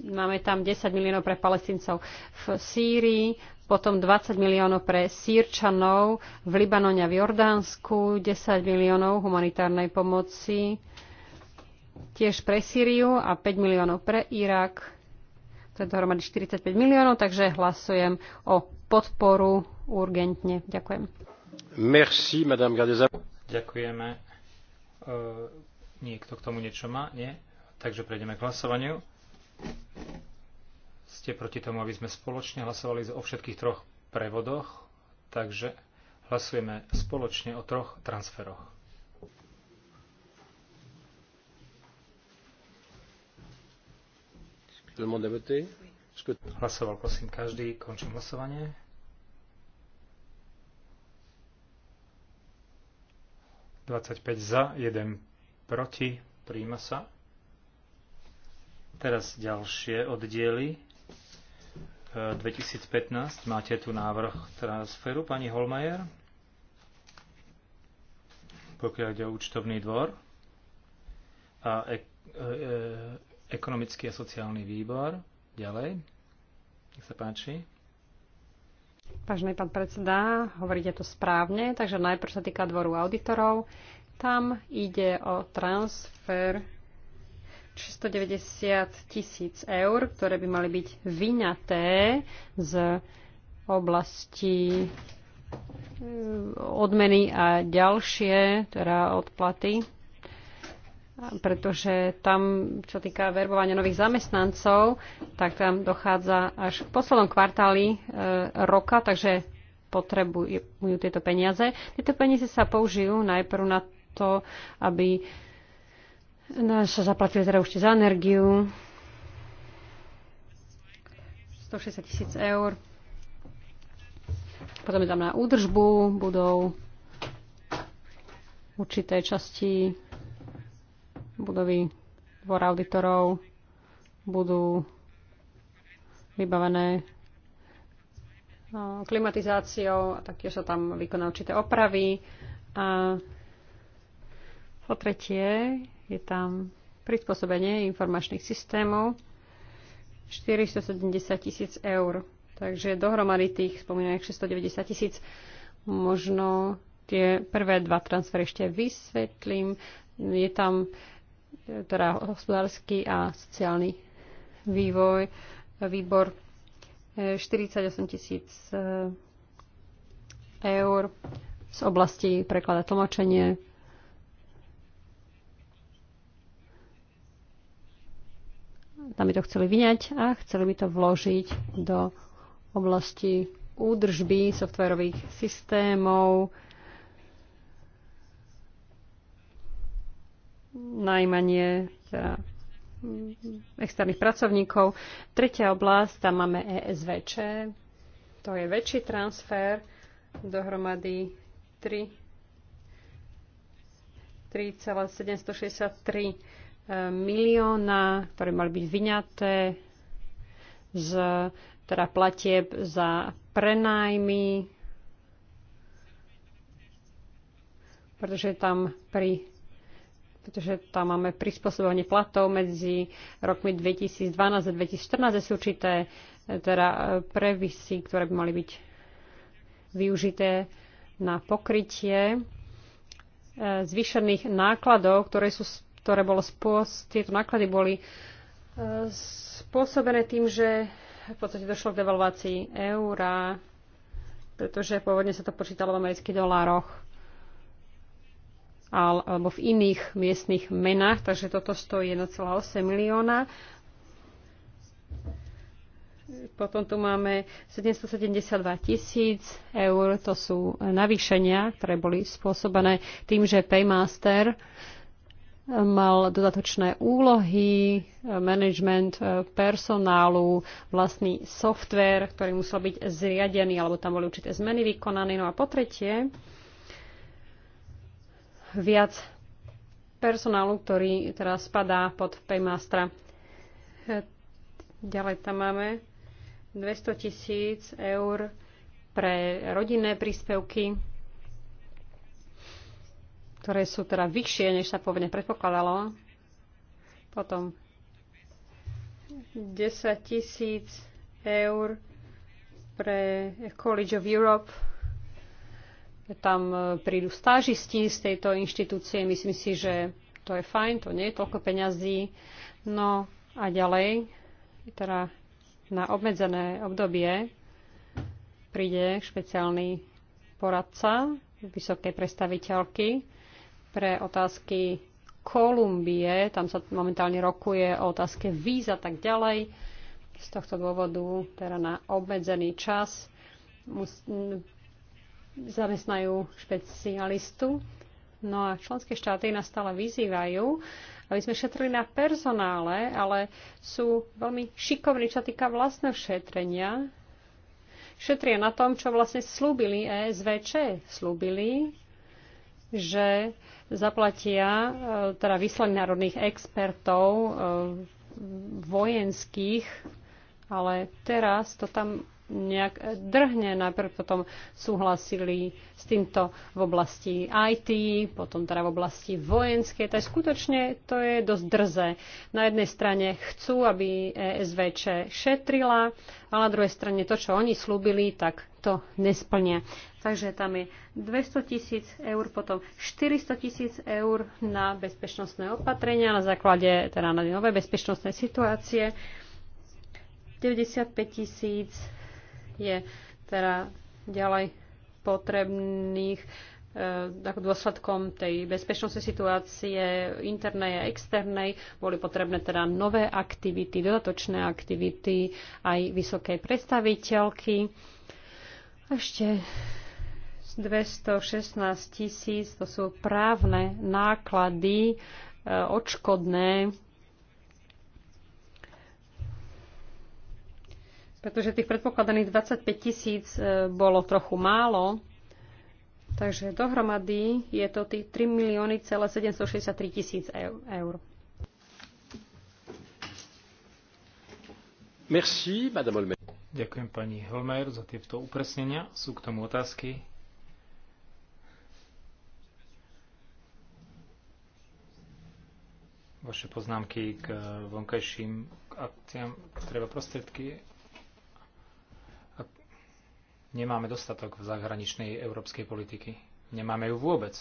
Máme tam 10 miliónov pre palestincov v Sýrii, potom 20 miliónov pre Sýrčanov v Libanone a v Jordánsku, 10 miliónov humanitárnej pomoci tiež pre Sýriu a 5 miliónov pre Irak. To je dohromady 45 miliónov, takže hlasujem o podporu urgentne. Ďakujem. Merci, madame Gardeza. Ďakujeme. E, niekto k tomu niečo má? Nie? Takže prejdeme k hlasovaniu. Ste proti tomu, aby sme spoločne hlasovali o všetkých troch prevodoch, takže hlasujeme spoločne o troch transferoch. Hlasoval prosím každý. Končím hlasovanie. Dvadsaťpäť za, jeden proti. Príjma sa. Teraz ďalšie oddiely. 2015 e, máte tu návrh transferu pani Holmajer pokiaľ ide o účtovný dvor a e, e, Ekonomický a sociálny výbor. Ďalej. Nech sa páči. Vážený pán predseda, hovoríte to správne, takže najprv sa týka dvoru auditorov. Tam ide o transfer 690 tisíc eur, ktoré by mali byť vyňaté z oblasti e, odmeny a ďalšie, teda odplaty pretože tam, čo týka verbovania nových zamestnancov, tak tam dochádza až v poslednom kvartáli e, roka, takže potrebujú tieto peniaze. Tieto peniaze sa použijú najprv na to, aby sa zaplatili teda ešte za energiu 160 tisíc eur. Potom je tam na údržbu budov určité časti budovy dvor auditorov budú vybavené no, klimatizáciou a taktiež sa tam vykoná určité opravy. A po tretie je tam prispôsobenie informačných systémov 470 tisíc eur. Takže dohromady tých spomínaných 690 tisíc možno tie prvé dva transfery ešte vysvetlím. Je tam teda hospodársky a sociálny vývoj, výbor 48 e, tisíc e, eur z oblasti preklada tlmočenie. Tam by to chceli vyňať a chceli by to vložiť do oblasti údržby softwarových systémov, najmanie teda mm, externých pracovníkov. Tretia oblasť, tam máme ESVČ, to je väčší transfer, dohromady 3,763 e, milióna, ktoré mali byť vyňaté z teda platieb za prenájmy, pretože tam pri pretože tam máme prispôsobovanie platov medzi rokmi 2012 a 2014, sú určité e, teda e, previsy, ktoré by mali byť využité na pokrytie e, zvyšených nákladov, ktoré, sú, ktoré bolo spôs, tieto náklady boli spôsobené tým, že v podstate došlo k devalvácii eura, pretože pôvodne sa to počítalo v amerických dolároch alebo v iných miestnych menách, takže toto stojí 1,8 milióna. Potom tu máme 772 tisíc eur, to sú navýšenia, ktoré boli spôsobené tým, že Paymaster mal dodatočné úlohy, management personálu, vlastný software, ktorý musel byť zriadený, alebo tam boli určité zmeny vykonané. No a po tretie, viac personálu, ktorý teraz spadá pod Paymastera. Ďalej tam máme 200 tisíc eur pre rodinné príspevky, ktoré sú teda vyššie, než sa povedne predpokladalo. Potom 10 tisíc eur pre College of Europe tam e, prídu stážisti z tejto inštitúcie. Myslím si, že to je fajn, to nie je toľko peňazí. No a ďalej, teda na obmedzené obdobie príde špeciálny poradca vysokej predstaviteľky pre otázky Kolumbie. Tam sa momentálne rokuje o otázke víza a tak ďalej. Z tohto dôvodu teda na obmedzený čas zamestnajú špecialistu. No a členské štáty nás stále vyzývajú, aby sme šetrili na personále, ale sú veľmi šikovní, čo týka vlastného šetrenia. Šetria na tom, čo vlastne slúbili ESVČ. Slúbili, že zaplatia e, teda vyslaní národných expertov e, vojenských, ale teraz to tam nejak drhne. Najprv potom súhlasili s týmto v oblasti IT, potom teda v oblasti vojenskej. Tak skutočne to je dosť drze. Na jednej strane chcú, aby e SVČ šetrila, ale na druhej strane to, čo oni slúbili, tak to nesplnia. Takže tam je 200 tisíc eur, potom 400 tisíc eur na bezpečnostné opatrenia na základe teda na nové bezpečnostné situácie, 95 tisíc je teda ďalej potrebných tak eh, dôsledkom tej bezpečnostnej situácie internej a externej boli potrebné teda nové aktivity, dodatočné aktivity aj vysokej predstaviteľky. Ešte 216 tisíc, to sú právne náklady eh, odškodné pretože tých predpokladaných 25 tisíc e, bolo trochu málo. Takže dohromady je to tých 3 milióny 763 tisíc eur. Merci, Madame Holmer. Ďakujem pani Holmer za tieto upresnenia. Sú k tomu otázky? Vaše poznámky k vonkajším akciám treba prostriedky Nemáme dostatok v zahraničnej európskej politiky. Nemáme ju vôbec.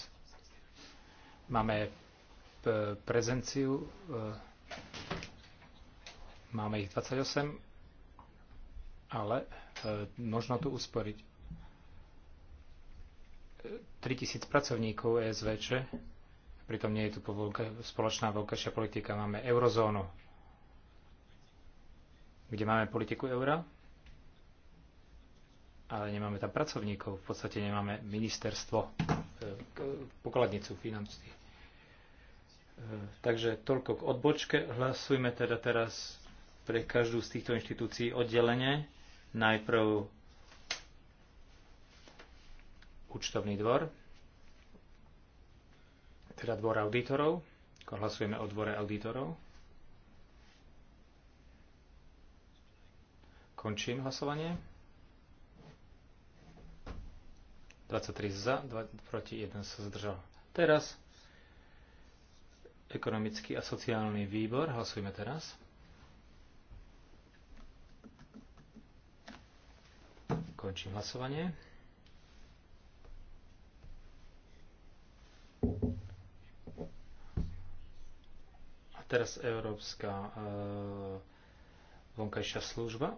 Máme e, prezenciu, e, máme ich 28, ale e, možno tu usporiť. 3000 pracovníkov ESVČ, pritom nie je tu spoločná voľkajšia politika, máme eurozónu, kde máme politiku eura, ale nemáme tam pracovníkov, v podstate nemáme ministerstvo, e, pokladnicu financí. E, takže toľko k odbočke. Hlasujme teda teraz pre každú z týchto inštitúcií oddelenie. Najprv účtovný dvor, teda dvor auditorov. Hlasujeme o dvore auditorov. Končím hlasovanie. 23 za, 2 proti, 1 sa zdržal. Teraz ekonomický a sociálny výbor. Hlasujme teraz. Končím hlasovanie. A teraz Európska e, vonkajšia služba.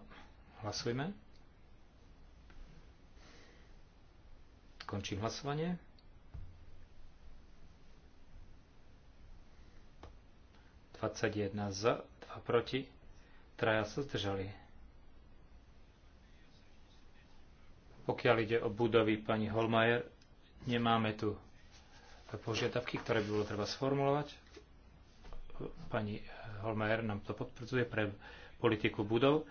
Hlasujme. Končím hlasovanie. za, 2 proti, traja sa zdržali. Pokiaľ ide o budovy pani Holmajer, nemáme tu požiadavky, ktoré by bolo treba sformulovať. Pani Holmajer nám to potvrdzuje pre politiku budov.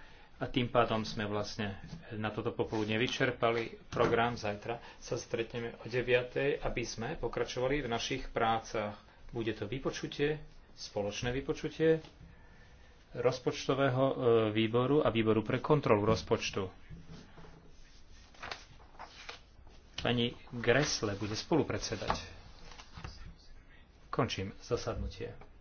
A tým pádom sme vlastne na toto popoludne vyčerpali program. Zajtra sa stretneme o 9. aby sme pokračovali v našich prácach. Bude to vypočutie, spoločné vypočutie rozpočtového e, výboru a výboru pre kontrolu rozpočtu. Pani Gresle bude spolupredsedať. Končím zasadnutie.